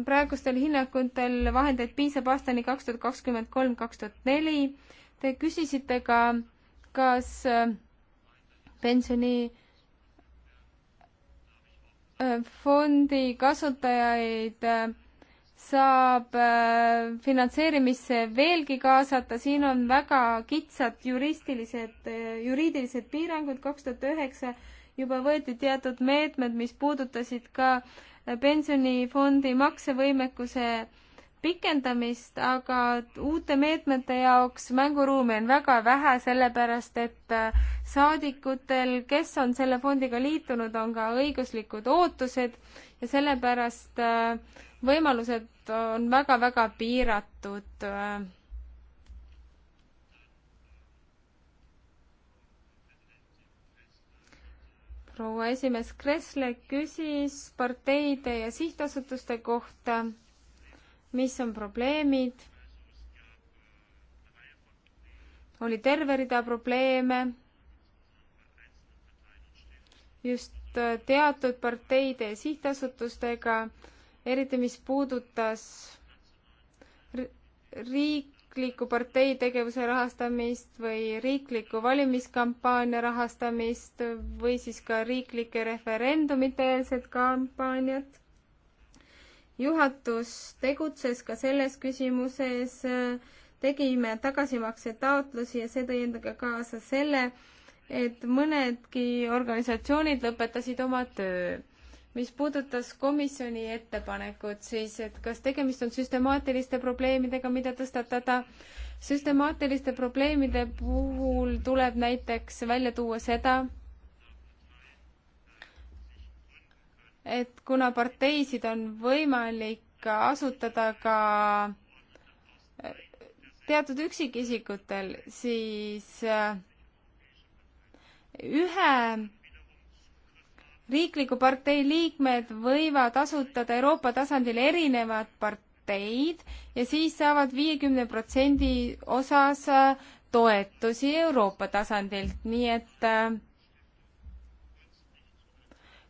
praegustel hinnangutel vahendeid piisab aastani kaks tuhat kakskümmend kolm, kaks tuhat neli. Te küsisite ka, kas pensioni fondi kasutajaid äh, saab äh, finantseerimisse veelgi kaasata, siin on väga kitsad juristilised, äh, juriidilised piirangud, kaks tuhat üheksa juba võeti teatud meetmed, mis puudutasid ka äh, pensionifondi maksevõimekuse pikendamist, aga uute meetmete jaoks mänguruumi on väga vähe, sellepärast et saadikutel, kes on selle fondiga liitunud, on ka õiguslikud ootused ja sellepärast äh, võimalused on väga-väga piiratud. Äh. proua esimees Kressle küsis parteide ja sihtasutuste kohta, mis on probleemid. oli terve rida probleeme just äh, teatud parteide ja sihtasutustega eriti mis puudutas riikliku partei tegevuse rahastamist või riikliku valimiskampaania rahastamist või siis ka riiklike referendumite eelset kampaaniat. juhatus tegutses ka selles küsimuses, tegime tagasimaksetaotlusi ja see tõi endaga kaasa selle, et mõnedki organisatsioonid lõpetasid oma töö mis puudutas komisjoni ettepanekut, siis et kas tegemist on süstemaatiliste probleemidega, mida tõstatada. süstemaatiliste probleemide puhul tuleb näiteks välja tuua seda, et kuna parteisid on võimalik asutada ka teatud üksikisikutel, siis äh, ühe riikliku partei liikmed võivad asutada Euroopa tasandil erinevad parteid ja siis saavad viiekümne protsendi osas äh, toetusi Euroopa tasandilt, nii et äh,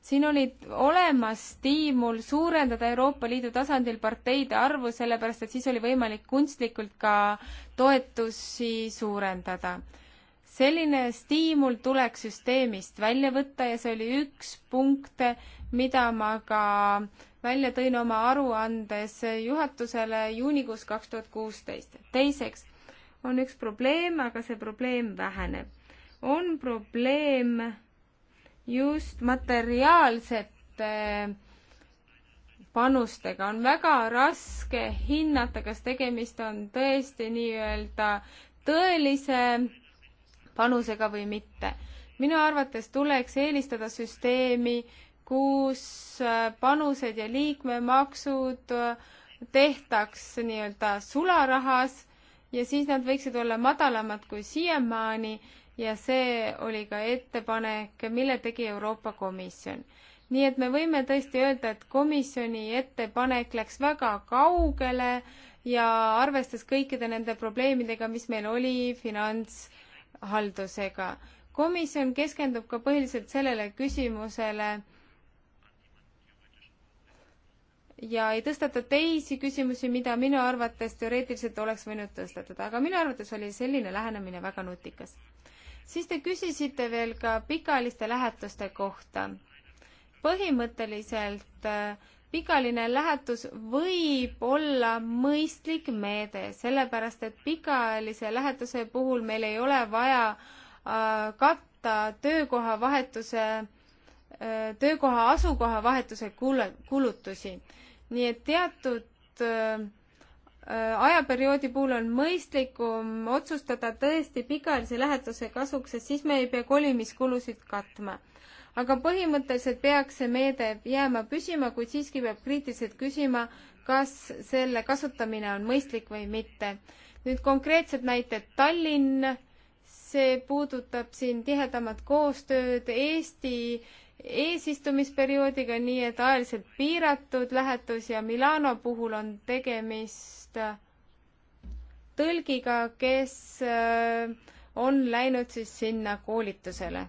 siin olid olemas stiimul suurendada Euroopa Liidu tasandil parteide arvu, sellepärast et siis oli võimalik kunstlikult ka toetusi suurendada selline stiimul tuleks süsteemist välja võtta ja see oli üks punkte, mida ma ka välja tõin oma aruandes juhatusele juunikuus kaks tuhat kuusteist. teiseks on üks probleem, aga see probleem väheneb. on probleem just materiaalsete eh, panustega, on väga raske hinnata, kas tegemist on tõesti nii-öelda tõelise panusega või mitte. minu arvates tuleks eelistada süsteemi, kus äh, panused ja liikmemaksud äh, tehtaks nii-öelda sularahas ja siis nad võiksid olla madalamad kui siiamaani ja see oli ka ettepanek, mille tegi Euroopa Komisjon. nii et me võime tõesti öelda, et komisjoni ettepanek läks väga kaugele ja arvestas kõikide nende probleemidega, mis meil oli finants- haldusega. komisjon keskendub ka põhiliselt sellele küsimusele ja ei tõstata teisi küsimusi, mida minu arvates teoreetiliselt oleks võinud tõstatada, aga minu arvates oli selline lähenemine väga nutikas. siis te küsisite veel ka pikaajaliste lähetuste kohta. põhimõtteliselt äh, pikaline lähetus võib olla mõistlik meede, sellepärast et pikaajalise lähetuse puhul meil ei ole vaja äh, katta töökohavahetuse, äh, töökoha asukoha vahetuse kul-, kulutusi. nii et teatud äh, äh, ajaperioodi puhul on mõistlikum otsustada tõesti pikaajalise lähetuse kasuks, sest siis me ei pea kolimiskulusid katma aga põhimõtteliselt peaks see meede jääma püsima, kuid siiski peab kriitiliselt küsima, kas selle kasutamine on mõistlik või mitte. nüüd konkreetsed näited Tallinn, see puudutab siin tihedamat koostööd Eesti eesistumisperioodiga, nii et ajaliselt piiratud lähetus ja Milano puhul on tegemist äh, tõlgiga, kes äh, on läinud siis sinna koolitusele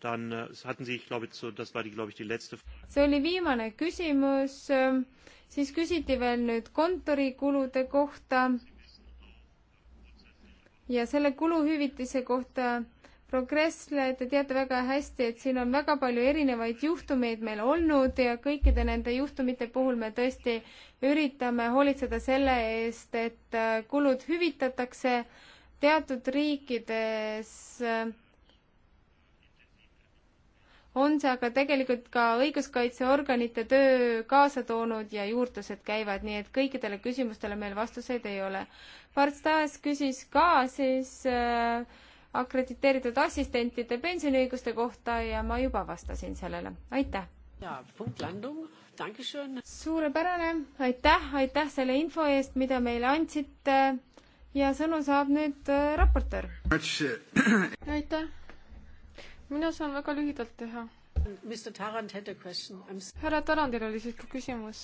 dann äh, hatten Sie, ich glaube, zu, das war die, glaube ich, die letzte. see oli viimane küsimus, ähm, siis küsiti veel nüüd kontorikulude kohta ja selle kuluhüvitise kohta Progressle, te teate väga hästi, et siin on väga palju erinevaid juhtumeid meil olnud ja kõikide nende juhtumite puhul me tõesti üritame hoolitseda selle eest, et äh, kulud hüvitatakse teatud riikides äh, on see aga tegelikult ka õiguskaitseorganite töö kaasa toonud ja juurdlused käivad, nii et kõikidele küsimustele meil vastuseid ei ole. Parts Taas küsis ka siis äh, akrediteeritud assistentide pensioniõiguste kohta ja ma juba vastasin sellele, aitäh! suurepärane, aitäh, aitäh selle info eest, mida meile andsite ja sõnu saab nüüd äh, raportöör. Äh, aitäh! mina saan väga lühidalt teha. härra Tarandil oli siiski küsimus,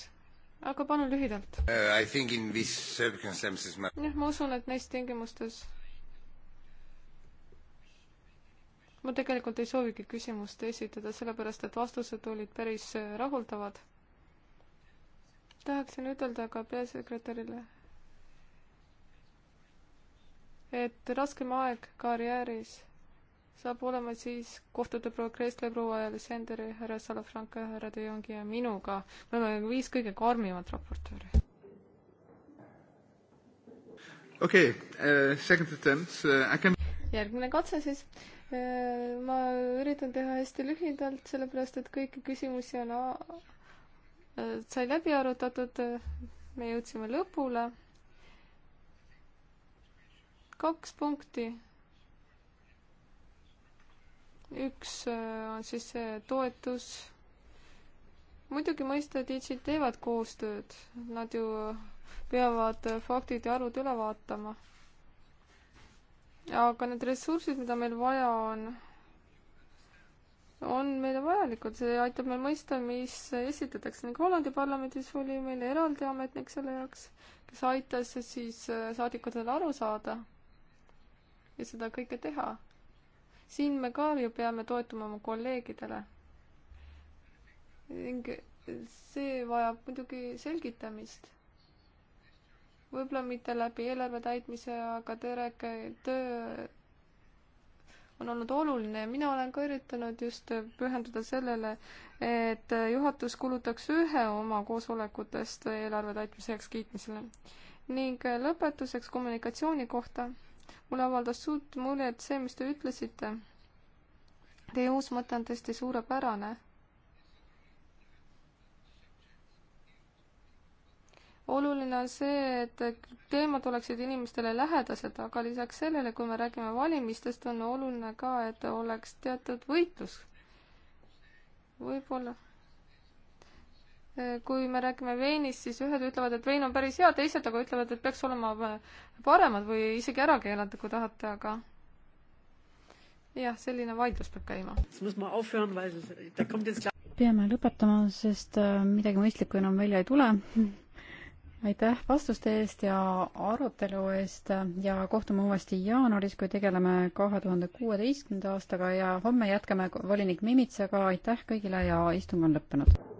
aga palun lühidalt uh,. jah, ma usun, et neis tingimustes ma tegelikult ei soovigi küsimust esitada, sellepärast et vastused olid päris äh, rahuldavad. tahaksin ütelda ka peasekretärile, et raskem aeg karjääris saab olema siis kohtute proua Kressle, proua Alessandri, härra Salafranca, härra De Jongi ja minuga. me oleme viis kõige karmimat raportööri. okei okay, uh,, second attempt uh,, I can järgmine katse siis. Uh, ma üritan teha hästi lühidalt, sellepärast et kõiki küsimusi on, uh, sai läbi arutatud, me jõudsime lõpule. kaks punkti üks äh, on siis see toetus. muidugi mõista, et DJ-d teevad koostööd, nad ju peavad faktid ja arvud üle vaatama. aga need ressursid, mida meil vaja on, on meile vajalikud, see aitab meil mõista, mis esitatakse ning Hollandi parlamendis oli meil eraldi ametnik selle jaoks, kes aitas siis äh, saadikutel aru saada ja seda kõike teha siin me ka ju peame toetuma oma kolleegidele. ning see vajab muidugi selgitamist. võib-olla mitte läbi eelarve täitmise, aga Tereke töö on olnud oluline ja mina olen ka üritanud just pühenduda sellele, et juhatus kulutaks ühe oma koosolekutest eelarve täitmise heakskiitmisele. ning lõpetuseks kommunikatsiooni kohta mulle avaldas suurt muljet see, mis te ütlesite. Teie uus mõte on tõesti suurepärane. oluline on see, et teemad oleksid inimestele lähedased, aga lisaks sellele, kui me räägime valimistest, on oluline ka, et oleks teatud võitlus. võib-olla kui me räägime veinist, siis ühed ütlevad, et vein on päris hea, teised aga ütlevad, et peaks olema äh, paremad või isegi ära keelata, kui tahate, aga jah, selline vaidlus peab käima. peame lõpetama, sest äh, midagi mõistlikku enam välja ei tule. aitäh vastuste eest ja arutelu eest ja kohtume uuesti jaanuaris, kui tegeleme kahe tuhande kuueteistkümnenda aastaga ja homme jätkame volinik Mimitsaga. aitäh kõigile ja istung on lõppenud.